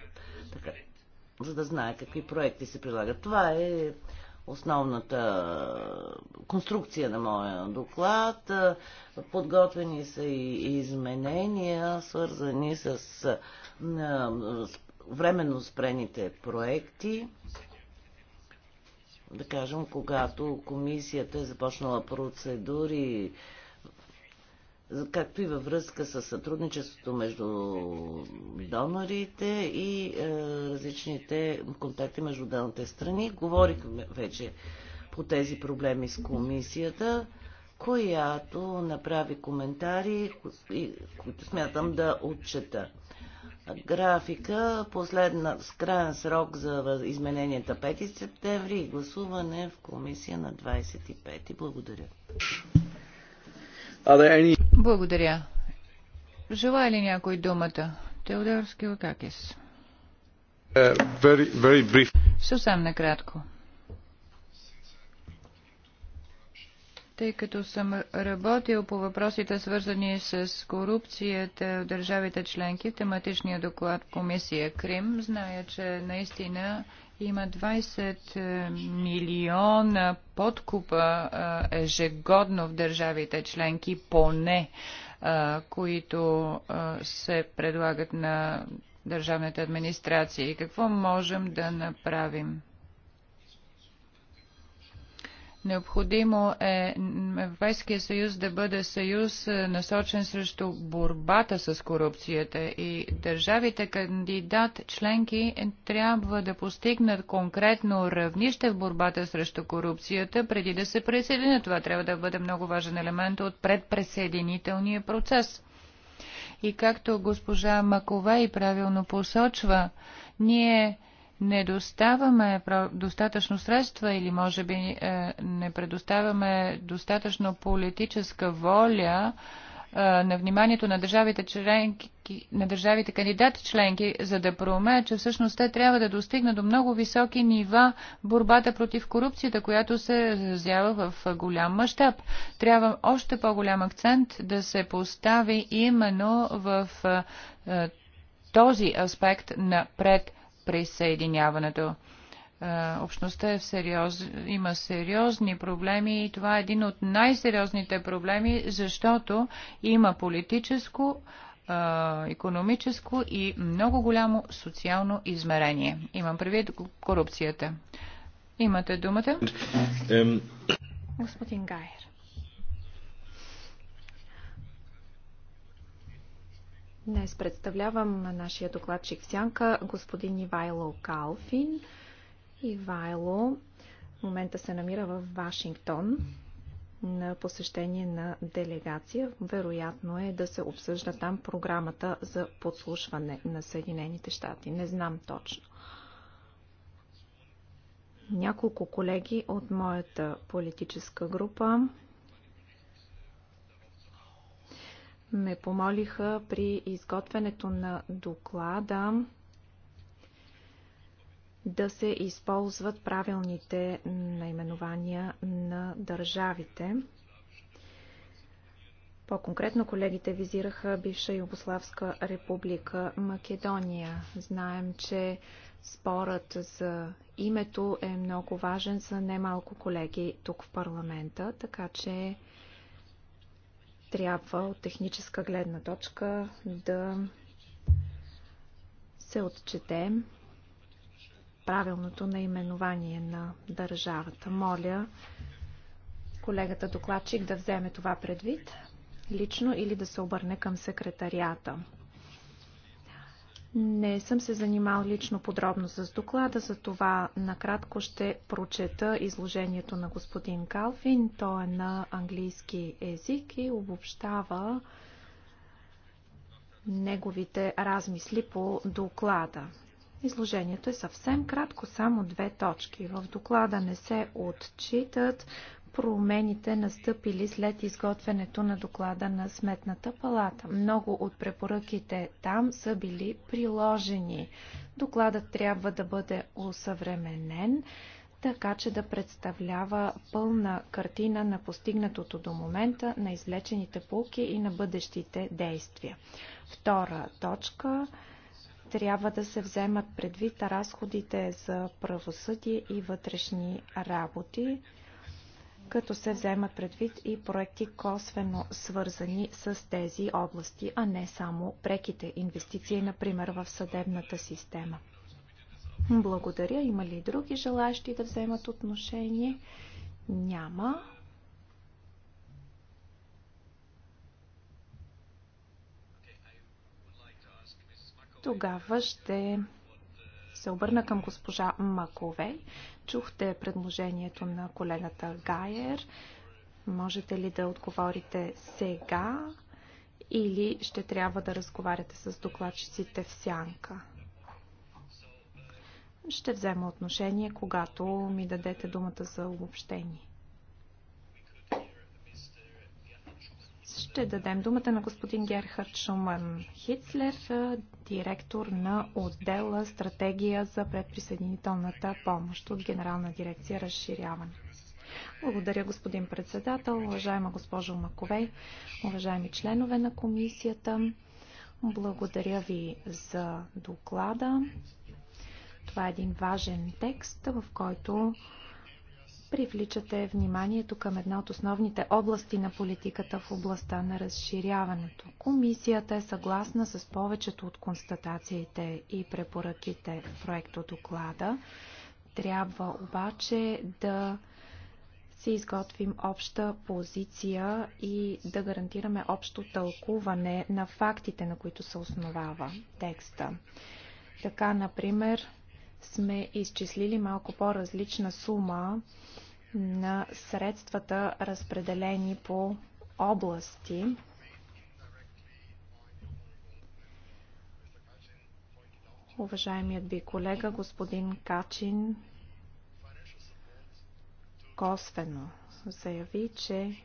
Така, за да знае какви проекти се прилагат. Това е основната конструкция на моя доклад. Подготвени са и изменения, свързани с временно спрените проекти. Да кажем, когато комисията е започнала процедури както и във връзка с сътрудничеството между донорите и е, различните контакти между отделните страни. Говорихме вече по тези проблеми с комисията, която направи коментари, които смятам да отчета. Графика, последна, с крайен срок за измененията 5 септември и гласуване в комисия на 25. Благодаря. Are there any... Благодаря. Желая ли някой думата? Теодор Скилкакис. Uh, Съвсем накратко. Тъй като съм работил по въпросите свързани с корупцията в държавите членки, тематичния доклад Комисия Крим, зная, че наистина има 20 е, милиона подкупа е, ежегодно в държавите членки, поне, е, които се предлагат на държавните администрации. Какво можем да направим? Необходимо е Европейския съюз да бъде съюз е, насочен срещу борбата с корупцията и държавите кандидат членки е, трябва да постигнат конкретно равнище в борбата срещу корупцията преди да се присъединят. Това трябва да бъде много важен елемент от предпресъединителния процес. И както госпожа Маковей правилно посочва, ние не доставаме достатъчно средства или може би е, не предоставяме достатъчно политическа воля е, на вниманието на държавите членки, на държавите кандидати членки, за да проумеят, че всъщност те трябва да достигнат до много високи нива борбата против корупцията, която се разразява в голям мащаб. Трябва още по-голям акцент да се постави именно в е, този аспект на пред присъединяването. Е, общността е сериоз, има сериозни проблеми и това е един от най-сериозните проблеми, защото има политическо, економическо и много голямо социално измерение. Имам предвид корупцията. Имате думата. Господин Гайер. Днес представлявам на нашия докладчик в Сянка господин Ивайло Калфин. Ивайло в момента се намира в Вашингтон на посещение на делегация. Вероятно е да се обсъжда там програмата за подслушване на Съединените щати. Не знам точно. Няколко колеги от моята политическа група ме помолиха при изготвянето на доклада да се използват правилните наименования на държавите. По-конкретно колегите визираха бивша Югославска република Македония. Знаем, че спорът за името е много важен за немалко колеги тук в парламента, така че трябва от техническа гледна точка да се отчете правилното наименование на държавата. Моля колегата докладчик да вземе това предвид лично или да се обърне към секретарията. Не съм се занимал лично подробно с доклада, за това накратко ще прочета изложението на господин Калфин. То е на английски език и обобщава неговите размисли по доклада. Изложението е съвсем кратко, само две точки. В доклада не се отчитат промените настъпили след изготвянето на доклада на Сметната палата. Много от препоръките там са били приложени. Докладът трябва да бъде усъвременен, така че да представлява пълна картина на постигнатото до момента, на извлечените полки и на бъдещите действия. Втора точка трябва да се вземат предвид разходите за правосъдие и вътрешни работи като се вземат предвид и проекти косвено свързани с тези области, а не само преките инвестиции, например в съдебната система. Благодаря. Има ли други желащи да вземат отношение? Няма. Тогава ще се обърна към госпожа Маковей. Чухте предложението на колегата Гайер. Можете ли да отговорите сега или ще трябва да разговаряте с докладчиците в сянка? Ще взема отношение, когато ми дадете думата за обобщение. Ще дадем думата на господин Герхард Шуман Хицлер, директор на отдела Стратегия за предприсъединителната помощ от Генерална дирекция Разширяване. Благодаря, господин председател, уважаема госпожо Маковей, уважаеми членове на комисията. Благодаря ви за доклада. Това е един важен текст, в който привличате вниманието към една от основните области на политиката в областта на разширяването. Комисията е съгласна с повечето от констатациите и препоръките в проекто доклада. Трябва обаче да си изготвим обща позиция и да гарантираме общо тълкуване на фактите, на които се основава текста. Така, например, сме изчислили малко по-различна сума на средствата, разпределени по области. Уважаемият би колега, господин Качин, косвено заяви, че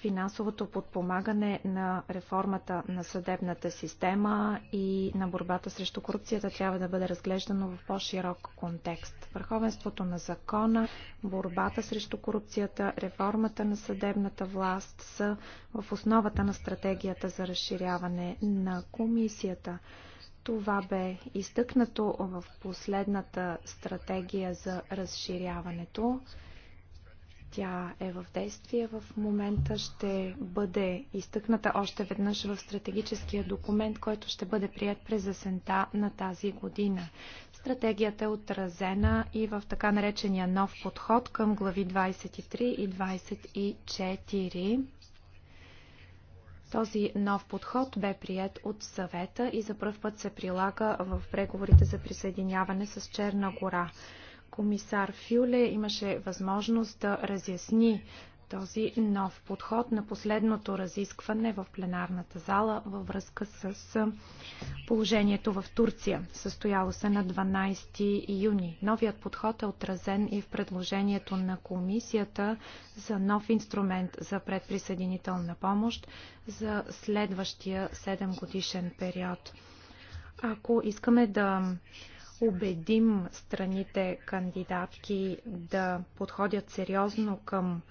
финансовото подпомагане на реформата на съдебната система и на борбата срещу корупцията трябва да бъде разглеждано в по-широк контекст. Върховенството на закона, борбата срещу корупцията, реформата на съдебната власт са в основата на стратегията за разширяване на комисията. Това бе изтъкнато в последната стратегия за разширяването. Тя е в действие в момента, ще бъде изтъкната още веднъж в стратегическия документ, който ще бъде прият през есента на тази година. Стратегията е отразена и в така наречения нов подход към глави 23 и 24. Този нов подход бе прият от съвета и за първ път се прилага в преговорите за присъединяване с Черна гора. Комисар Фюле имаше възможност да разясни този нов подход на последното разискване в пленарната зала във връзка с положението в Турция, състояло се на 12 юни. Новият подход е отразен и в предложението на комисията за нов инструмент за предприсъединителна помощ за следващия 7 годишен период. Ако искаме да убедим страните кандидатки да подходят сериозно към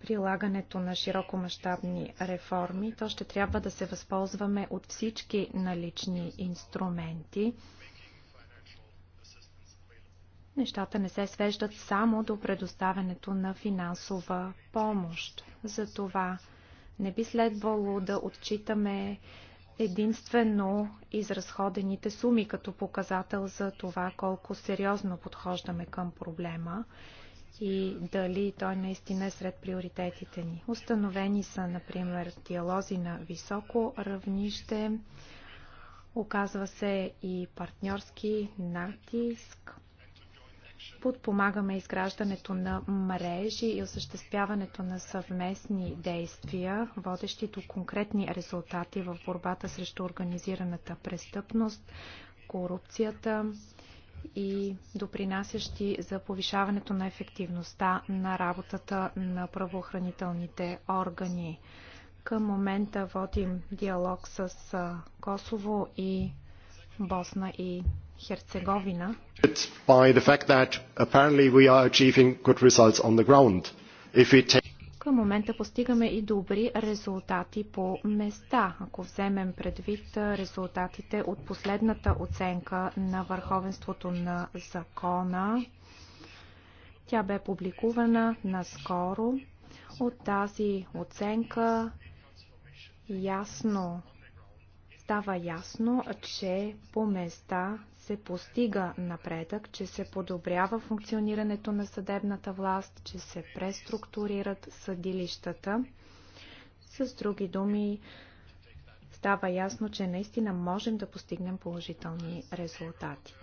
прилагането на широкомащабни реформи, то ще трябва да се възползваме от всички налични инструменти. Нещата не се свеждат само до предоставянето на финансова помощ. Затова не би следвало да отчитаме единствено изразходените суми като показател за това колко сериозно подхождаме към проблема и дали той наистина е сред приоритетите ни. Установени са, например, диалози на високо равнище, оказва се и партньорски натиск, подпомагаме изграждането на мрежи и осъществяването на съвместни действия, водещи до конкретни резултати в борбата срещу организираната престъпност, корупцията и допринасящи за повишаването на ефективността на работата на правоохранителните органи. Към момента водим диалог с Косово и Босна и Херцеговина. Към момента постигаме и добри резултати по места, ако вземем предвид резултатите от последната оценка на върховенството на закона. Тя бе публикувана наскоро. От тази оценка ясно става ясно, че по места се постига напредък, че се подобрява функционирането на съдебната власт, че се преструктурират съдилищата. С други думи, става ясно, че наистина можем да постигнем положителни резултати.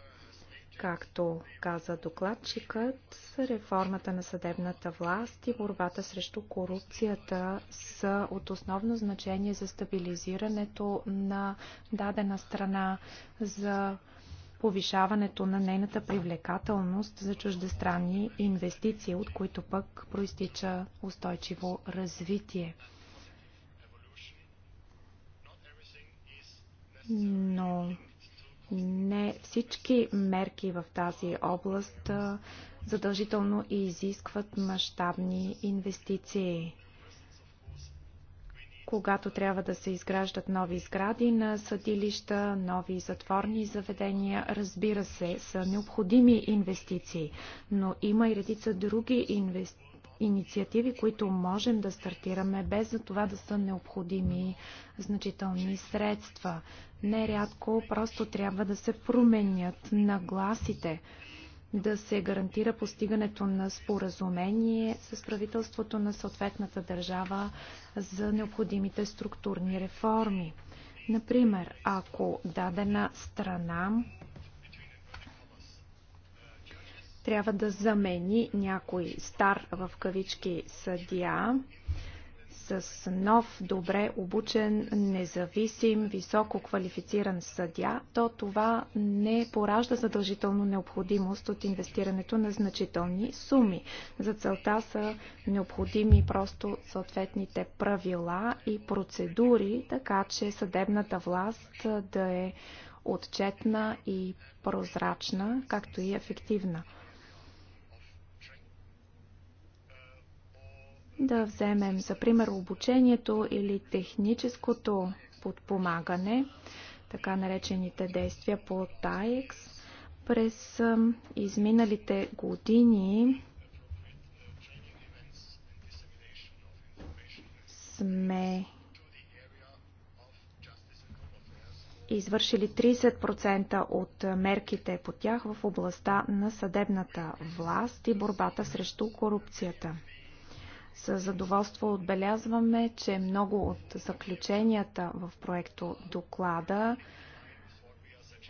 Както каза докладчикът, реформата на съдебната власт и борбата срещу корупцията са от основно значение за стабилизирането на дадена страна, за повишаването на нейната привлекателност за чуждестранни инвестиции, от които пък проистича устойчиво развитие. Но не всички мерки в тази област задължително изискват мащабни инвестиции когато трябва да се изграждат нови сгради на съдилища, нови затворни заведения, разбира се, са необходими инвестиции, но има и редица други инвестиции инициативи, които можем да стартираме без за това да са необходими значителни средства. Нерядко просто трябва да се променят нагласите да се гарантира постигането на споразумение с правителството на съответната държава за необходимите структурни реформи. Например, ако дадена страна трябва да замени някой стар в кавички съдия, с нов, добре обучен, независим, високо квалифициран съдя, то това не поражда задължително необходимост от инвестирането на значителни суми. За целта са необходими просто съответните правила и процедури, така че съдебната власт да е отчетна и прозрачна, както и ефективна. Да вземем за пример обучението или техническото подпомагане, така наречените действия по ТаЕкс, През изминалите години сме извършили 30% от мерките по тях в областта на съдебната власт и борбата срещу корупцията. С задоволство отбелязваме, че много от заключенията в проекто доклада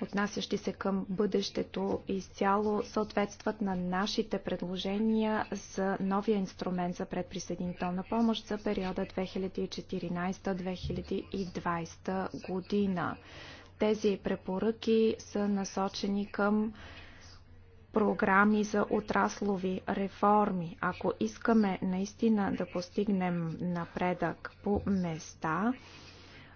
отнасящи се към бъдещето изцяло съответстват на нашите предложения за новия инструмент за предприсъединителна помощ за периода 2014-2020 година. Тези препоръки са насочени към програми за отраслови реформи. Ако искаме наистина да постигнем напредък по места,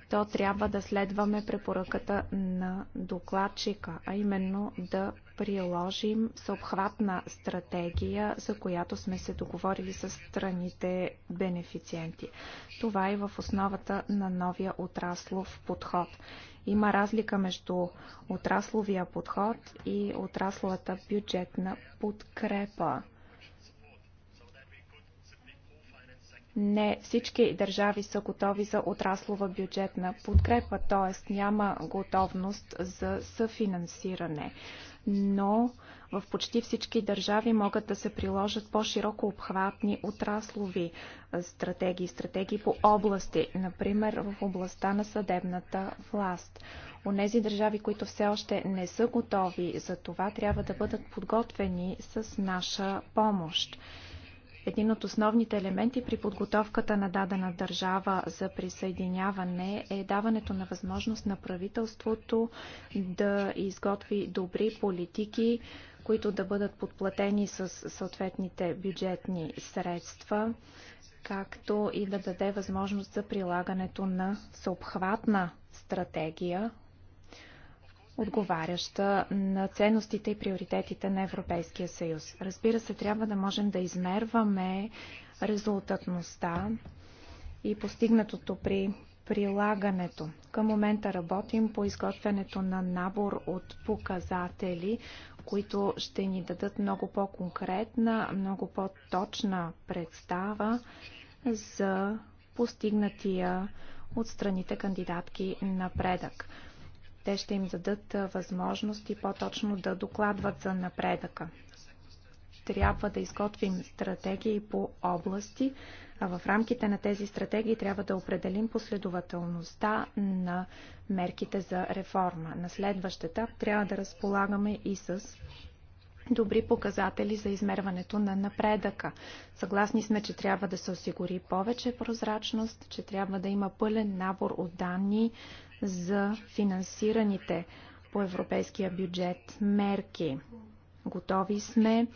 то трябва да следваме препоръката на докладчика, а именно да приложим съобхватна стратегия, за която сме се договорили с страните бенефициенти. Това е в основата на новия отраслов подход. Има разлика между отрасловия подход и отрасловата бюджетна подкрепа. не всички държави са готови за отраслова бюджетна подкрепа, т.е. няма готовност за съфинансиране но в почти всички държави могат да се приложат по-широко обхватни отраслови стратегии, стратегии по области, например в областта на съдебната власт. Онези държави, които все още не са готови за това, трябва да бъдат подготвени с наша помощ. Един от основните елементи при подготовката на дадена държава за присъединяване е даването на възможност на правителството да изготви добри политики, които да бъдат подплатени с съответните бюджетни средства, както и да даде възможност за прилагането на съобхватна стратегия, отговаряща на ценностите и приоритетите на Европейския съюз. Разбира се, трябва да можем да измерваме резултатността и постигнатото при прилагането. Към момента работим по изготвянето на набор от показатели, които ще ни дадат много по-конкретна, много по-точна представа за постигнатия от страните кандидатки напредък. Те ще им дадат възможности по-точно да докладват за напредъка. Трябва да изготвим стратегии по области, а в рамките на тези стратегии трябва да определим последователността на мерките за реформа. На следващ етап трябва да разполагаме и с добри показатели за измерването на напредъка. Съгласни сме, че трябва да се осигури повече прозрачност, че трябва да има пълен набор от данни за финансираните по европейския бюджет мерки. Готови сме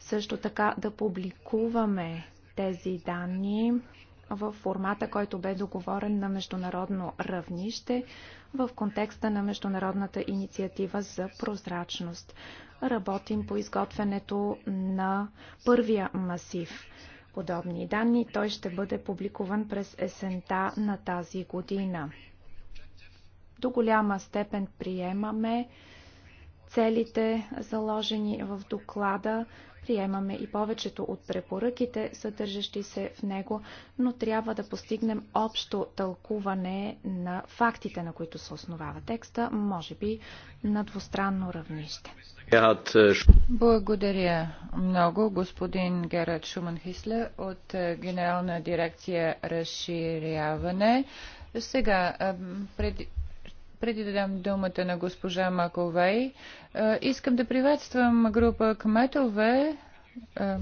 също така да публикуваме тези данни в формата, който бе договорен на международно равнище в контекста на Международната инициатива за прозрачност. Работим по изготвянето на първия масив подобни данни. Той ще бъде публикуван през есента на тази година до голяма степен приемаме целите, заложени в доклада. Приемаме и повечето от препоръките, съдържащи се в него, но трябва да постигнем общо тълкуване на фактите, на които се основава текста, може би на двустранно равнище. Благодаря много, господин Герат Шуманхисле от Генерална дирекция Разширяване. Сега, преди преди да дам думата на госпожа Маковей, е, искам да приветствам група кметове, е,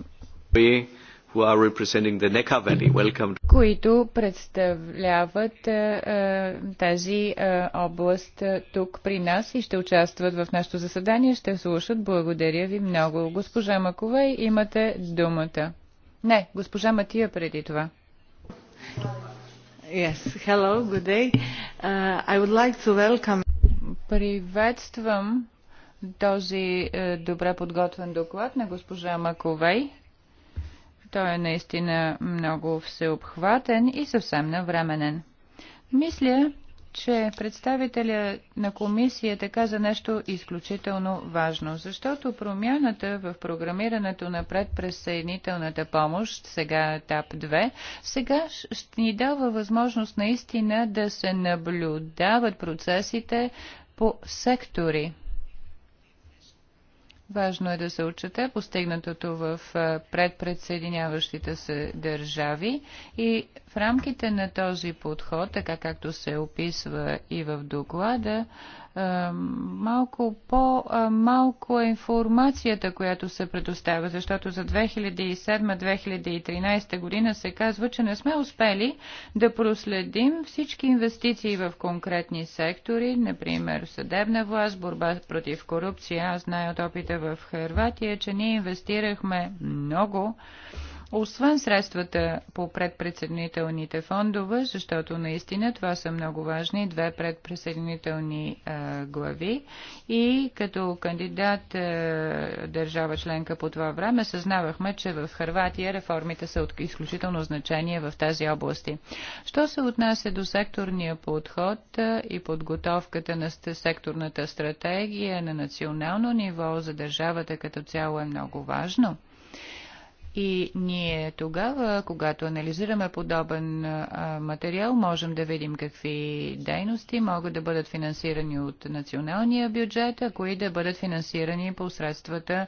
които представляват е, тази област тук при нас и ще участват в нашето заседание, ще слушат. Благодаря ви много. Госпожа Маковей, имате думата. Не, госпожа Матия преди това. Yes, hello, good day. Uh, I would like to welcome... Приветствам този е, добре подготвен доклад на госпожа Маковей. Той е наистина много всеобхватен и съвсем навременен. Мисля, че представителя на комисията каза нещо изключително важно, защото промяната в програмирането на предпресъединителната помощ, сега е етап 2, сега ще ни дава възможност наистина да се наблюдават процесите по сектори. Важно е да се отчете постигнатото в предпредсъединяващите се държави и в рамките на този подход, така както се описва и в доклада, малко по-малко е информацията, която се предоставя, защото за 2007-2013 година се казва, че не сме успели да проследим всички инвестиции в конкретни сектори, например съдебна власт, борба против корупция. Аз знае от опита в Хрватия, че ние инвестирахме много освен средствата по предпредседнителните фондове, защото наистина това са много важни две предпредседнителни глави и като кандидат държава членка по това време съзнавахме, че в Харватия реформите са от изключително значение в тази области. Що се отнася до секторния подход и подготовката на секторната стратегия на национално ниво за държавата като цяло е много важно – и ние тогава, когато анализираме подобен материал, можем да видим какви дейности могат да бъдат финансирани от националния бюджет, а кои да бъдат финансирани по средствата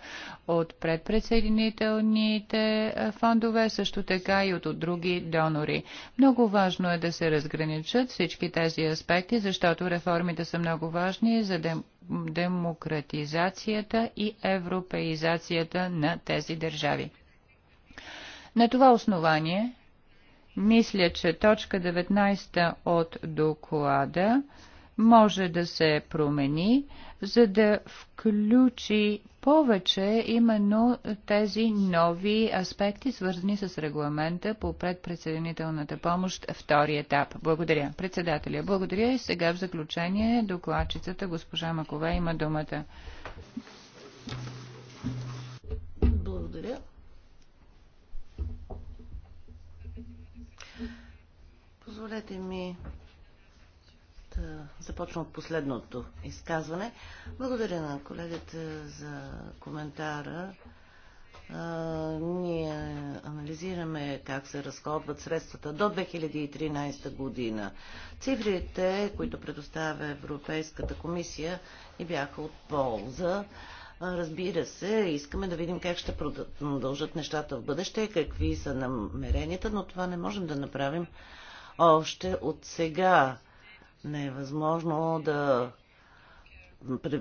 от предпредседнителните фондове, също така и от, от други донори. Много важно е да се разграничат всички тези аспекти, защото реформите са много важни за да демократизацията и европеизацията на тези държави. На това основание, мисля, че точка 19 от доклада може да се промени, за да включи повече именно тези нови аспекти, свързани с регламента по предпредседенителната помощ, втори етап. Благодаря. Председателя, благодаря и сега в заключение докладчицата госпожа Макове има думата. Позволете ми да започна от последното изказване. Благодаря на колегата за коментара. ние анализираме как се разходват средствата до 2013 година. Цифрите, които предоставя Европейската комисия, и бяха от полза. Разбира се, искаме да видим как ще продължат нещата в бъдеще, какви са намеренията, но това не можем да направим още от сега. Не е възможно да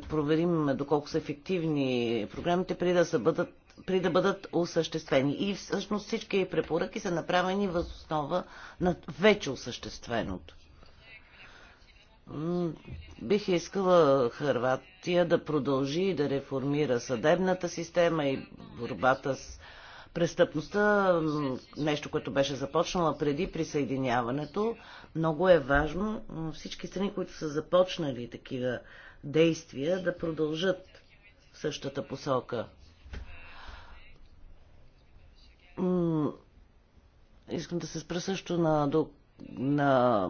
проверим доколко са ефективни програмите, преди да, са бъдат, преди да бъдат осъществени. И всъщност всички препоръки са направени въз основа на вече осъщественото. Бих искала Харватия да продължи да реформира съдебната система и борбата с Престъпността, нещо, което беше започнала преди присъединяването, много е важно всички страни, които са започнали такива действия, да продължат в същата посока. Искам да се спра също на, на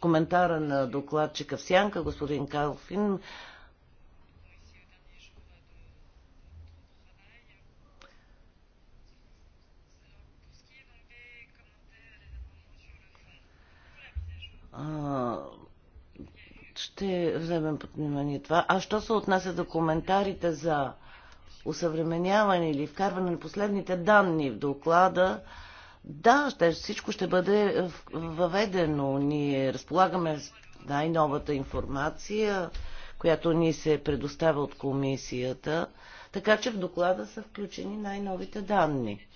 коментара на докладчика в Сянка, господин Калфин. ще вземем под внимание това. А що се отнася до коментарите за усъвременяване или вкарване на последните данни в доклада, да, ще, всичко ще бъде въведено. Ние разполагаме с най-новата информация, която ни се предоставя от комисията, така че в доклада са включени най-новите данни.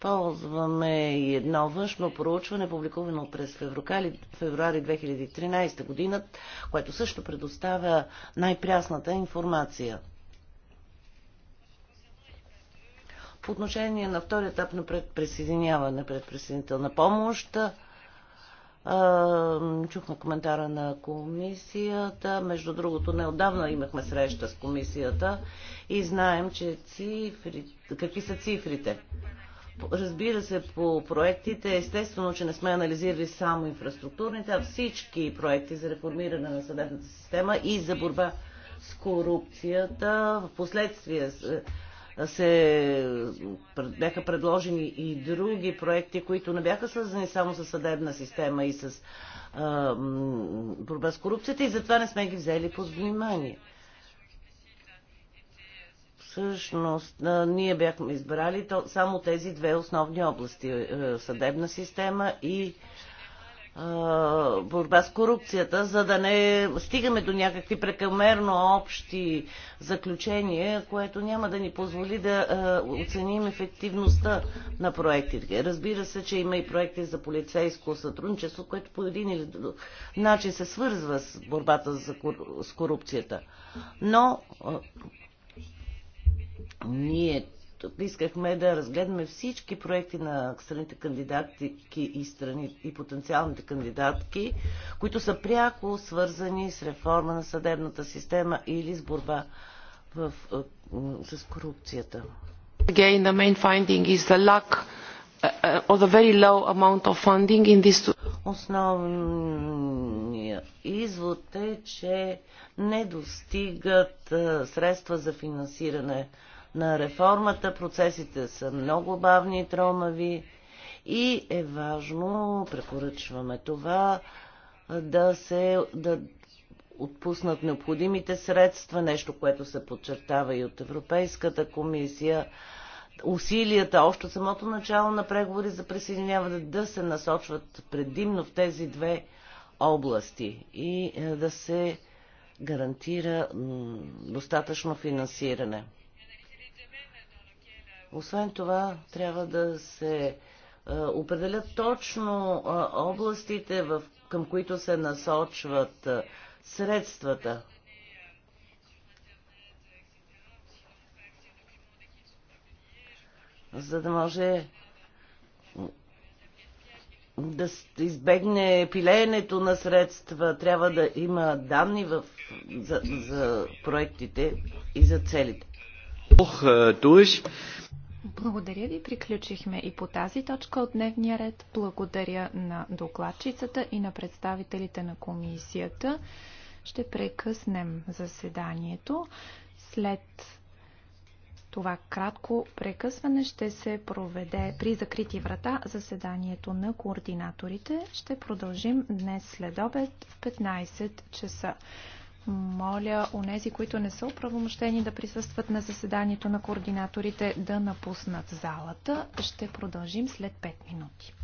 Ползваме и едно външно проучване, публикувано през февруари, февруари 2013 година, което също предоставя най-прясната информация. По отношение на втори етап на предприсъединяване, предприсъединителна помощ, чухме коментара на комисията. Между другото, неодавна имахме среща с комисията и знаем, че цифри... какви са цифрите. Разбира се, по проектите, естествено, че не сме анализирали само инфраструктурните, а всички проекти за реформиране на съдебната система и за борба с корупцията. В последствие се бяха предложени и други проекти, които не бяха свързани само с съдебна система и с а, борба с корупцията и затова не сме ги взели под внимание. Всъщност, ние бяхме избрали само тези две основни области е, съдебна система и борба с корупцията, за да не стигаме до някакви прекамерно общи заключения, което няма да ни позволи да оценим ефективността на проектите. Разбира се, че има и проекти за полицейско сътрудничество, което по един или друг начин се свързва с борбата с корупцията. Но ние тук искахме да разгледаме всички проекти на страните кандидатки и, страни, и потенциалните кандидатки, които са пряко свързани с реформа на съдебната система или с борба в, с корупцията. Again, the main finding is the lack uh, uh, or the very low amount of funding in this... Основният извод е, че не достигат средства за финансиране на реформата. Процесите са много бавни и тромави и е важно, препоръчваме това, да се да отпуснат необходимите средства, нещо, което се подчертава и от Европейската комисия. Усилията още самото начало на преговори за присъединяване да се насочват предимно в тези две области и е, да се гарантира достатъчно финансиране. Освен това, трябва да се определят точно областите, в, към които се насочват средствата. За да може да избегне пилеенето на средства, трябва да има данни в, за, за проектите и за целите. Е, благодаря ви. Приключихме и по тази точка от дневния ред. Благодаря на докладчицата и на представителите на комисията. Ще прекъснем заседанието. След това кратко прекъсване ще се проведе при закрити врата заседанието на координаторите. Ще продължим днес след обед в 15 часа. Моля онези, които не са оправомощени да присъстват на заседанието на координаторите, да напуснат залата. Ще продължим след 5 минути.